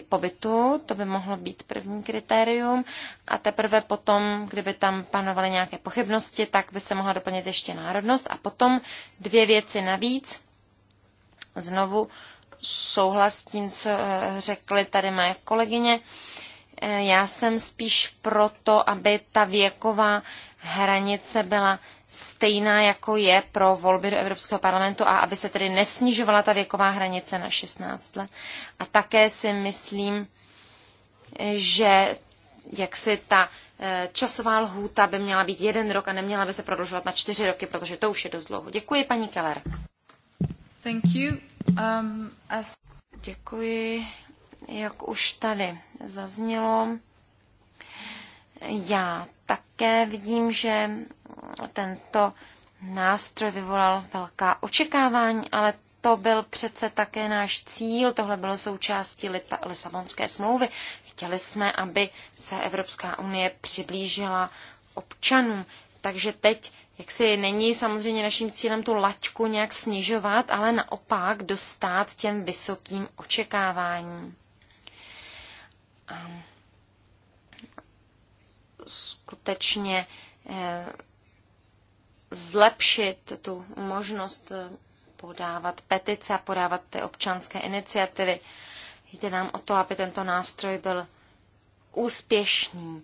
pobytu, to by mohlo být první kritérium. A teprve potom, kdyby tam panovaly nějaké pochybnosti, tak by se mohla doplnit ještě národnost. A potom dvě věci navíc znovu souhlas s tím, co eh, řekly tady moje kolegyně. Eh, já jsem spíš proto, aby ta věková hranice byla stejná, jako je pro volby do Evropského parlamentu a aby se tedy nesnižovala ta věková hranice na 16 let. A také si myslím, že jak si ta eh, časová lhůta by měla být jeden rok a neměla by se prodlužovat na čtyři roky, protože to už je dost dlouho. Děkuji, paní Keller. Thank you. Um, as... Děkuji. Jak už tady zaznělo, já také vidím, že tento nástroj vyvolal velká očekávání, ale to byl přece také náš cíl, tohle bylo součástí Lisabonské smlouvy. Chtěli jsme, aby se Evropská unie přiblížila občanům. Takže teď jak si není samozřejmě naším cílem tu laťku nějak snižovat, ale naopak dostat těm vysokým očekáváním. A skutečně eh, zlepšit tu možnost eh, podávat petice a podávat ty občanské iniciativy. Jde nám o to, aby tento nástroj byl úspěšný,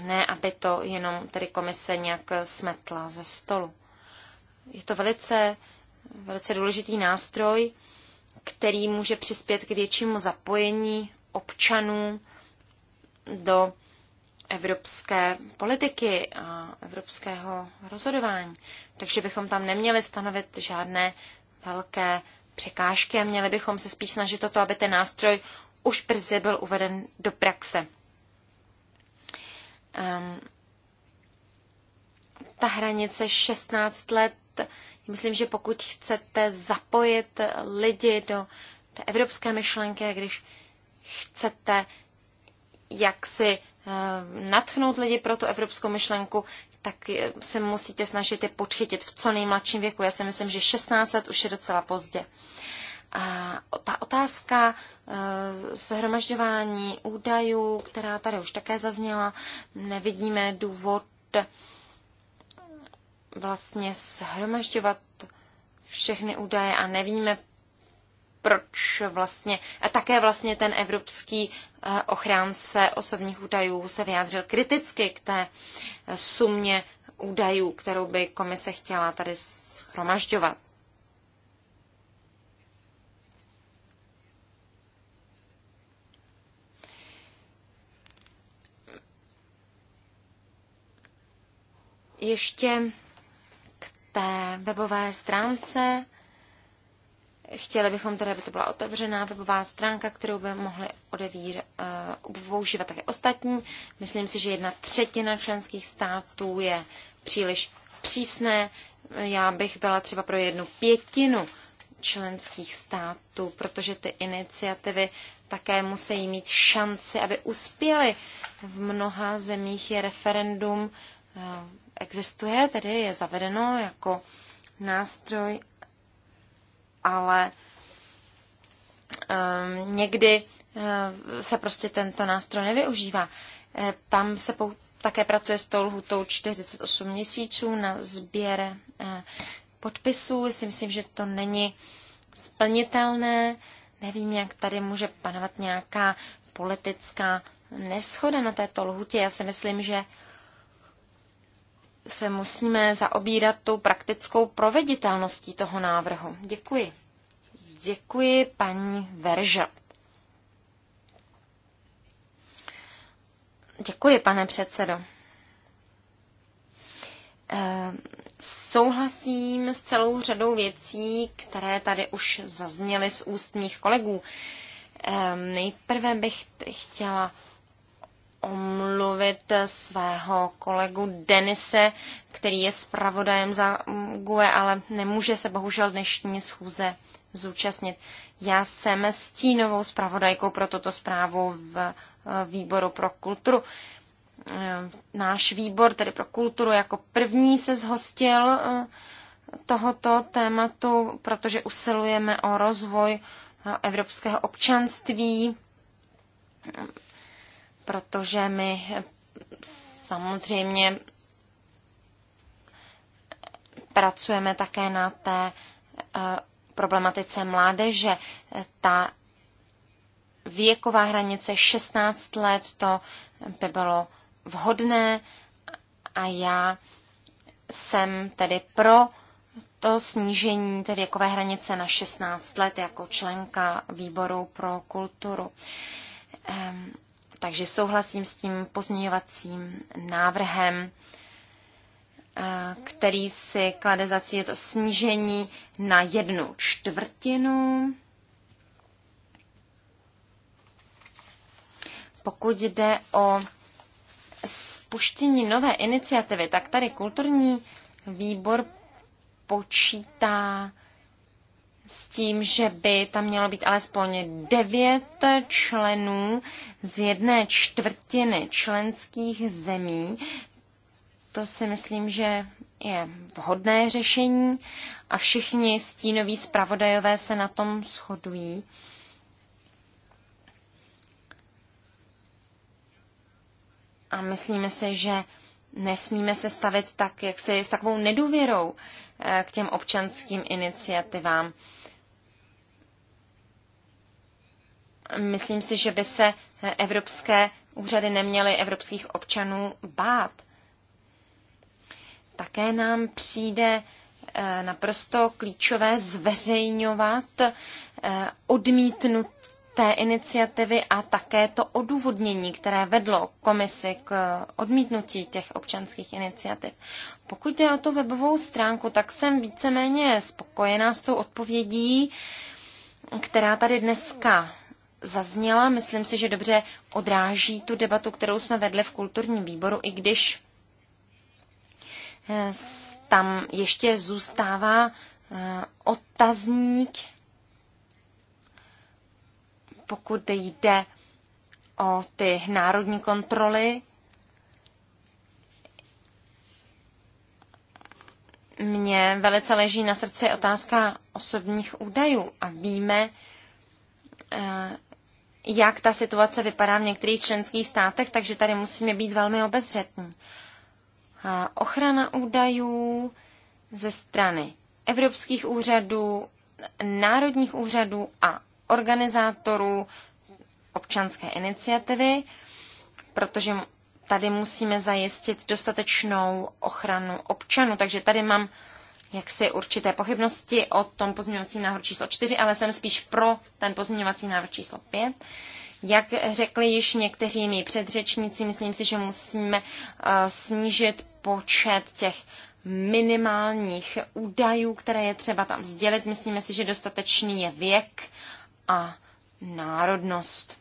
ne, aby to jenom tedy komise nějak smetla ze stolu. Je to velice, velice důležitý nástroj, který může přispět k většímu zapojení občanů do evropské politiky a evropského rozhodování. Takže bychom tam neměli stanovit žádné velké překážky a měli bychom se spíš snažit o to, aby ten nástroj už brzy byl uveden do praxe um, ta hranice 16 let, myslím, že pokud chcete zapojit lidi do té evropské myšlenky, když chcete jak si ehm, natchnout lidi pro tu evropskou myšlenku, tak se musíte snažit je podchytit v co nejmladším věku. Já si myslím, že 16 let už je docela pozdě. Uh, a ta otázka shromažďování eh, údajů, která tady už také zazněla, nevidíme důvod eh, vlastně shromažďovat všechny údaje a nevíme, proč vlastně, a také vlastně ten evropský eh, ochránce osobních údajů se vyjádřil kriticky k té sumě údajů, kterou by komise chtěla tady schromažďovat. Ještě k té webové stránce. Chtěli bychom tedy, aby to byla otevřená webová stránka, kterou by mohli odevír, uh, eh, používat také ostatní. Myslím si, že jedna třetina členských států je příliš přísné. Já bych byla třeba pro jednu pětinu členských států, protože ty iniciativy také musí mít šanci, aby uspěly. V mnoha zemích je referendum eh, existuje, tedy je zavedeno jako nástroj, ale um, někdy uh, se prostě tento nástroj nevyužívá. E, tam se pou, také pracuje s tou lhutou 48 měsíců na sběr e, podpisů. Já si myslím, že to není splnitelné. Nevím, jak tady může panovat nějaká politická neschoda na této lhutě. Já si myslím, že se musíme zaobírat tou praktickou proveditelností toho návrhu. Děkuji. Děkuji paní Verža. Děkuji, pane předsedo. Ehm, souhlasím s celou řadou věcí, které tady už zazněly z úst mých kolegů. Ehm, nejprve bych chtěla omluvit svého kolegu Denise, který je zpravodajem za GUE, ale nemůže se bohužel dnešní schůze zúčastnit. Já jsem stínovou zpravodajkou pro tuto zprávu v eh, výboru pro kulturu. Eh, náš výbor, tedy pro kulturu, jako první se zhostil eh, tohoto tématu, protože usilujeme o rozvoj evropského občanství protože my samozřejmě pracujeme také na té eh, problematice mládeže. Ta věková hranice 16 let, to by bylo vhodné a já jsem tedy pro to snížení té věkové hranice na 16 let jako členka výboru pro kulturu. Ehm, takže souhlasím s tím pozměňovacím návrhem, eh, který si klade za cíl to snížení na jednu čtvrtinu. Pokud jde o spuštění nové iniciativy, tak tady kulturní výbor počítá s tím, že by tam mělo být alespoň devět členů z jedné čtvrtiny členských zemí. To si myslím, že je vhodné řešení a všichni stínoví zpravodajové se na tom shodují. A myslíme si, že nesmíme se stavit tak, jak se s takovou nedůvěrou eh, k těm občanským iniciativám. myslím si, že by se evropské úřady neměly evropských občanů bát. Také nám přijde eh, naprosto klíčové zveřejňovat eh, odmítnuté iniciativy a také to odůvodnění, které vedlo komisi k odmítnutí těch občanských iniciativ. Pokud jde o tu webovou stránku, tak jsem víceméně spokojená s tou odpovědí, která tady dneska zazněla. Myslím si, že dobře odráží tu debatu, kterou jsme vedli v kulturním výboru, i když eh, tam ještě zůstává eh, otazník, pokud jde o ty národní kontroly. Mně velice leží na srdci otázka osobních údajů a víme, eh, jak ta situace vypadá v některých členských státech, takže tady musíme být velmi obezřetní. A ochrana údajů ze strany evropských úřadů, národních úřadů a organizátorů občanské iniciativy, protože tady musíme zajistit dostatečnou ochranu občanů. Takže tady mám jaksi určité pochybnosti o tom pozměňovacím návrhu číslo 4, ale jsem spíš pro ten pozměňovací návrh číslo 5. Jak řekli již někteří mý předřečníci, myslím si, že musíme eh, snížit počet těch minimálních údajů, které je třeba tam sdělit. Myslíme si, že dostatečný je věk a národnost.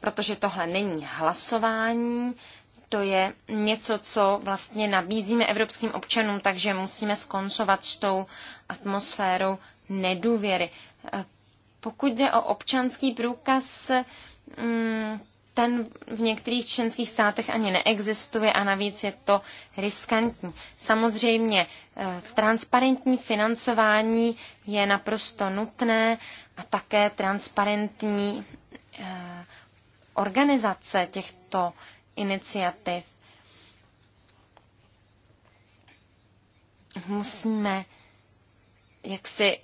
Protože tohle není hlasování, to je něco, co vlastně nabízíme evropským občanům, takže musíme skoncovat s tou atmosférou nedůvěry. Eh, pokud jde o občanský průkaz, mm, ten v některých členských státech ani neexistuje a navíc je to riskantní. Samozřejmě eh, transparentní financování je naprosto nutné a také transparentní eh, organizace těchto iniciativ. Musíme jak si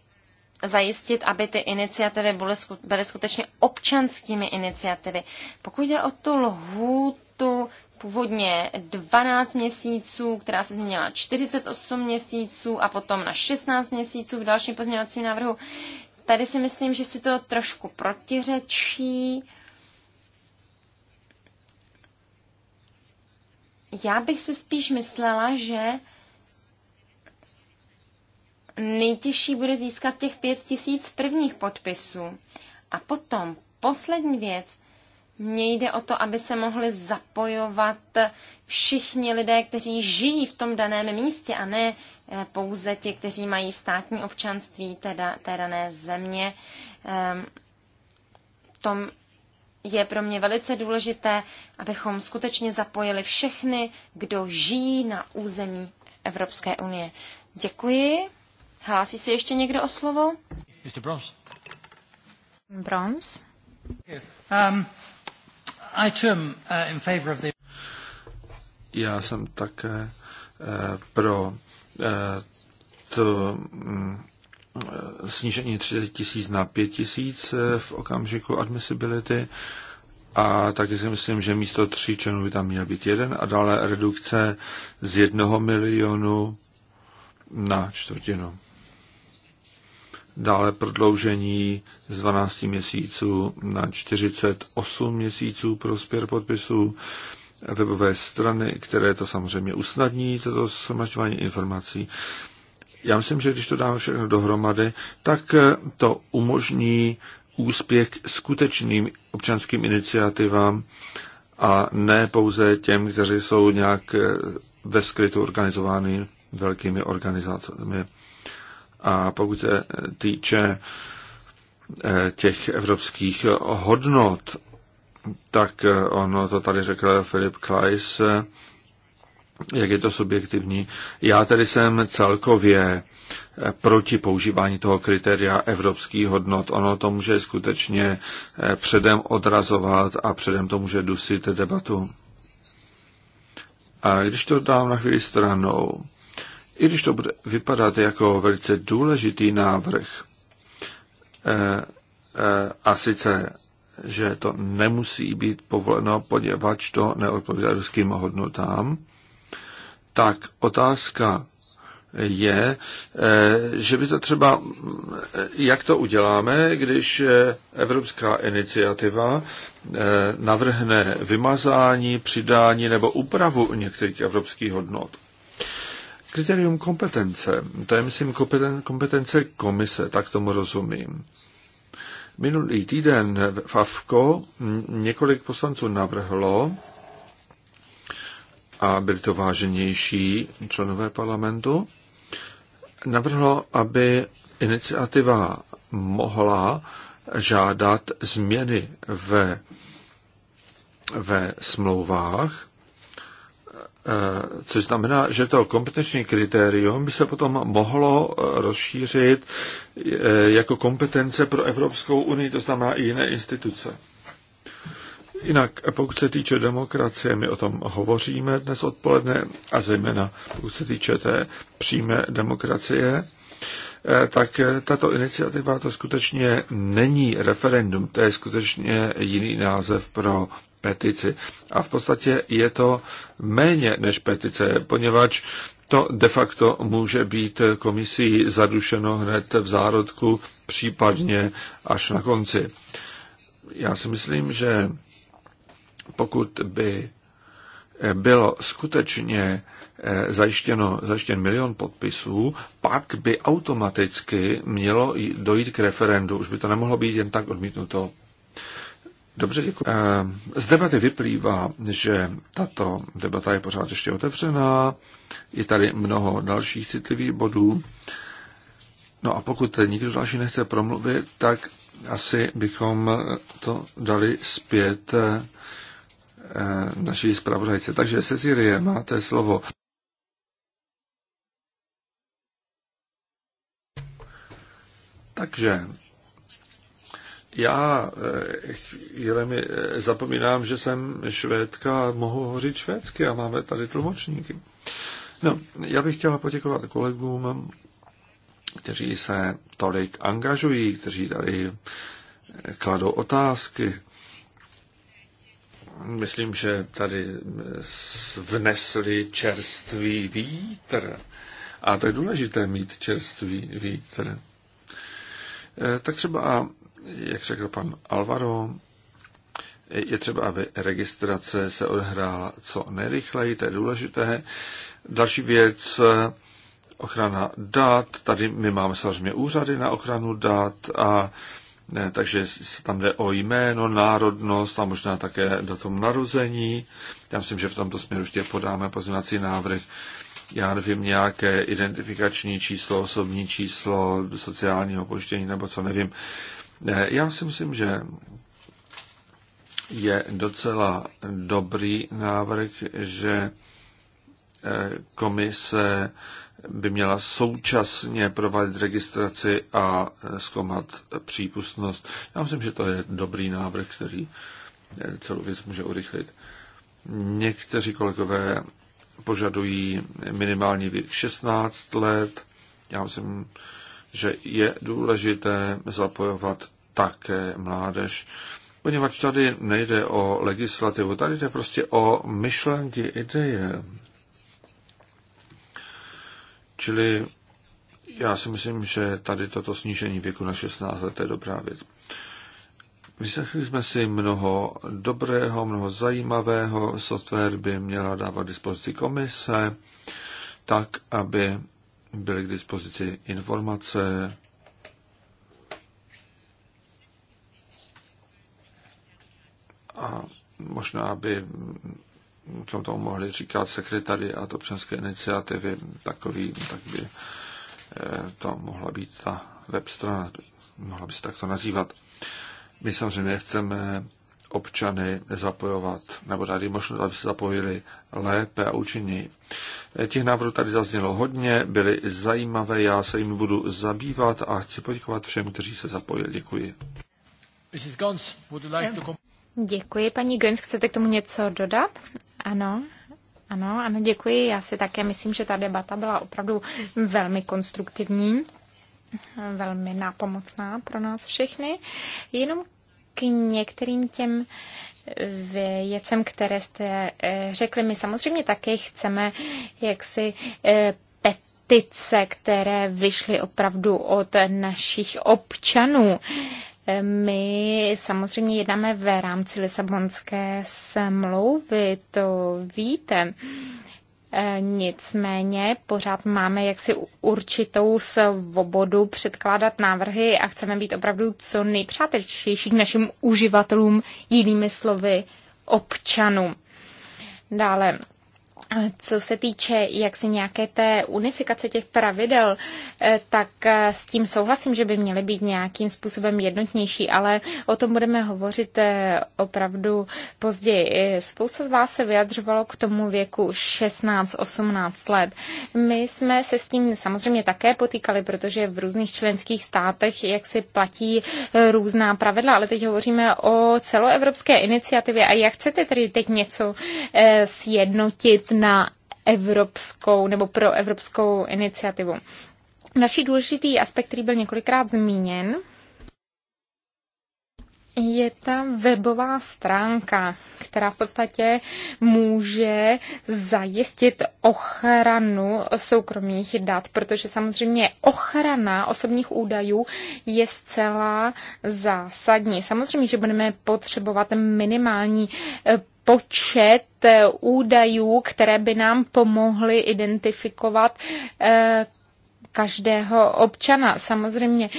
zajistit, aby ty iniciativy byly, byly skutečně občanskými iniciativy. Pokud jde o tu lhůtu původně 12 měsíců, která se změnila 48 měsíců a potom na 16 měsíců v dalším pozměňovacím návrhu, tady si myslím, že si to trošku protiřečí Já bych si spíš myslela, že nejtěžší bude získat těch pět tisíc prvních podpisů. A potom poslední věc, mně jde o to, aby se mohli zapojovat všichni lidé, kteří žijí v tom daném místě a ne eh, pouze ti, kteří mají státní občanství teda, té dané země. Ehm, tom je pro mě velice důležité, abychom skutečně zapojili všechny, kdo žijí na území Evropské unie. Děkuji. Hlásí se ještě někdo o slovo? Mr. Bronze. Bronze. Um, I too uh,
in favor of the...
Já jsem také uh, pro uh, um, snížení 30 tisíc na 5 tisíc eh, v okamžiku admissibility a taky si myslím, že místo tří členů by tam měl být jeden a dále redukce z jednoho milionu na čtvrtinu. Dále prodloužení z 12 měsíců na 48 měsíců pro spěr podpisů webové strany, které to samozřejmě usnadní, toto shromažďování informací. Já myslím, že když to dáme všechno dohromady, tak eh, to umožní úspěch skutečným občanským iniciativám a ne pouze těm, kteří jsou nějak eh, ve skrytu organizovány velkými organizacemi. A pokud se eh, týče těch evropských hodnot, tak ono to tady řekl Filip Kleis, jak je to subjektivní. Já tedy jsem celkově eh, proti používání toho kritéria evropských hodnot. Ono to může skutečně eh, předem odrazovat a předem to může dusit debatu. A když to dám na chvíli stranou, i když to bude vypadat jako velice důležitý návrh, eh, a sice, že to nemusí být povoleno, poněvadž to neodpovídá ruským hodnotám, tak otázka je, eh, že by to třeba, eh, jak to uděláme, když eh, Evropská iniciativa navrhne vymazání, přidání nebo úpravu některých evropských hodnot. Kritérium kompetence, to je, myslím, kompetence komise, tak tomu rozumím. Minulý týden v AFKO několik poslanců navrhlo, a byli to váženější členové parlamentu, navrhlo, aby iniciativa mohla žádat změny ve, ve smlouvách, eh, což znamená, že to kompetenční kritérium by se potom mohlo rozšířit eh, jako kompetence pro Evropskou unii, to znamená i jiné instituce. Jinak, pokud se týče demokracie, my o tom hovoříme dnes odpoledne, a zejména pokud se týče té přímé demokracie, eh, tak eh, tato iniciativa to skutečně není referendum, to je skutečně jiný název pro petici. A v podstatě je to méně než petice, poněvadž to de facto může být komisí zadušeno hned v zárodku, případně až na konci. Já si myslím, že pokud by eh, bylo skutečně eh, zajištěno, zajištěn milion podpisů, pak by automaticky mělo dojít k referendu. Už by to nemohlo být jen tak odmítnuto. Dobře, děkuji. Eh, z debaty vyplývá, že tato debata je pořád ještě otevřená, je tady mnoho dalších citlivých bodů. No a pokud nikdo další nechce promluvit, tak asi bychom to dali zpět Eh, naší zpravodajce. Takže Cecilie, máte slovo. Takže já mi eh, eh, zapomínám, že jsem švédka a mohu hovořit švédsky a máme tady tlumočníky. No, já bych chtěla poděkovat kolegům, kteří se tolik angažují, kteří tady kladou otázky, myslím, že tady mm, vnesli čerstvý vítr. A to je důležité mít čerstvý vítr. E, tak třeba, jak řekl pan Alvaro, je třeba, aby registrace se odehrála co nejrychleji, to je důležité. Další věc, ochrana dat. Tady my máme samozřejmě úřady na ochranu dat a ne, takže tam jde o jméno, národnost a možná také do tom narození. Já myslím, že v tomto směru ještě podáme pozměňovací návrh. Já nevím, nějaké identifikační číslo, osobní číslo, sociálního pojištění nebo co, nevím. Já si myslím, že je docela dobrý návrh, že eh, komise by měla současně provádět registraci a eh, zkoumat přípustnost. Já myslím, že to je dobrý návrh, který eh, celou věc může urychlit. Někteří kolegové požadují minimální věk 16 let. Já myslím, že je důležité zapojovat také mládež, poněvadž tady nejde o legislativu, tady jde prostě o myšlenky, ideje. Čili já si myslím, že tady toto snížení věku na 16 let je dobrá věc. Vyslechli jsme si mnoho dobrého, mnoho zajímavého. Software by měla dávat dispozici komise, tak, aby byly k dispozici informace, a možná aby co to mohli říkat sekretary a to občanské iniciativy, takový, tak by eh, to mohla být ta web strana, mohla by se takto nazývat. My samozřejmě chceme občany zapojovat, nebo tady možnost, aby se zapojili lépe a účinněji. Eh, těch návrhů tady zaznělo hodně, byly zajímavé, já se jim budu zabývat a chci poděkovat všem, kteří se zapojili. Děkuji.
Gons,
Děkuji. Paní Gens, chcete k tomu něco dodat? Ano, ano, ano, děkuji. Já si také myslím, že ta debata byla opravdu velmi konstruktivní, velmi nápomocná pro nás všechny. Jenom k některým těm věcem, které jste eh, řekli, my samozřejmě také chceme jaksi eh, petice, které vyšly opravdu od našich občanů. My samozřejmě jednáme v rámci Lisabonské smlouvy, to víte. E, nicméně pořád máme jaksi určitou svobodu předkládat návrhy a chceme být opravdu co nejpřátelčtější k našim uživatelům, jinými slovy občanům. Dále co se týče jaksi nějaké té unifikace těch pravidel, eh, tak eh, s tím souhlasím, že by měly být nějakým způsobem jednotnější, ale o tom budeme hovořit eh, opravdu později. Spousta z vás se vyjadřovalo k tomu věku 16-18 let. My jsme se s tím samozřejmě také potýkali, protože v různých členských státech jak si platí různá pravidla, ale teď hovoříme o celoevropské iniciativě a jak chcete tedy teď něco sjednotit na evropskou nebo pro evropskou iniciativu. Další důležitý aspekt, který byl několikrát zmíněn, je ta webová stránka, která v podstatě může zajistit ochranu soukromých dat, protože samozřejmě ochrana osobních údajů je zcela zásadní. Samozřejmě, že budeme potřebovat minimální počet eh, údajů, které by nám pomohly identifikovat eh, každého občana. Samozřejmě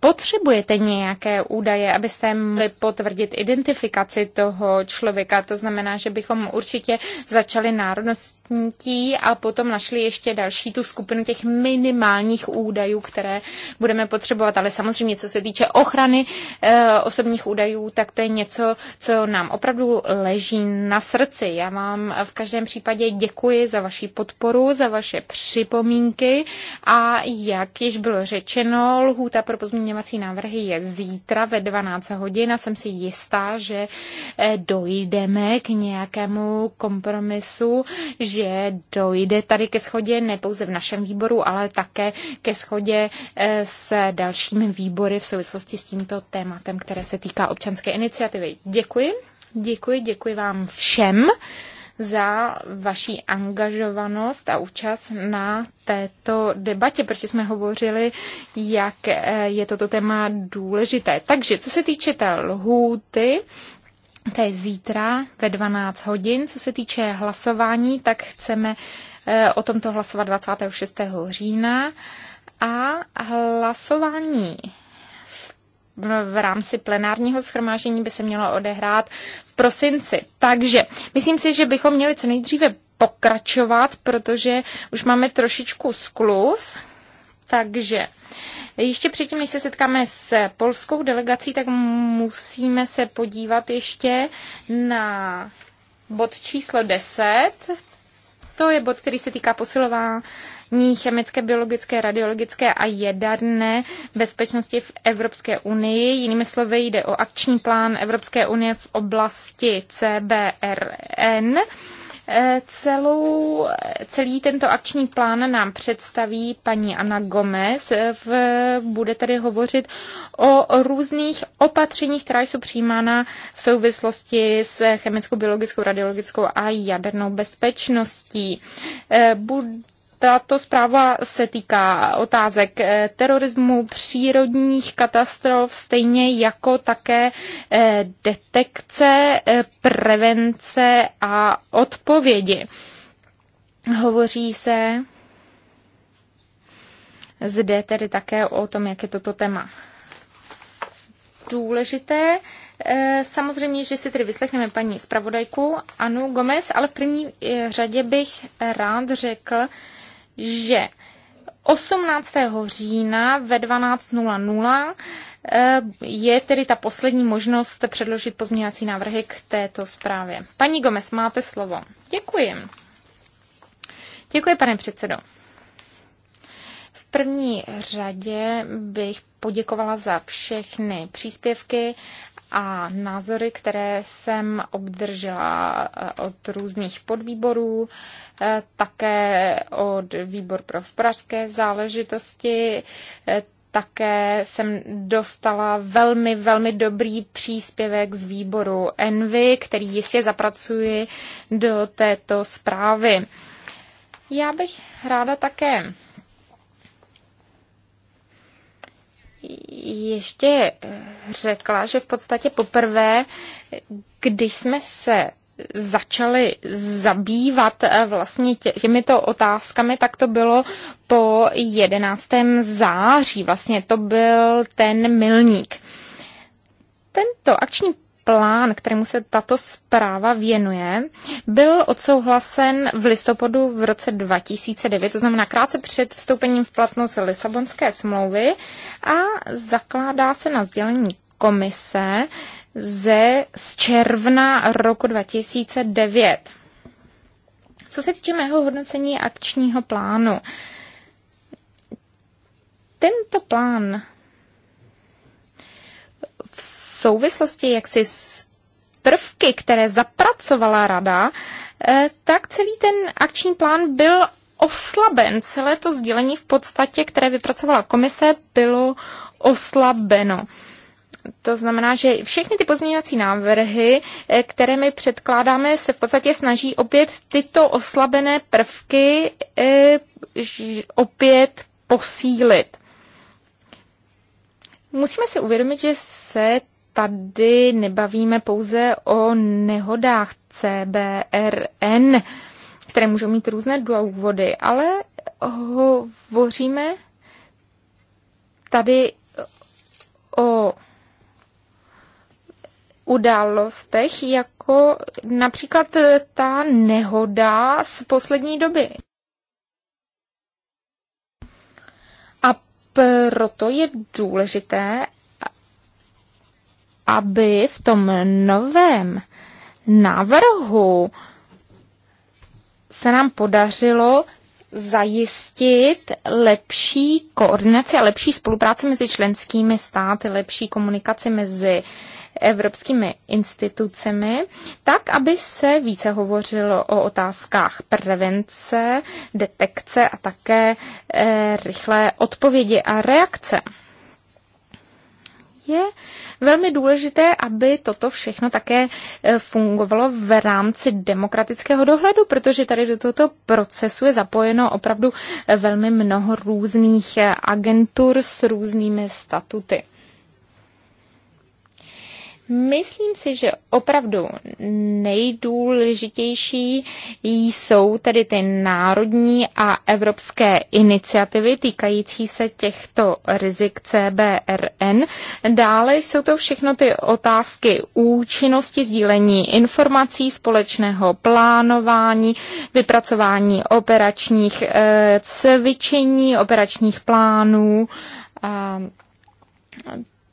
potřebujete nějaké údaje, abyste mohli potvrdit identifikaci toho člověka. To znamená, že bychom určitě začali národností a potom našli ještě další tu skupinu těch minimálních údajů, které budeme potřebovat. Ale samozřejmě, co se týče ochrany e, osobních údajů, tak to je něco, co nám opravdu leží na srdci. Já vám v každém případě děkuji za vaši podporu, za vaše připomínky a a jak již bylo řečeno, lhůta pro pozměňovací návrhy je zítra ve 12 hodin a jsem si jistá, že eh, dojdeme k nějakému kompromisu, že dojde tady ke schodě ne pouze v našem výboru, ale také ke schodě eh, s dalšími výbory v souvislosti s tímto tématem, které se týká občanské iniciativy. Děkuji. Děkuji, děkuji vám všem za vaší angažovanost a účast na této debatě, protože jsme hovořili, jak eh, je toto téma důležité. Takže co se týče té lhůty, to je zítra ve 12 hodin. Co se týče hlasování, tak chceme eh, o tomto hlasovat 26. října. A hlasování v rámci plenárního schromáždění by se mělo odehrát v prosinci. Takže myslím si, že bychom měli co nejdříve pokračovat, protože už máme trošičku sklus. Takže ještě předtím, než se setkáme s polskou delegací, tak musíme se podívat ještě na bod číslo 10. To je bod, který se týká posilování ní chemické, biologické, radiologické a jaderné bezpečnosti v Evropské unii. Jinými slovy jde o akční plán Evropské unie v oblasti CBRN. Eh, celou, celý tento akční plán nám představí paní Ana Gomez. Eh, v, bude tedy hovořit o různých opatřeních, která jsou přijímána v souvislosti s chemickou, biologickou, radiologickou a jadernou bezpečností. Eh, bude tato zpráva se týká otázek eh, terorismu, přírodních katastrof, stejně jako také eh, detekce, eh, prevence a odpovědi. Hovoří se zde tedy také o tom, jak je toto téma důležité. Samozřejmě, že si tedy vyslechneme paní zpravodajku Anu Gomez, ale v první řadě bych rád řekl, že 18. října ve 12.00 eh, je tedy ta poslední možnost předložit pozměňovací návrhy k této zprávě. Paní Gomez, máte slovo. Děkuji. Děkuji, pane předsedo. V první řadě bych poděkovala za všechny příspěvky a názory, které jsem obdržela eh, od různých podvýborů, eh, také od výbor pro hospodářské záležitosti, eh, také jsem dostala velmi, velmi dobrý příspěvek z výboru Envy, který jistě zapracuji do této zprávy. Já bych ráda také ještě řekla, že v podstatě poprvé, když jsme se začali zabývat eh, vlastně těmito otázkami, tak to bylo po 11. září. Vlastně to byl ten milník. Tento akční plán, kterému se tato zpráva věnuje, byl odsouhlasen v listopadu v roce 2009, to znamená krátce před vstoupením v platnost Lisabonské smlouvy a zakládá se na sdělení komise ze z června roku 2009. Co se týče mého hodnocení akčního plánu, tento plán souvislosti, jaksi s prvky, které zapracovala rada, eh, tak celý ten akční plán byl oslaben. Celé to sdělení v podstatě, které vypracovala komise, bylo oslabeno. To znamená, že všechny ty pozměňovací návrhy, eh, které my předkládáme, se v podstatě snaží opět tyto oslabené prvky eh, opět posílit. Musíme si uvědomit, že se tady nebavíme pouze o nehodách CBRN, které můžou mít různé důvody, ale hovoříme tady o událostech, jako například ta nehoda z poslední doby. A proto je důležité, aby v tom novém návrhu se nám podařilo zajistit lepší koordinaci a lepší spolupráci mezi členskými státy, lepší komunikaci mezi evropskými institucemi, tak, aby se více hovořilo o otázkách prevence, detekce a také e, rychlé odpovědi a reakce je velmi důležité, aby toto všechno také e, fungovalo v rámci demokratického dohledu, protože tady do tohoto procesu je zapojeno opravdu e, velmi mnoho různých e, agentur s různými statuty. Myslím si, že opravdu nejdůležitější jsou tedy ty národní a evropské iniciativy týkající se těchto rizik CBRN. Dále jsou to všechno ty otázky účinnosti sdílení informací, společného plánování, vypracování operačních eh, cvičení, operačních plánů. Eh,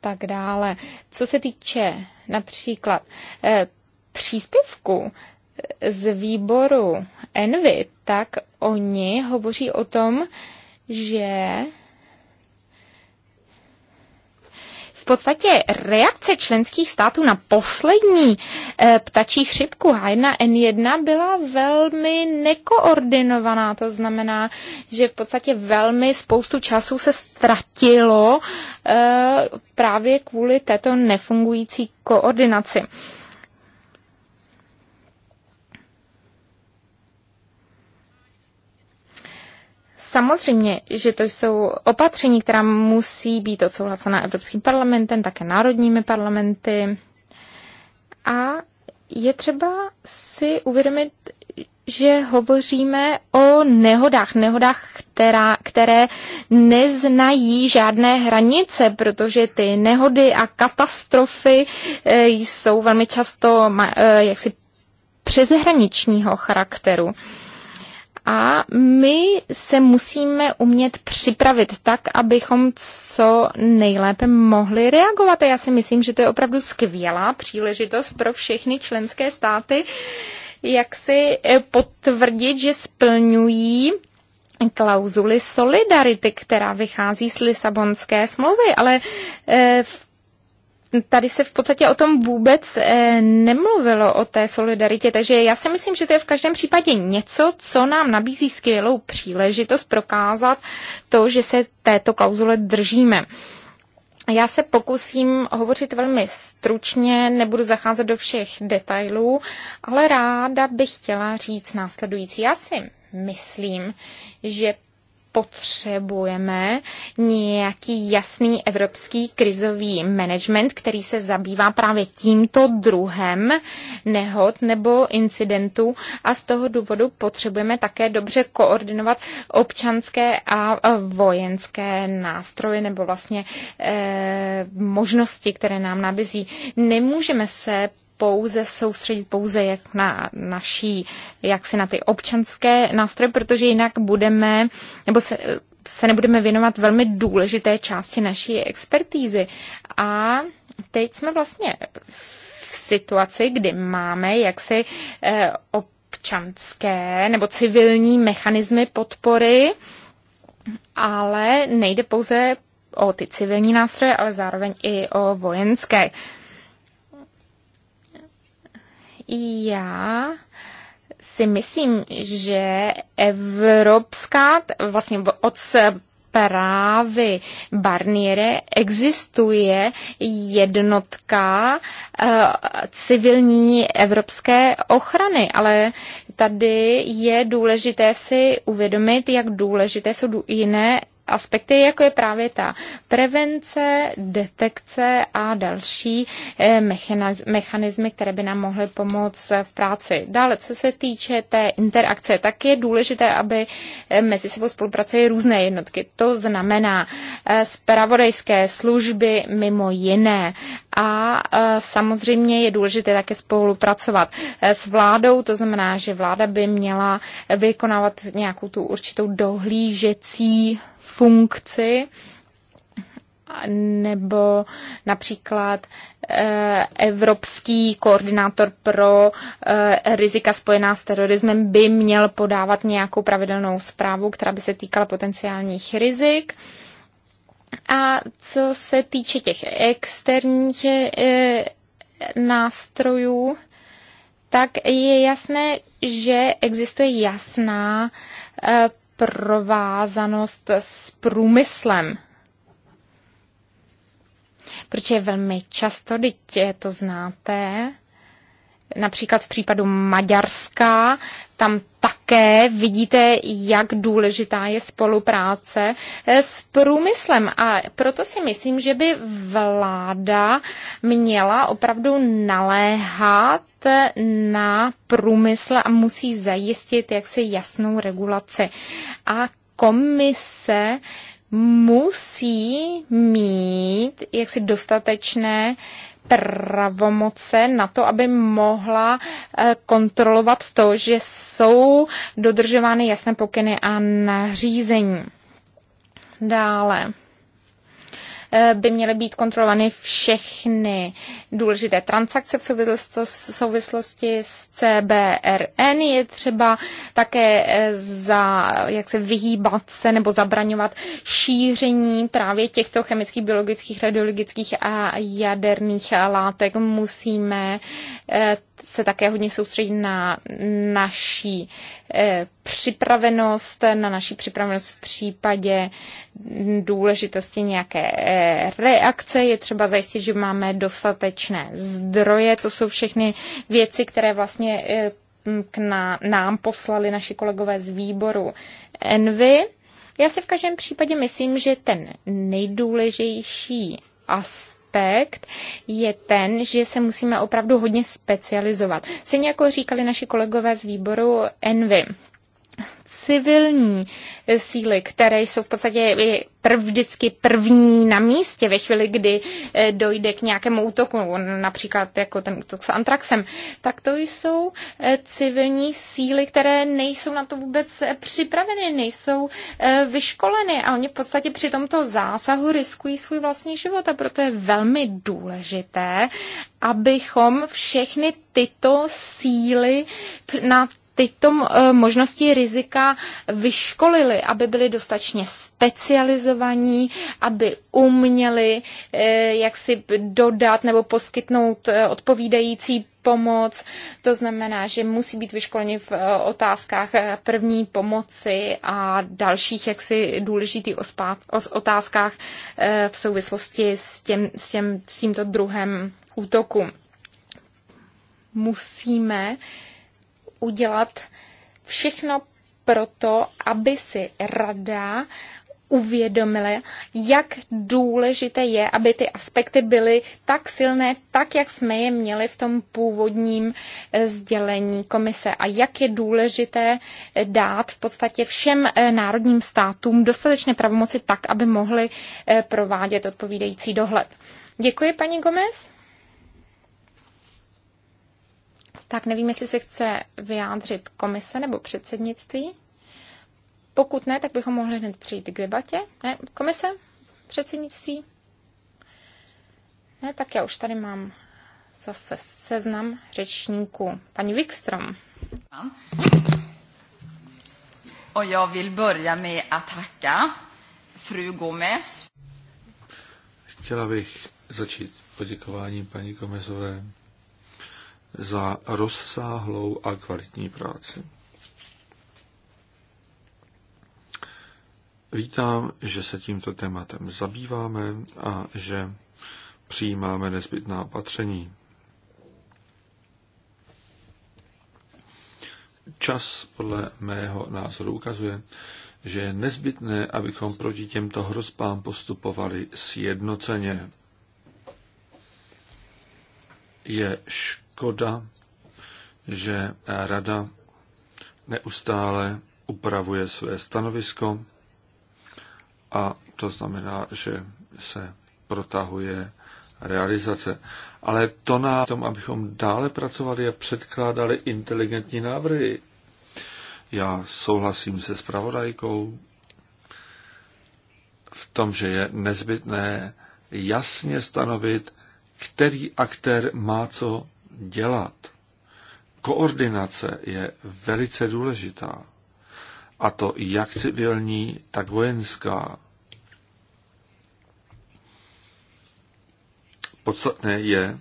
tak dále. Co se týče například eh, příspěvku eh, z výboru Envy, tak oni hovoří o tom, že podstatě reakce členských států na poslední eh, ptačí chřipku H1N1 byla velmi nekoordinovaná. To znamená, že v podstatě velmi spoustu času se ztratilo eh, právě kvůli této nefungující koordinaci. Samozřejmě, že to jsou opatření, která musí být odsouhlasena Evropským parlamentem, také národními parlamenty. A je třeba si uvědomit, že hovoříme o nehodách, nehodách, která, které neznají žádné hranice, protože ty nehody a katastrofy eh, jsou velmi často eh, jaksi přeshraničního charakteru a my se musíme umět připravit tak, abychom co nejlépe mohli reagovat. A já si myslím, že to je opravdu skvělá příležitost pro všechny členské státy, jak si eh, potvrdit, že splňují klauzuly solidarity, která vychází z Lisabonské smlouvy, ale eh, v tady se v podstatě o tom vůbec eh, nemluvilo, o té solidaritě, takže já si myslím, že to je v každém případě něco, co nám nabízí skvělou příležitost prokázat to, že se této klauzule držíme. Já se pokusím hovořit velmi stručně, nebudu zacházet do všech detailů, ale ráda bych chtěla říct následující. Já si myslím, že potřebujeme nějaký jasný evropský krizový management, který se zabývá právě tímto druhem nehod nebo incidentů a z toho důvodu potřebujeme také dobře koordinovat občanské a vojenské nástroje nebo vlastně eh, možnosti, které nám nabízí. Nemůžeme se pouze soustředit pouze jak na naší, jak si na ty občanské nástroje, protože jinak budeme, nebo se, se nebudeme věnovat velmi důležité části naší expertízy. A teď jsme vlastně v situaci, kdy máme jaksi eh, občanské nebo civilní mechanismy podpory, ale nejde pouze o ty civilní nástroje, ale zároveň i o vojenské já si myslím, že evropská, vlastně od zprávy Barniere existuje jednotka eh, civilní evropské ochrany, ale tady je důležité si uvědomit, jak důležité jsou jiné aspekty, jako je právě ta prevence, detekce a další eh, mechanismy, které by nám mohly pomoct v práci. Dále, co se týče té interakce, tak je důležité, aby eh, mezi sebou spolupracují různé jednotky. To znamená eh, zpravodajské služby mimo jiné. A samozřejmě je důležité také spolupracovat s vládou, to znamená, že vláda by měla vykonávat nějakou tu určitou dohlížecí funkci nebo například eh, evropský koordinátor pro eh, rizika spojená s terorismem by měl podávat nějakou pravidelnou zprávu, která by se týkala potenciálních rizik. A co se týče těch externích eh, nástrojů, tak je jasné, že existuje jasná provázanost s průmyslem. Protože velmi často, teď to znáte, například v případu Maďarska, tam také vidíte, jak důležitá je spolupráce s průmyslem. A proto si myslím, že by vláda měla opravdu naléhat na průmysl a musí zajistit jaksi jasnou regulaci. A komise musí mít jaksi dostatečné pravomoce na to, aby mohla eh, kontrolovat to, že jsou dodržovány jasné pokyny a nařízení. Dále eh, by měly být kontrolovány všechny důležité transakce v souvislosti s CBRN. Je třeba také eh, za, jak se vyhýbat se nebo zabraňovat šíření právě těchto chemických, biologických, radiologických a jaderných látek. Musíme eh, se také hodně soustředit na naší eh, připravenost, na naší připravenost v případě důležitosti nějaké reakce. Je třeba zajistit, že máme dostatečně konečné zdroje, to jsou všechny věci, které vlastně eh, k nám poslali naši kolegové z výboru Envy. Já si v každém případě myslím, že ten nejdůležitější aspekt je ten, že se musíme opravdu hodně specializovat. Stejně jako říkali naši kolegové z výboru Envy civilní síly, které jsou v podstatě vždycky první na místě ve chvíli, kdy eh, dojde k nějakému útoku, no, například jako ten útok s Antraxem, tak to jsou eh, civilní síly, které nejsou na to vůbec eh, připraveny, nejsou vyškoleny a oni v podstatě při tomto zásahu riskují svůj vlastní život a proto je velmi důležité, abychom všechny tyto síly na tyto eh, možnosti rizika vyškolili, aby byli dostatečně specializovaní, aby uměli eh, jak si dodat nebo poskytnout eh, odpovídající pomoc. To znamená, že musí být vyškoleni v otázkách první pomoci a dalších jaksi důležitých otázkách v souvislosti s, těm, s, těm, s tímto druhem útoku. Musíme udělat všechno proto, aby si rada uvědomili, jak důležité je, aby ty aspekty byly tak silné, tak jak jsme je měli v tom původním eh, sdělení komise a jak je důležité eh, dát v podstatě všem eh, národním státům dostatečné pravomoci tak, aby mohli provádět odpovídající dohled. Děkuji, paní Gomez. tak nevím, jestli se chce vyjádřit komise nebo předsednictví. Pokud ne, tak bychom mohli hned přijít k debatě. Ne, komise? Předsednictví? Ne, tak já už tady mám zase seznam řečníků. Paní Wikström.
Och já vil börja med att tacka fru Gomez.
Chtěla bych začít poděkování paní Gomezové za rozsáhlou a kvalitní práci. Vítám, že se tímto tématem zabýváme a že přijímáme nezbytná opatření. Čas podle mého názoru ukazuje, že je nezbytné, abychom proti těmto hrozbám postupovali sjednoceně. Je škoda, škoda, že Rada neustále upravuje své stanovisko a to znamená, že se protahuje realizace. Ale to na tom, abychom dále pracovali a předkládali inteligentní návrhy. Já souhlasím se spravodajkou v tom, že je nezbytné jasně stanovit, který aktér má co dělat. Koordinace je velice důležitá. A to jak civilní, tak vojenská. Podstatné je,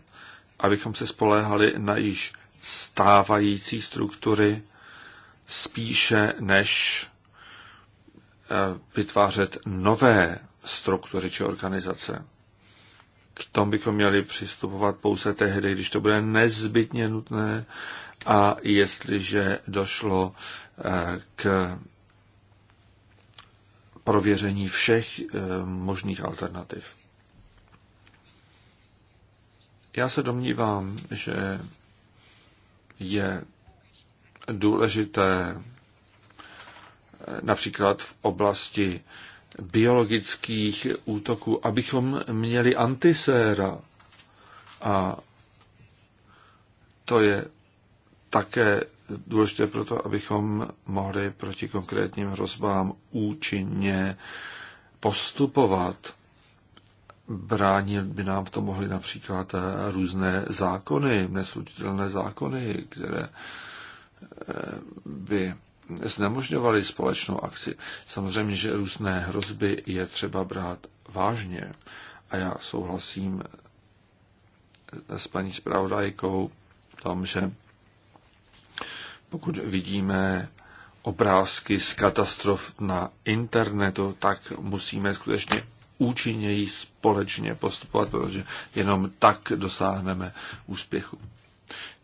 abychom se spoléhali na již stávající struktury spíše než eh, vytvářet nové struktury či organizace. K tomu bychom měli přistupovat pouze tehdy, když to bude nezbytně nutné a jestliže došlo eh, k prověření všech eh, možných alternativ. Já se domnívám, že je důležité eh, například v oblasti biologických útoků, abychom měli antiséra. A to je také důležité pro to, abychom mohli proti konkrétním hrozbám účinně postupovat. Bránil by nám v tom mohly například různé zákony, neslučitelné zákony, které eh, by znemožňovali společnou akci. Samozřejmě, že různé hrozby je třeba brát vážně. A já souhlasím s paní zpravodajkou tom, že pokud vidíme obrázky z katastrof na internetu, tak musíme skutečně účinněji společně postupovat, protože jenom tak dosáhneme úspěchu.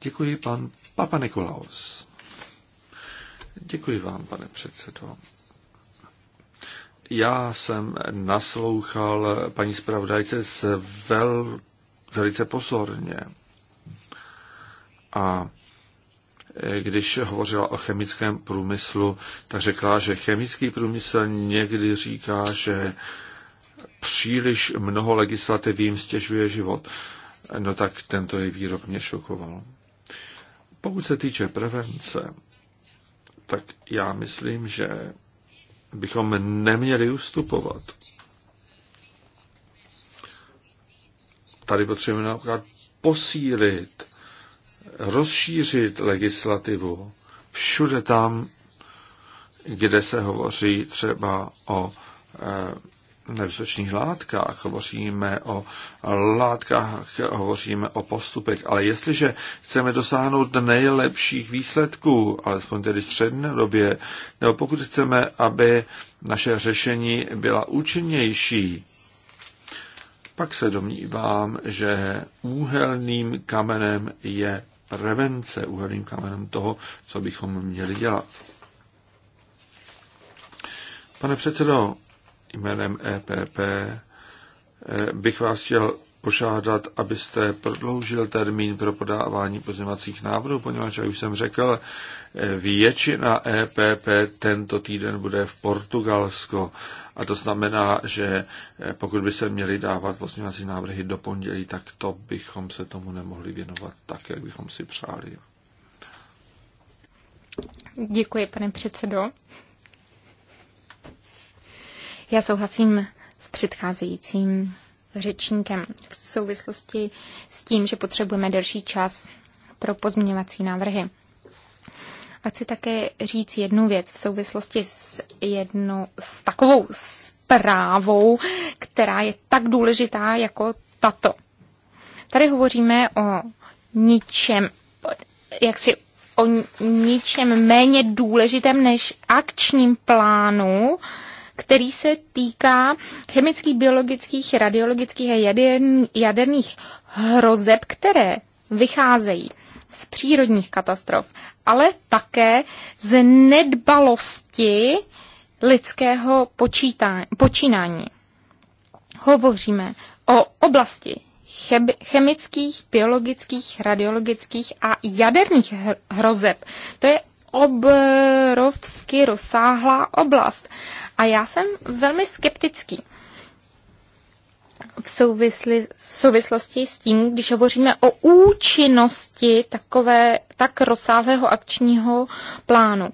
Děkuji pan Papa Nikolaus. Děkuji vám, pane předsedo. Já jsem naslouchal paní zpravodajce s vel, velice pozorně. A když hovořila o chemickém průmyslu, tak řekla, že chemický průmysl někdy říká, že příliš mnoho legislativy jim stěžuje život. No tak tento je výrok mě šokoval. Pokud se týče prevence, tak já myslím, že bychom neměli ustupovat. Tady potřebujeme například posílit, rozšířit legislativu všude tam, kde se hovoří třeba o eh, nevzočních látkách, hovoříme o látkách, hovoříme o postupech, ale jestliže chceme dosáhnout nejlepších výsledků, alespoň tedy době, nebo pokud chceme, aby naše řešení byla účinnější, pak se domnívám, že úhelným kamenem je prevence, úhelným kamenem toho, co bychom měli dělat. Pane předsedo, jménem EPP eh, bych vás chtěl požádat, abyste prodloužil termín pro podávání pozměňovacích návrhů, poněvadž, jak už jsem řekl, eh, většina EPP tento týden bude v Portugalsku. A to znamená, že eh, pokud by se měli dávat pozměňovací návrhy do pondělí, tak to bychom se tomu nemohli věnovat tak, jak bychom si přáli.
Děkuji, pane předsedo. Já souhlasím s předcházejícím řečníkem v souvislosti s tím, že potřebujeme delší čas pro pozměňovací návrhy. A chci také říct jednu věc v souvislosti s jednu, s takovou zprávou, která je tak důležitá jako tato. Tady hovoříme o ničem, jak si o ničem méně důležitém než akčním plánu, který se týká chemických, biologických, radiologických a jaderných hrozeb, které vycházejí z přírodních katastrof, ale také z nedbalosti lidského počítání, počínání. Hovoříme o oblasti chemických, biologických, radiologických a jaderných hrozeb. To je obrovsky rozsáhlá oblast. A já jsem velmi skeptický v souvisli, souvislosti s tím, když hovoříme o účinnosti takové, tak rozsáhlého akčního plánu.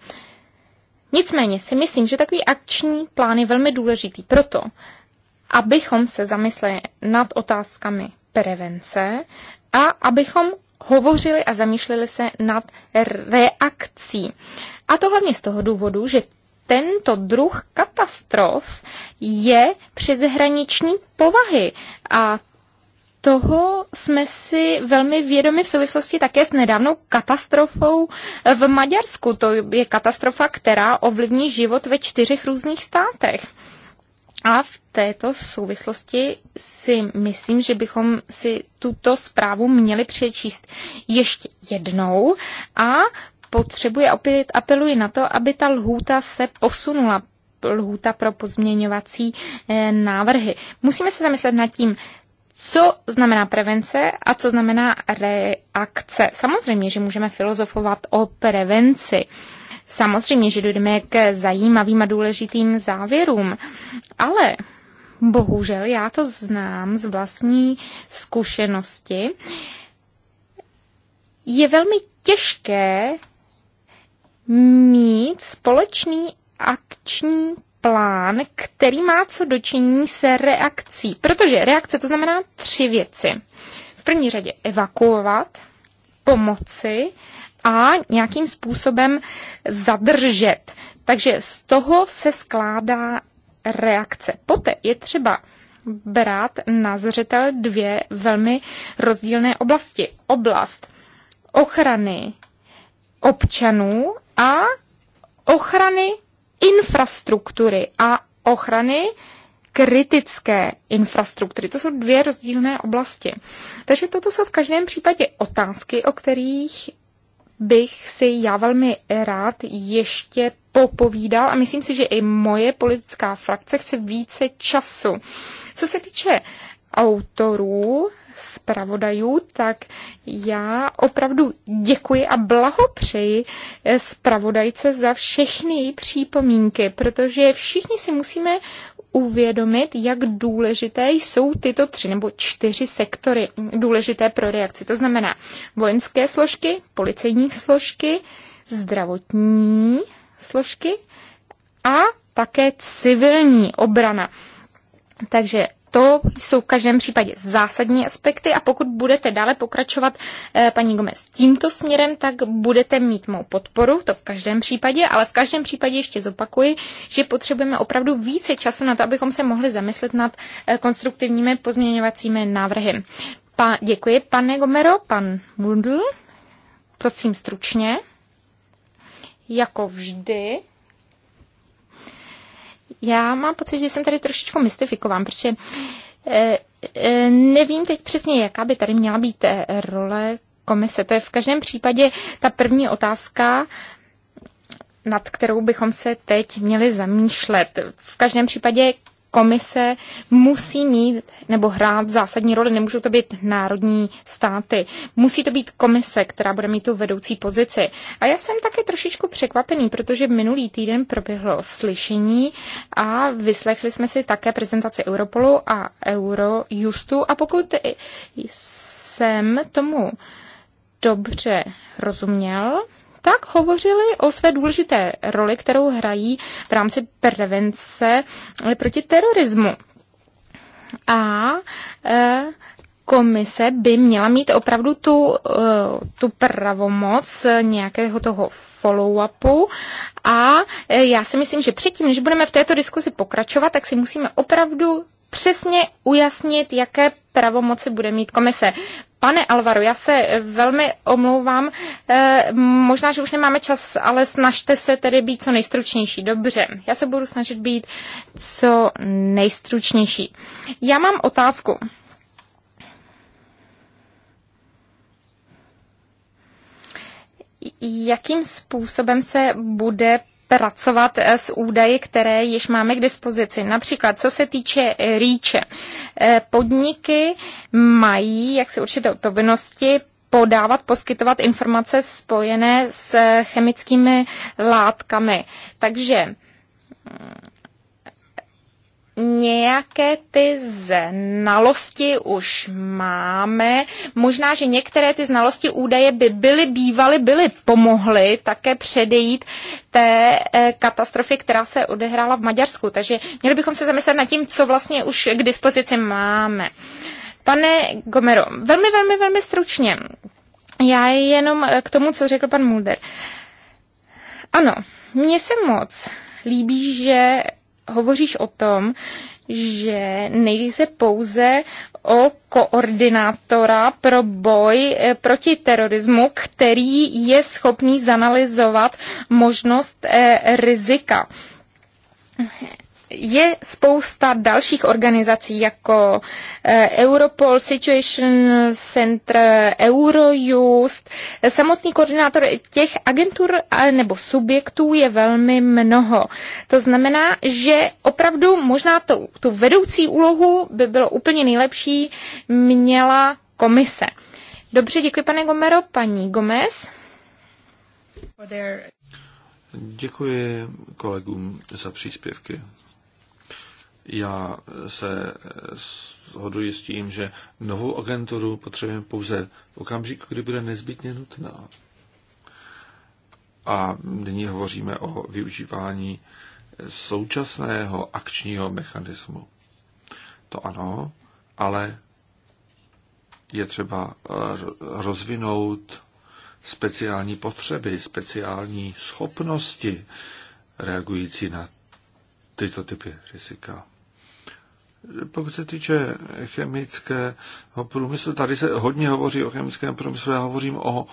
Nicméně si myslím, že takový akční plán je velmi důležitý proto, abychom se zamysleli nad otázkami prevence a abychom hovořili a zamýšleli se nad reakcí. A to hlavně z toho důvodu, že tento druh katastrof je přeshraniční povahy a toho jsme si velmi vědomi v souvislosti také s nedávnou katastrofou v Maďarsku. To je katastrofa, která ovlivní život ve čtyřech různých státech. A v této souvislosti si myslím, že bychom si tuto zprávu měli přečíst ještě jednou a potřebuje, opět apeluji na to, aby ta lhůta se posunula, lhůta pro pozměňovací eh, návrhy. Musíme se zamyslet nad tím, co znamená prevence a co znamená reakce. Samozřejmě, že můžeme filozofovat o prevenci. Samozřejmě, že dojdeme k zajímavým a důležitým závěrům, ale bohužel já to znám z vlastní zkušenosti. Je velmi těžké mít společný akční plán, který má co dočinění se reakcí. Protože reakce to znamená tři věci. V první řadě evakuovat, pomoci a nějakým způsobem zadržet. Takže z toho se skládá reakce. Poté je třeba brát na zřetel dvě velmi rozdílné oblasti. Oblast ochrany občanů a ochrany infrastruktury a ochrany kritické infrastruktury. To jsou dvě rozdílné oblasti. Takže toto jsou v každém případě otázky, o kterých bych si já velmi rád ještě popovídal a myslím si, že i moje politická frakce chce více času. Co se týče autorů, zpravodajů, tak já opravdu děkuji a blahopřeji zpravodajce za všechny její přípomínky, protože všichni si musíme uvědomit, jak důležité jsou tyto tři nebo čtyři sektory důležité pro reakci. To znamená vojenské složky, policejní složky, zdravotní složky a také civilní obrana. Takže to jsou v každém případě zásadní aspekty a pokud budete dále pokračovat, eh, paní Gomez, tímto směrem, tak budete mít mou podporu, to v každém případě, ale v každém případě ještě zopakuji, že potřebujeme opravdu více času na to, abychom se mohli zamyslet nad eh, konstruktivními pozměňovacími návrhy. Pa, děkuji, pane Gomero, pan Mundl, prosím stručně, jako vždy já mám pocit, že jsem tady trošičku mystifikován, protože eh, eh, nevím teď přesně, jaká by tady měla být eh, role komise. To je v každém případě ta první otázka, nad kterou bychom se teď měli zamýšlet. V každém případě komise musí mít nebo hrát zásadní roli. Nemůžou to být národní státy. Musí to být komise, která bude mít tu vedoucí pozici. A já jsem také trošičku překvapený, protože minulý týden proběhlo slyšení a vyslechli jsme si také prezentaci Europolu a Eurojustu. A pokud jsem tomu dobře rozuměl, tak hovořili o své důležité roli, kterou hrají v rámci prevence eh, proti terorismu. A e, komise by měla mít opravdu tu, eh, tu pravomoc nějakého toho follow-upu a já si myslím, že předtím, než budeme v této diskuzi pokračovat, tak si musíme opravdu přesně ujasnit, jaké pravomoci bude mít komise. Pane Alvaro, já se velmi omlouvám. E, možná, že už nemáme čas, ale snažte se tedy být co nejstručnější. Dobře, já se budu snažit být co nejstručnější. Já mám otázku. Jakým způsobem se bude pracovat s údaji, které již máme k dispozici. Například, co se týče eh, rýče. Eh, podniky mají, jak si určitě povinnosti, podávat, poskytovat informace spojené s chemickými látkami. Takže mm, nějaké ty znalosti už máme. Možná, že některé ty znalosti údaje by byly bývaly, byly pomohly také předejít té eh, katastrofy, která se odehrála v Maďarsku. Takže měli bychom se zamyslet nad tím, co vlastně už k dispozici máme. Pane Gomero, velmi, velmi, velmi stručně. Já jenom eh, k tomu, co řekl pan Mulder. Ano, mně se moc líbí, že hovoříš o tom, že nejde se pouze o koordinátora pro boj eh, proti terorismu, který je schopný zanalizovat možnost eh, rizika je spousta dalších organizací jako eh, Europol, Situation Center, Eurojust. Samotný koordinátor těch agentur eh, nebo subjektů je velmi mnoho. To znamená, že opravdu možná tu, tu vedoucí úlohu by bylo úplně nejlepší měla komise. Dobře, děkuji pane Gomero. Paní Gomez?
Děkuji kolegům za příspěvky. Já se eh, shoduji s tím, že novou agenturu potřebujeme pouze v okamžiku, kdy bude nezbytně nutná. A nyní hovoříme o využívání současného akčního mechanismu. To ano, ale je třeba eh, rozvinout speciální potřeby, speciální schopnosti reagující na tyto typy rizika. Pokud se týče chemického průmyslu, tady se hodně hovoří o chemickém průmyslu, já hovořím o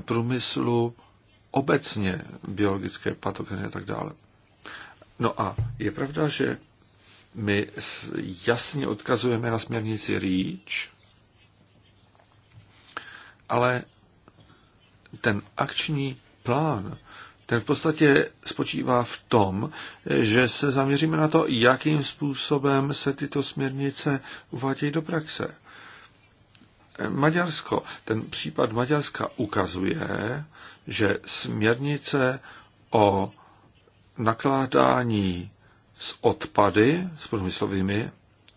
průmyslu obecně, biologické patogeny a tak dále. No a je pravda, že my jasně odkazujeme na směrnici REACH, ale ten akční plán ten v podstatě spočívá v tom, že se zaměříme na to, jakým způsobem se tyto směrnice uvádějí do praxe. Maďarsko, ten případ Maďarska ukazuje, že směrnice o nakládání s odpady, s průmyslovými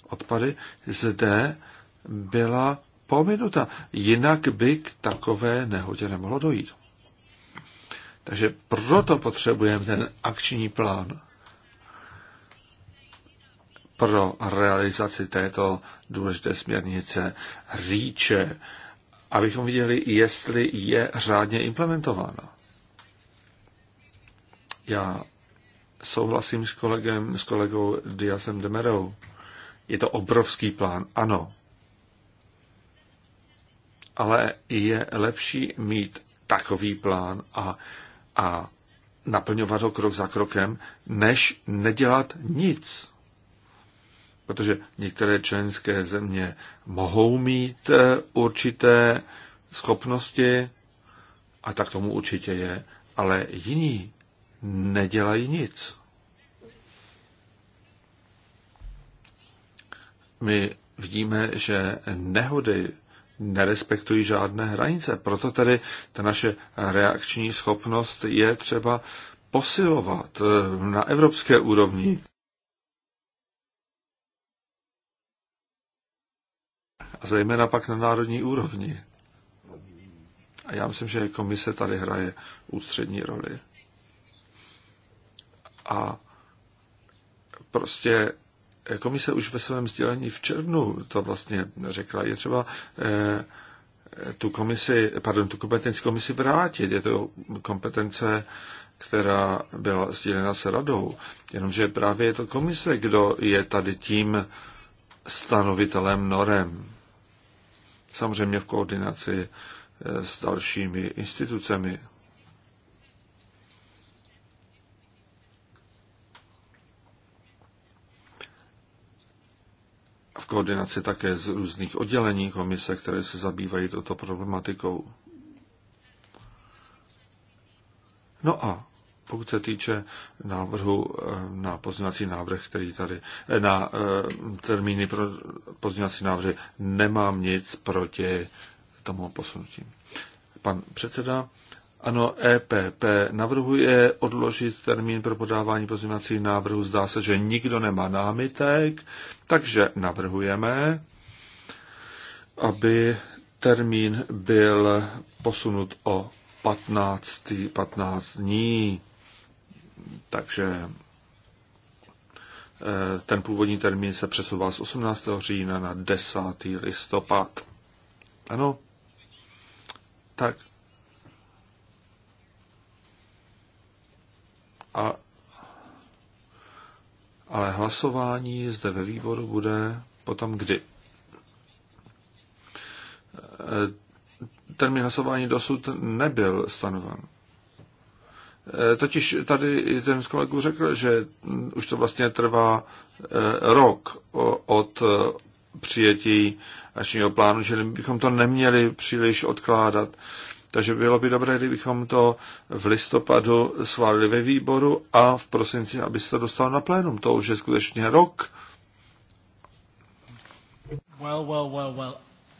odpady, zde byla pominuta. Jinak by k takové nehodě nemohlo dojít. Takže proto potřebujeme ten akční plán pro realizaci této důležité směrnice říče, abychom viděli, jestli je řádně implementována. Já souhlasím s, kolegem, s kolegou Diasem Demerou. Je to obrovský plán, ano. Ale je lepší mít takový plán a a naplňovat ho krok za krokem, než nedělat nic. Protože některé členské země mohou mít eh, určité schopnosti, a tak tomu určitě je, ale jiní nedělají nic. My vidíme, že nehody nerespektují žádné hranice. Proto tedy ta naše reakční schopnost je třeba posilovat eh, na evropské úrovni. A zejména pak na národní úrovni. A já myslím, že komise tady hraje ústřední roli. A prostě Komise už ve svém sdělení v červnu to vlastně řekla. Je třeba eh, tu komisi, pardon, tu kompetenci komisi vrátit. Je to kompetence, která byla sdělena se radou. Jenomže právě je to komise, kdo je tady tím stanovitelem norem. Samozřejmě v koordinaci eh, s dalšími institucemi. v koordinaci také z různých oddělení komise, které se zabývají touto problematikou. No a pokud se týče návrhu eh, na pozměňovací návrh, který tady eh, na eh, termíny pro pozměňovací návrhy, nemám nic proti tomu posunutí. Pan předseda, ano, EPP navrhuje odložit termín pro podávání pozměňovacích návrhů. Zdá se, že nikdo nemá námitek, takže navrhujeme, aby termín byl posunut o 15, 15 dní. Takže e, ten původní termín se přesouvá z 18. října na 10. listopad. Ano, tak A, ale hlasování zde ve výboru bude potom kdy. E, termín hlasování dosud nebyl stanoven. E, totiž tady jeden z kolegů řekl, že už to vlastně trvá e, rok od přijetí našeho plánu, že bychom to neměli příliš odkládat. Takže bylo by dobré, kdybychom to v listopadu schválili ve výboru a v prosinci, aby se to dostalo na plénum. To už je skutečně rok.
Well, well, well, well.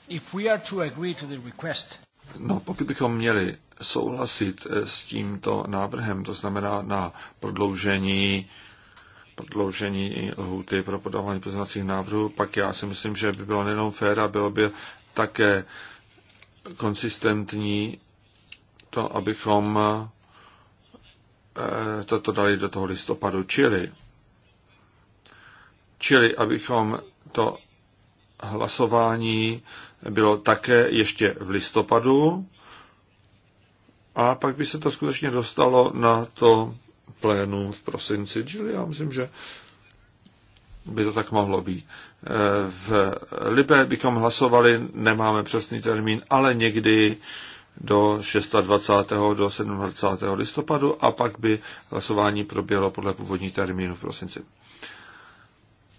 If we are to agree to the request...
No, pokud bychom měli souhlasit eh, s tímto návrhem, to znamená na prodloužení prodloužení lhuty pro podávání poznacích návrhů, pak já si myslím, že by bylo nejenom fér a bylo by také konsistentní to, abychom eh, toto dali do toho listopadu, čili, čili abychom to hlasování bylo také ještě v listopadu a pak by se to skutečně dostalo na to plénu v prosinci, čili já myslím, že by to tak mohlo být. Eh, v Libe bychom hlasovali, nemáme přesný termín, ale někdy do 26. do 27. listopadu a pak by hlasování proběhlo podle původní termínu v prosinci.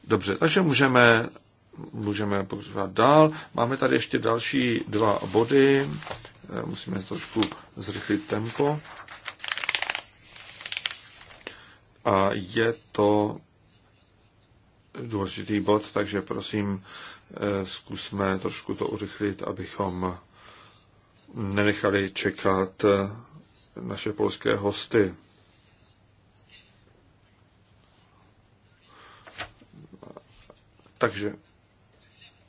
Dobře, takže můžeme, můžeme pokračovat dál. Máme tady ještě další dva body. Eh, musíme trošku zrychlit tempo. A je to důležitý bod, takže prosím, eh, zkusme trošku to urychlit, abychom nenechali čekat eh, naše polské hosty. Takže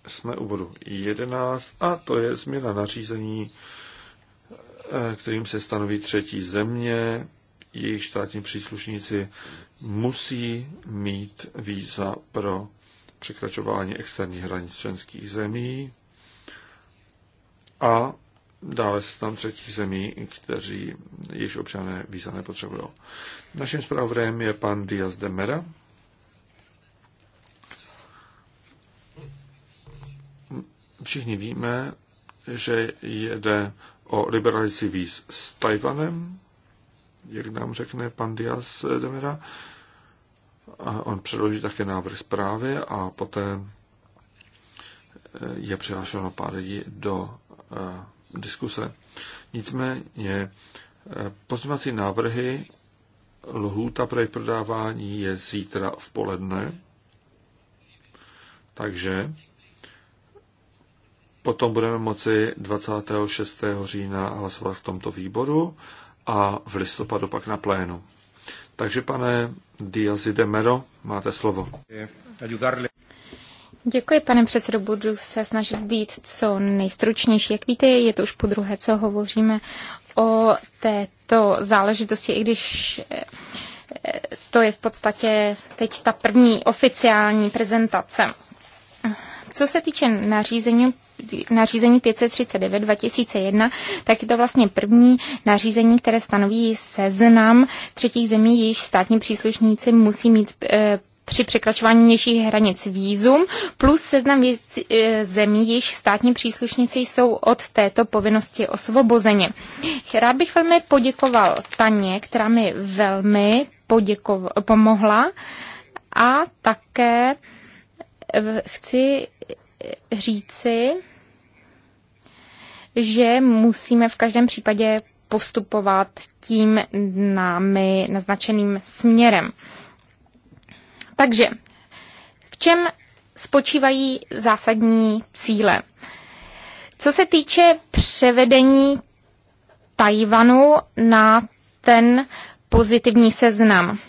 jsme u bodu 11 a to je změna nařízení, eh, kterým se stanoví třetí země. Jejich státní příslušníci musí mít víza pro překračování externích hranic členských zemí a Dále jsou tam třetí zemí, kteří již občané víza nepotřebují. Naším zpravodajem je pan Diaz de Mera. Všichni víme, že jede o liberalizaci víz s Tajvanem, jak nám řekne pan Diaz de Mera. A on předloží také návrh zprávy a poté eh, je přihlášeno pár lidí do eh, diskuse. Nicméně eh, pozměňovací návrhy lhůta pro jejich prodávání je zítra v poledne, takže potom budeme moci 26. října hlasovat v tomto výboru a v listopadu pak na plénu. Takže pane Diazide Mero, máte slovo.
Eh,
Děkuji, pane předsedo. Budu se snažit být co nejstručnější. Jak víte, je to už po druhé, co hovoříme o této záležitosti, i když eh, to je v podstatě teď ta první oficiální prezentace. Co se týče nařízení nařízení 539 2001, tak je to vlastně první nařízení, které stanoví seznam třetích zemí, jejichž státní příslušníci musí mít e, při překračování vnějších hranic vízum, plus seznam věcí, e, zemí, již státní příslušníci jsou od této povinnosti osvobozeni. Rád bych velmi poděkoval Taně, která mi velmi poděkoval, pomohla a také e, chci říci, že musíme v každém případě postupovat tím námi naznačeným směrem. Takže v čem spočívají zásadní cíle? Co se týče převedení Tajvanu na ten pozitivní seznam.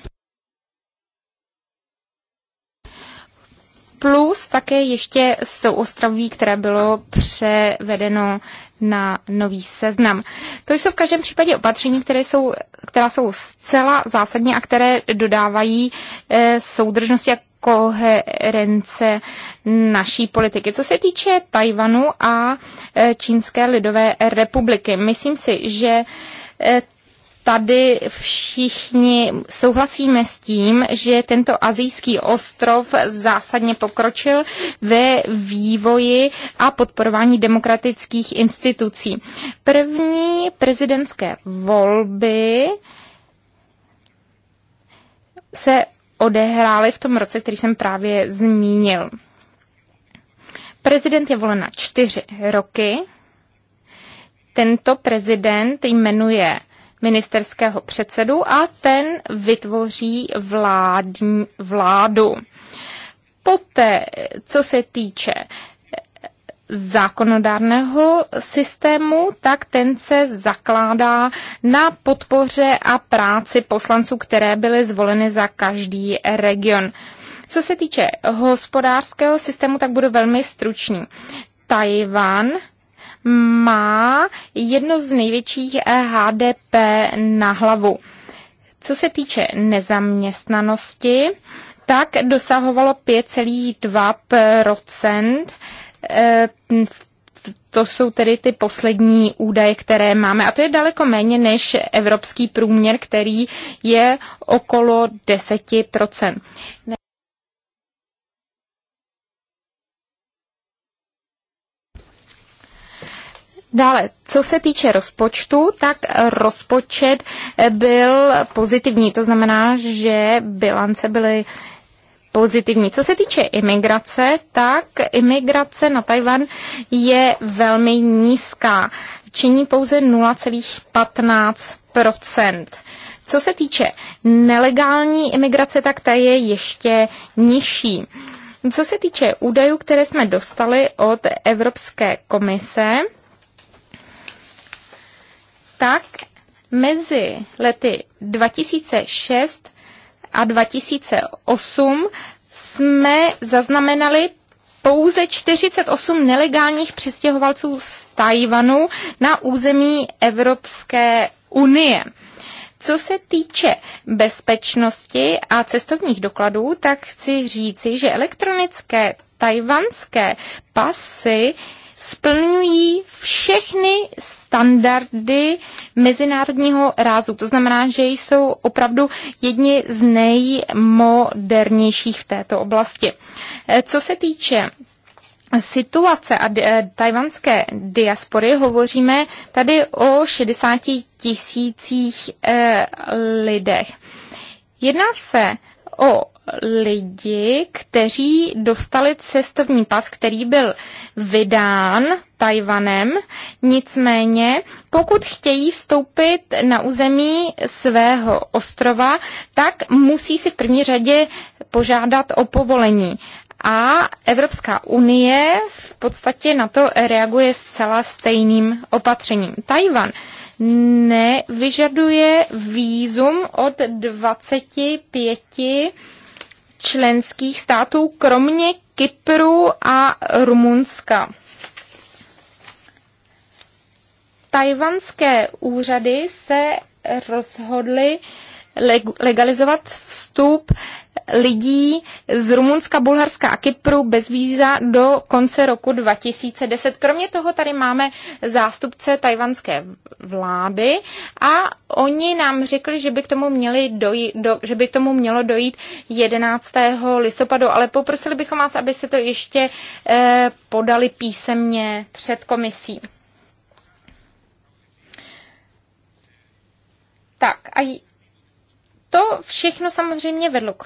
plus také ještě souostroví, které bylo převedeno na nový seznam. To jsou v každém případě opatření, které jsou, která jsou zcela zásadní a které dodávají eh, soudržnosti a koherence naší politiky. Co se týče Tajvanu a eh, Čínské lidové republiky, myslím si, že eh, tady všichni souhlasíme s tím, že tento azijský ostrov zásadně pokročil ve vývoji a podporování demokratických institucí. První prezidentské volby se odehrály v tom roce, který jsem právě zmínil. Prezident je volen na čtyři roky. Tento prezident jmenuje ministerského předsedu a ten vytvoří vládní, vládu. Poté, co se týče zákonodárného systému, tak ten se zakládá na podpoře a práci poslanců, které byly zvoleny za každý region. Co se týče hospodářského systému, tak budu velmi stručný. Tajvan má jedno z největších HDP eh, na hlavu. Co se týče nezaměstnanosti, tak dosahovalo 5,2 eh, to jsou tedy ty poslední údaje, které máme. A to je daleko méně než evropský průměr, který je okolo 10%. Dále, co se týče rozpočtu, tak rozpočet byl pozitivní, to znamená, že bilance byly pozitivní. Co se týče imigrace, tak imigrace na Tajvan je velmi nízká. Činí pouze 0,15 Co se týče nelegální imigrace, tak ta je ještě nižší. Co se týče údajů, které jsme dostali od Evropské komise, tak mezi lety 2006 a 2008 jsme zaznamenali pouze 48 nelegálních přistěhovalců z Tajvanu na území Evropské unie. Co se týče bezpečnosti a cestovních dokladů, tak chci říci, že elektronické tajvanské pasy splňují všechny standardy mezinárodního rázu. To znamená, že jsou opravdu jedni z nejmodernějších v této oblasti. Co se týče situace a eh, tajvanské diaspory, hovoříme tady o 60 tisících eh, lidech. Jedná se o lidi, kteří dostali cestovní pas, který byl vydán Tajvanem. Nicméně, pokud chtějí vstoupit na území svého ostrova, tak musí si v první řadě požádat o povolení. A Evropská unie v podstatě na to reaguje zcela stejným opatřením. Tajvan nevyžaduje výzum od 25 členských států, kromě Kypru a Rumunska. Tajvanské úřady se rozhodly legalizovat vstup lidí z Rumunska, Bulharska a Kypru bez víza do konce roku 2010. Kromě toho tady máme zástupce tajvanské vlády a oni nám řekli, že by k tomu, měli dojít, do, že by k tomu mělo dojít 11. listopadu, ale poprosili bychom vás, aby se to ještě eh, podali písemně před komisí. Tak a to všechno samozřejmě vedlo k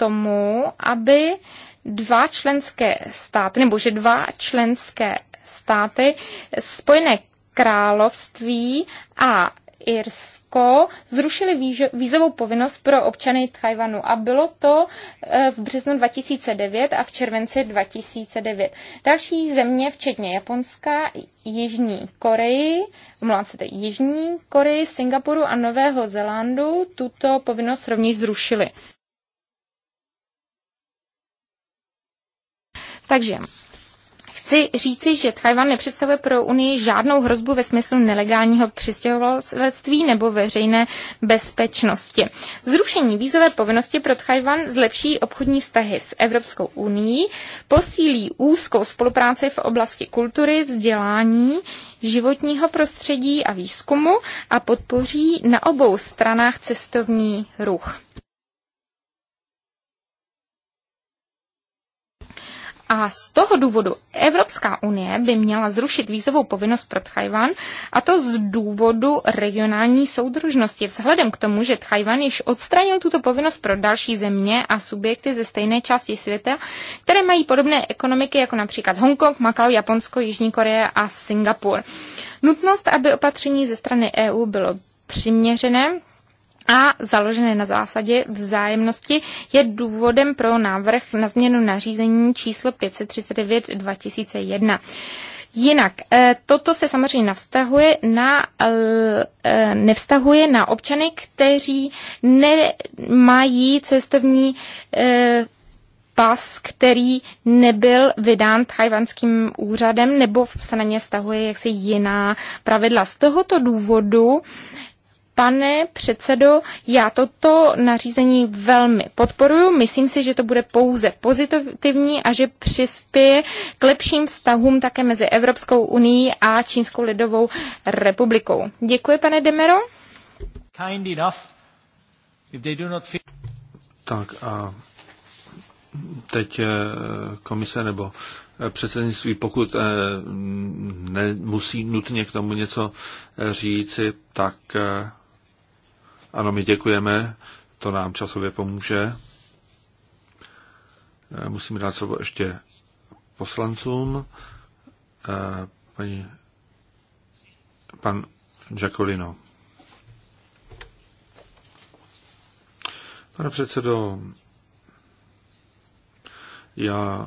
tomu, aby dva členské státy, nebo že dva členské státy, Spojené království a Irsko zrušili vízovou povinnost pro občany Tajvanu a bylo to eh, v březnu 2009 a v červenci 2009. Další země, včetně Japonska, Jižní Koreji, omlouvám se tedy Jižní Koreji, Singapuru a Nového Zélandu, tuto povinnost rovněž zrušili. Takže chci říci, že Tajvan nepředstavuje pro Unii žádnou hrozbu ve smyslu nelegálního přistěhovalectví nebo veřejné bezpečnosti. Zrušení vízové povinnosti pro Tajvan zlepší obchodní vztahy s Evropskou unii, posílí úzkou spolupráci v oblasti kultury, vzdělání, životního prostředí a výzkumu a podpoří na obou stranách cestovní ruch. A z toho důvodu Evropská unie by měla zrušit vízovou povinnost pro Tchajvan, a to z důvodu regionální soudružnosti. Vzhledem k tomu, že Tchajvan již odstranil tuto povinnost pro další země a subjekty ze stejné části světa, které mají podobné ekonomiky jako například Hongkong, Makao, Japonsko, Jižní Korea a Singapur. Nutnost, aby opatření ze strany EU bylo přiměřené, a založené na zásadě vzájemnosti je důvodem pro návrh na změnu nařízení číslo 539 2001. Jinak, eh, toto se samozřejmě navztahuje na, eh, eh, nevztahuje na občany, kteří nemají cestovní pas, který nebyl vydán tajvanským úřadem, nebo se na ně stahuje jaksi jiná pravidla. Z tohoto důvodu Pane předsedo, já toto nařízení velmi podporuji. Myslím si, že to bude pouze pozitivní a že přispěje k lepším vztahům také mezi Evropskou unii a Čínskou lidovou republikou. Děkuji, pane Demero.
Kind enough. If they do not feel...
Tak a teď eh, komise nebo eh, předsednictví, pokud eh, nemusí nutně k tomu něco říci, tak ano, my děkujeme, to nám časově pomůže. Eh, musíme dát slovo ještě poslancům. Eh, paní, pan Giacolino. Pane předsedo, já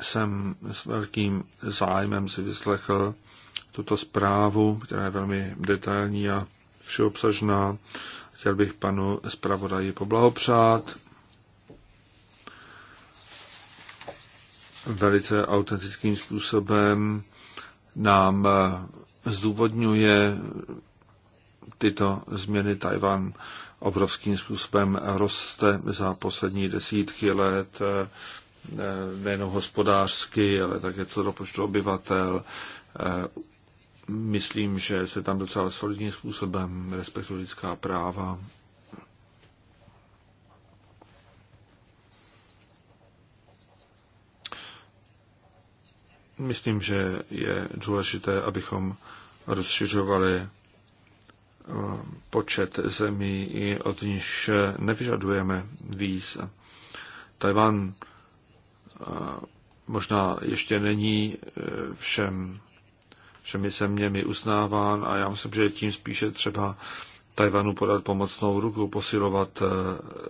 jsem s velkým zájmem si vyslechl tuto zprávu, která je velmi detailní a všeobsažná. Chtěl bych panu zpravodaji poblahopřát. Velice autentickým způsobem nám zdůvodňuje tyto změny Tajvan obrovským způsobem roste za poslední desítky let, nejenom hospodářsky, ale také co do počtu obyvatel, myslím, že se tam docela solidním způsobem respektují lidská práva. Myslím, že je důležité, abychom rozšiřovali eh, počet zemí, od níž nevyžadujeme víz. Tajvan eh, možná ještě není eh, všem všemi zeměmi uznáván a já myslím, že tím spíše třeba Tajvanu podat pomocnou ruku, posilovat eh,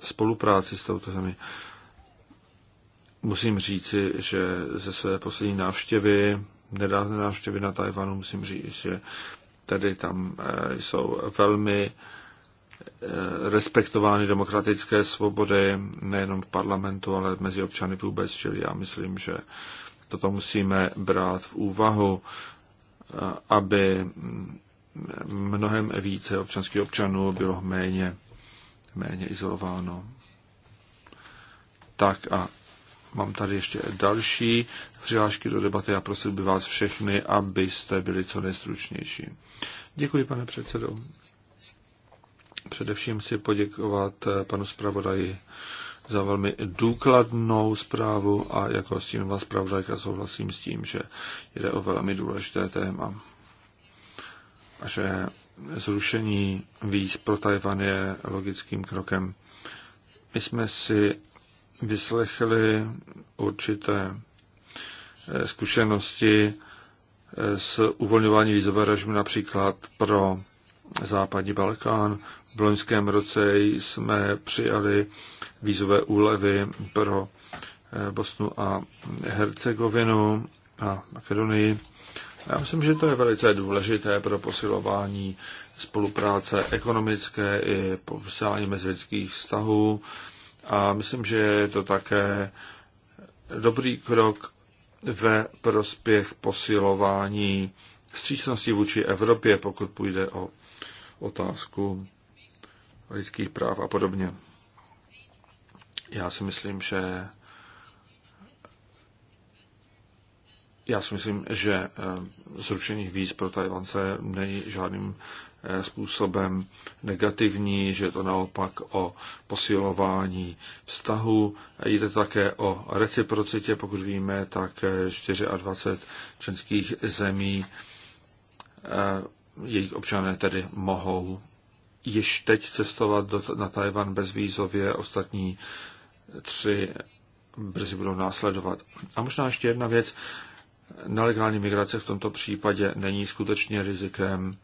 spolupráci s touto zemí. Musím říci, že ze své poslední návštěvy, nedávné návštěvy na Tajvanu, musím říct, že tady tam eh, jsou velmi eh, respektovány demokratické svobody nejenom v parlamentu, ale mezi občany vůbec, čili já myslím, že toto musíme brát v úvahu aby mnohem více občanských občanů bylo méně, méně izolováno. Tak a mám tady ještě další přihlášky do debaty a prosím by vás všechny, abyste byli co nejstručnější. Děkuji, pane předsedo. Především si poděkovat panu zpravodaji za velmi důkladnou zprávu a jako s tím vás pravdajka souhlasím s tím, že jde o velmi důležité téma. A že zrušení víz pro Tajvan je logickým krokem. My jsme si vyslechli určité eh, zkušenosti eh, s uvolňování vízové režimu například pro západní Balkán. V loňském roce jsme přijali vízové úlevy pro eh, Bosnu a Hercegovinu a Makedonii. Já myslím, že to je velice důležité pro posilování spolupráce ekonomické i posilování mezilidských vztahů. A myslím, že je to také dobrý krok ve prospěch posilování střícnosti vůči Evropě, pokud půjde o otázku lidských práv a podobně. Já si myslím, že já si myslím, že eh, zrušení víz pro Tajvance není žádným eh, způsobem negativní, že je to naopak o posilování vztahu. Jde také o reciprocitě, pokud víme, tak 24 eh, členských zemí jejich občané tedy mohou již teď cestovat do, na Tajvan bezvízově, ostatní tři brzy budou následovat. A možná ještě jedna věc. Nelegální migrace v tomto případě není skutečně rizikem,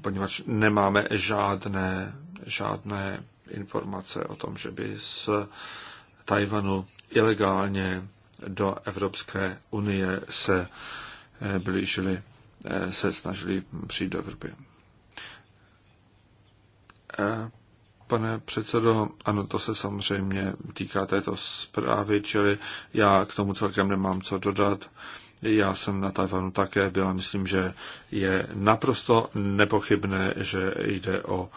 poněvadž nemáme žádné, žádné informace o tom, že by z Tajvanu ilegálně do Evropské unie se eh, blížili Eh, se snažili přijít do Evropy. Eh, pane předsedo, ano, to se samozřejmě týká této zprávy, čili já k tomu celkem nemám co dodat. Já jsem na Tajvanu také byl a myslím, že je naprosto nepochybné, že jde o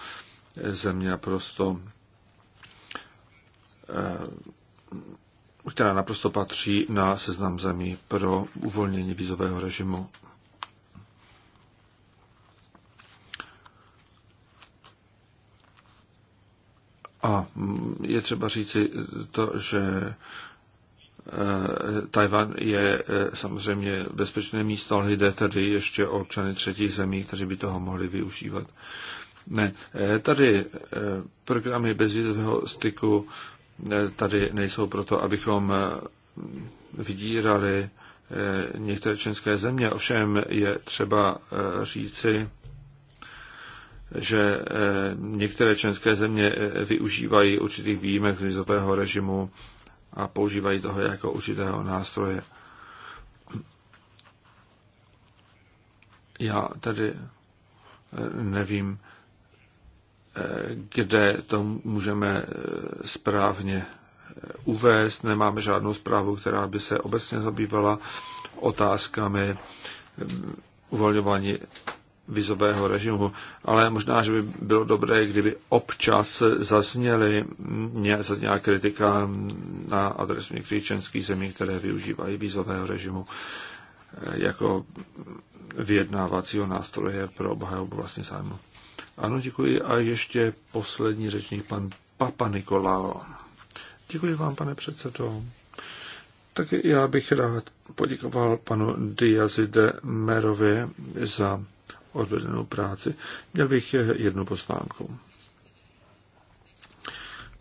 země naprosto eh, která naprosto patří na seznam zemí pro uvolnění vízového režimu. A je třeba říci to, že eh, Tajvan je eh, samozřejmě bezpečné místo, ale jde tady ještě o občany třetích zemí, kteří by toho mohli využívat. Ne, eh, tady programy bezvízového styku tady nejsou proto, abychom vydírali některé členské země. Ovšem je třeba říci, že eh, některé členské země eh, využívají určitých výjimek z režimu a používají toho jako určitého nástroje. Já tady eh, nevím, kde to můžeme správně uvést. Nemáme žádnou zprávu, která by se obecně zabývala otázkami uvolňování vizového režimu, ale možná, že by bylo dobré, kdyby občas zazněly nějaká kritika na adresu některých členských zemí, které využívají vizového režimu e, jako vyjednávacího nástroje pro obhajobu vlastně zájmu. Ano, děkuji. A ještě poslední řečník, pan Papa Nikolao. Děkuji vám, pane předsedo. Tak já bych rád poděkoval panu Diazide Merovi za odvedenou práci. Měl bych eh, jednu poznámku.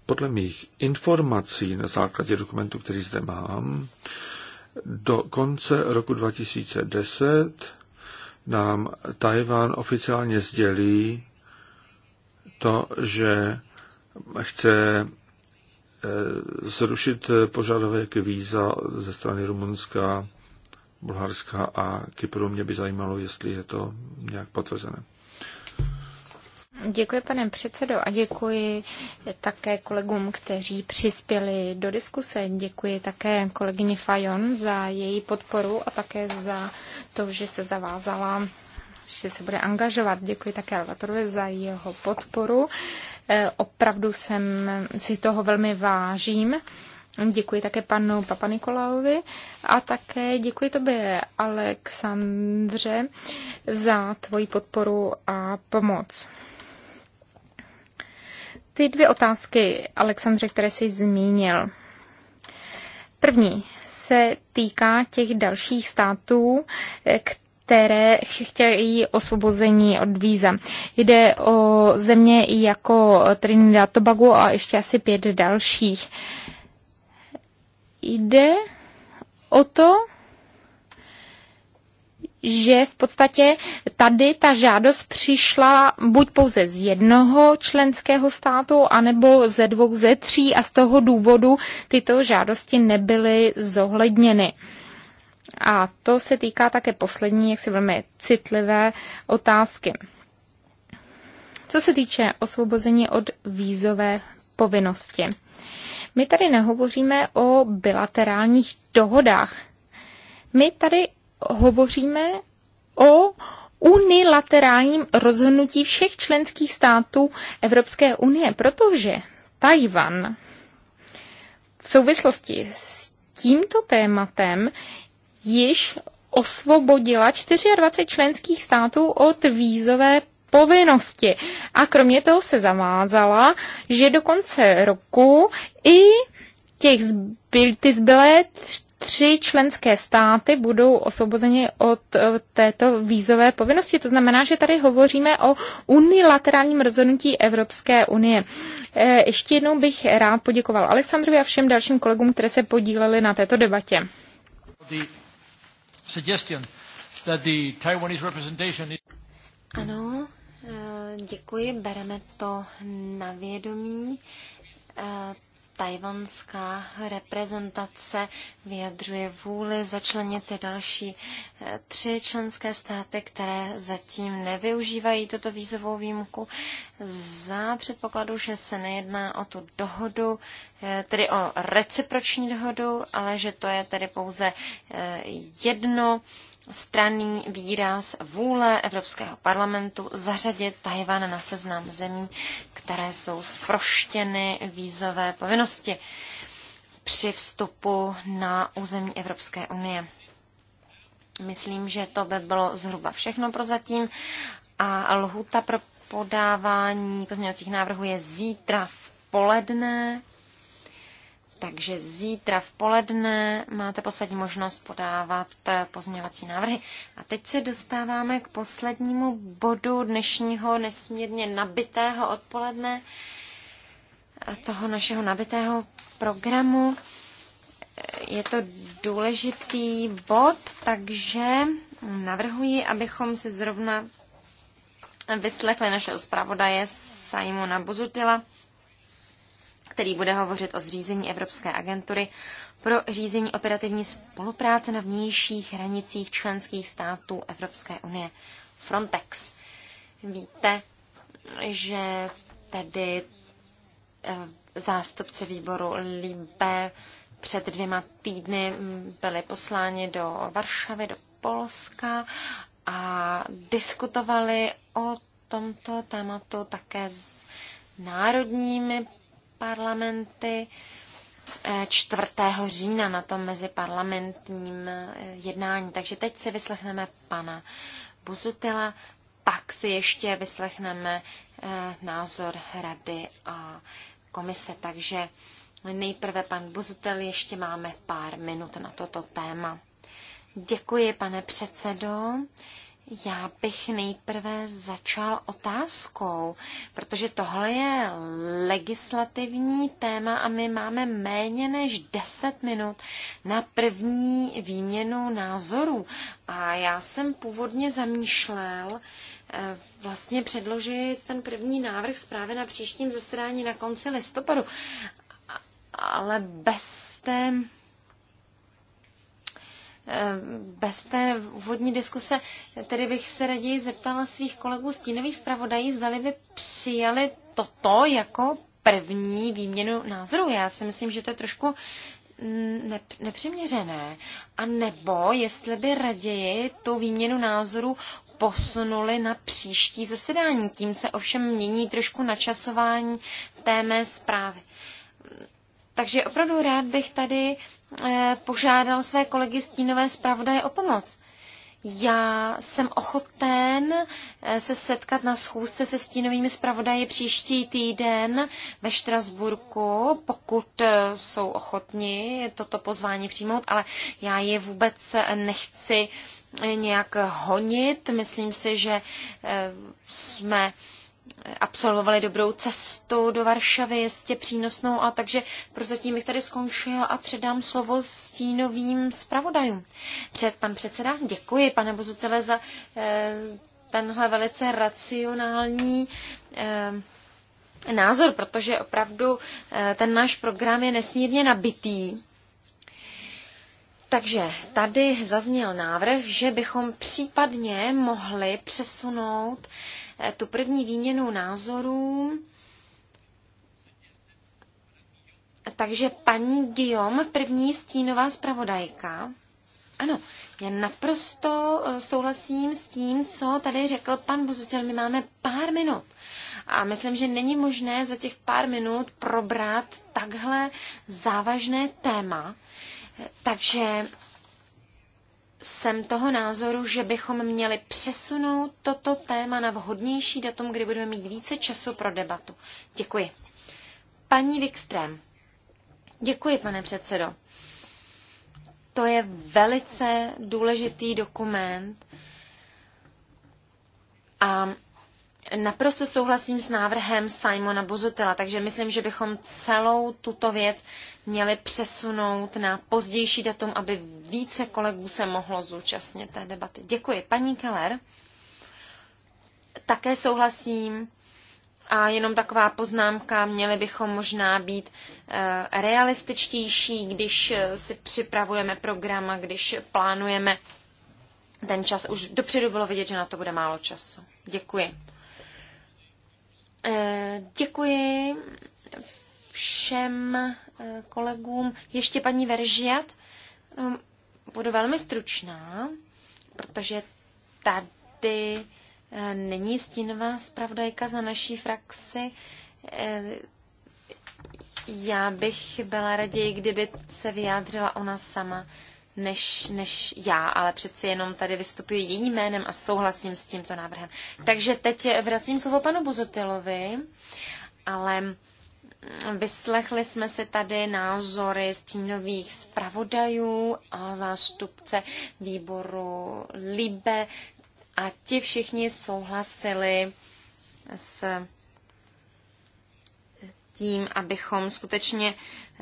Podle mých informací na základě dokumentu, který zde mám, do konce roku 2010 nám Tajván oficiálně sdělí to, že chce eh, zrušit požadavek víza ze strany Rumunska Bulharska a Kypru. Mě by zajímalo, jestli je to nějak potvrzené.
Děkuji, pane předsedo, a děkuji také kolegům, kteří přispěli do diskuse. Děkuji také kolegyni Fajon za její podporu a také za to, že se zavázala, že se bude angažovat. Děkuji také Alvatorovi za jeho podporu. Eh, opravdu jsem si toho velmi vážím. Děkuji také panu Papa Nikolaovi a také děkuji tobě, Alexandře, za tvoji podporu a pomoc. Ty dvě otázky, Alexandře, které jsi zmínil. První se týká těch dalších států, které chtějí osvobození od víza. Jde o země jako Trinidad, Tobago a ještě asi pět dalších jde o to, že v podstatě tady ta žádost přišla buď pouze z jednoho členského státu, anebo ze dvou, ze tří a z toho důvodu tyto žádosti nebyly zohledněny. A to se týká také poslední, jak si velmi citlivé otázky. Co se týče osvobození od vízové povinnosti. My tady nehovoříme o bilaterálních dohodách. My tady hovoříme o unilaterálním rozhodnutí všech členských států Evropské unie, protože Tajvan v souvislosti s tímto tématem již osvobodila 24 členských států od vízové povinnosti. A kromě toho se zavázala, že do konce roku i těch zbyl, ty zbylé tři členské státy budou osvobozeni od e, této vízové povinnosti. To znamená, že tady hovoříme o unilaterálním rozhodnutí Evropské unie. E, ještě jednou bych rád poděkoval Aleksandrovi a všem dalším kolegům, které se podíleli na této debatě.
Ano, Eh, děkuji, bereme to na vědomí. Eh, tajvanská reprezentace vyjadřuje vůli začlenit ty další eh, tři členské státy, které zatím nevyužívají toto vízovou výjimku za předpokladu, že se nejedná o tu dohodu, tedy o reciproční dohodu, ale že to je tedy pouze jedno straný výraz vůle Evropského parlamentu zařadit Tajvan na seznam zemí, které jsou sproštěny vízové povinnosti při vstupu na území Evropské unie. Myslím, že to by bylo zhruba všechno prozatím a lhuta pro podávání pozměňovacích návrhů je zítra v poledne takže zítra v poledne máte poslední možnost podávat eh, pozměňovací návrhy. A teď se dostáváme k poslednímu bodu dnešního nesmírně nabitého odpoledne, eh, toho našeho nabitého programu. Eh, je to důležitý bod, takže navrhuji, abychom si zrovna vyslechli našeho zpravodaje Simona Bozutila který bude hovořit o zřízení Evropské agentury pro řízení operativní spolupráce na vnějších hranicích členských států Evropské unie Frontex. Víte, že tedy eh, zástupce výboru Libe před dvěma týdny mm, byli posláni do Varšavy, do Polska a diskutovali o tomto tématu také s národními parlamenty 4. Eh, října na tom meziparlamentním eh, jednání. Takže teď si vyslechneme pana Buzutila, pak si ještě vyslechneme eh, názor rady a komise. Takže nejprve pan Buzutel, ještě máme pár minut na toto téma. Děkuji, pane předsedo. Já bych nejprve začal otázkou, protože tohle je legislativní téma a my máme méně než 10 minut na první výměnu názorů. A já jsem původně zamýšlel eh, vlastně předložit ten první návrh zprávy na příštím zasedání na konci listopadu. Ale bez té Eh, bez té úvodní diskuse, tedy bych se raději zeptala svých kolegů stínových zpravodají, zdali by přijali toto jako první výměnu názoru. Já si myslím, že to je trošku nepřiměřené. A nebo jestli by raději tu výměnu názoru posunuli na příští zasedání. Tím se ovšem mění trošku načasování té mé zprávy. Takže opravdu rád bych tady Eh, požádal své kolegy stínové zpravodaje o pomoc. Já jsem ochoten eh, se setkat na schůzce se stínovými zpravodaji příští týden ve Štrasburku, pokud eh, jsou ochotni toto pozvání přijmout, ale já je vůbec nechci nějak honit. Myslím si, že jsme absolvovali dobrou cestu do Varšavy, jistě přínosnou, a takže prozatím bych tady skončila a předám slovo stínovým zpravodajům. Před pan předseda, děkuji pane Bozutele za eh, tenhle velice racionální eh, názor, protože opravdu eh, ten náš program je nesmírně nabitý. Takže tady zazněl návrh, že bychom případně mohli přesunout eh, Eh, tu první výměnu názorů. Takže paní Guillaume, první stínová zpravodajka. Ano, já naprosto eh, souhlasím s tím, co tady řekl pan Bozucel. My máme pár minut. A myslím, že není možné za těch pár minut probrat takhle závažné téma. Eh, takže jsem toho názoru, že bychom měli přesunout toto téma na vhodnější datum, kdy budeme mít více času pro debatu. Děkuji. Paní Wikström. Děkuji, pane předsedo. To je velice důležitý dokument a naprosto souhlasím s návrhem Simona Bozutela, takže myslím, že bychom celou tuto věc měli přesunout na pozdější datum, aby více kolegů se mohlo zúčastnit té debaty. Děkuji. Paní Keller, také souhlasím. A jenom taková poznámka, měli bychom možná být eh, realističtější, když eh, si připravujeme program a když plánujeme ten čas. Už dopředu bylo vidět, že na to bude málo času. Děkuji. Eh, děkuji všem eh, kolegům. Ještě paní Veržiat. No, budu velmi stručná, protože tady eh, není stínová zpravodajka za naší frakci. Já bych byla raději, kdyby se vyjádřila ona sama než, než já, ale přeci jenom tady vystupuji jejím jménem a souhlasím s tímto návrhem. Takže teď vracím slovo panu Buzotilovi, ale vyslechli jsme si tady názory stínových zpravodajů a zástupce výboru LIBE a ti všichni souhlasili s tím, abychom skutečně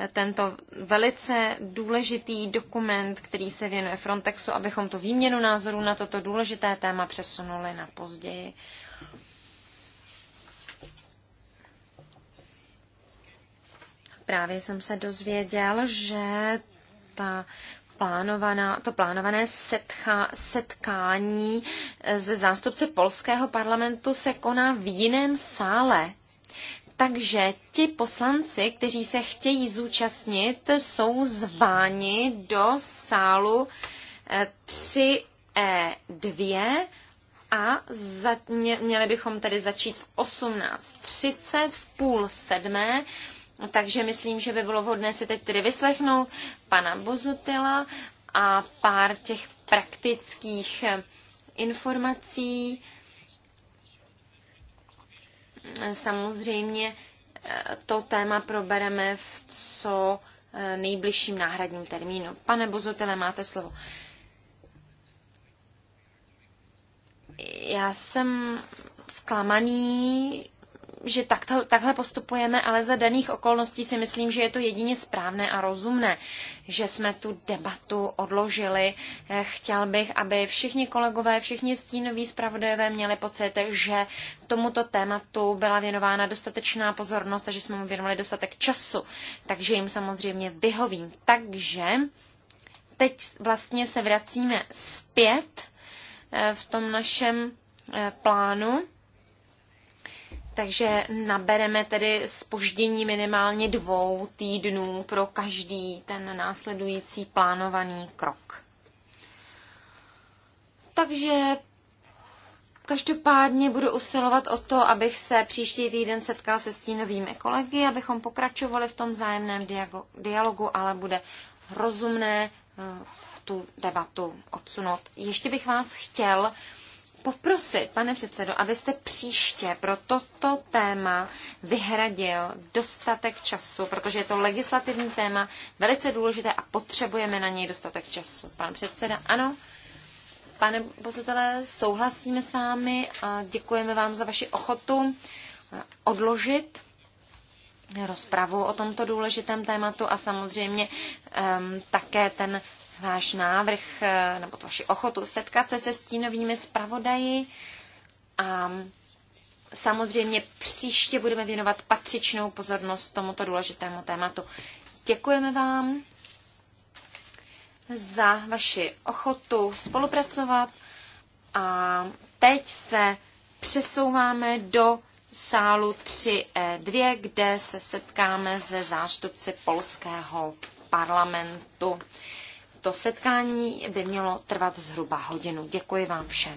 tento velice důležitý dokument, který se věnuje Frontexu, abychom tu výměnu názorů na toto důležité téma přesunuli na později. Právě jsem se dozvěděl, že ta plánovaná, to plánované setcha, setkání ze zástupce polského parlamentu se koná v jiném sále. Takže ti poslanci, kteří se chtějí zúčastnit, jsou zváni do sálu 3E2 eh, e a za, mě, měli bychom tedy začít v 18.30, v půl sedmé. Takže myslím, že by bylo vhodné si teď tedy vyslechnout pana Bozutila a pár těch praktických eh, informací samozřejmě eh, to téma probereme v co eh, nejbližším náhradním termínu. Pane Bozotele, máte slovo. Já jsem zklamaný že takto, takhle postupujeme, ale za daných okolností si myslím, že je to jedině správné a rozumné, že jsme tu debatu odložili. Eh, chtěl bych, aby všichni kolegové, všichni stínoví zpravodajové měli pocit, že tomuto tématu byla věnována dostatečná pozornost a že jsme mu věnovali dostatek času, takže jim samozřejmě vyhovím. Takže teď vlastně se vracíme zpět eh, v tom našem eh, plánu. Takže nabereme tedy spoždění minimálně dvou týdnů pro každý ten následující plánovaný krok. Takže každopádně budu usilovat o to, abych se příští týden setkal se stínovými kolegy, abychom pokračovali v tom zájemném dialogu, ale bude rozumné eh, tu debatu odsunout. Ještě bych vás chtěl poprosit, pane předsedo, abyste příště pro toto téma vyhradil dostatek času, protože je to legislativní téma, velice důležité a potřebujeme na něj dostatek času. Pan předseda, ano. Pane pozitele, souhlasíme s vámi a děkujeme vám za vaši ochotu odložit rozpravu o tomto důležitém tématu a samozřejmě um, také ten váš návrh eh, nebo vaši ochotu setkat se se stínovými zpravodaji a samozřejmě příště budeme věnovat patřičnou pozornost tomuto důležitému tématu. Děkujeme vám za vaši ochotu spolupracovat a teď se přesouváme do sálu 3E2, kde se setkáme se zástupci polského parlamentu to setkání by mělo trvat zhruba hodinu. Děkuji vám všem.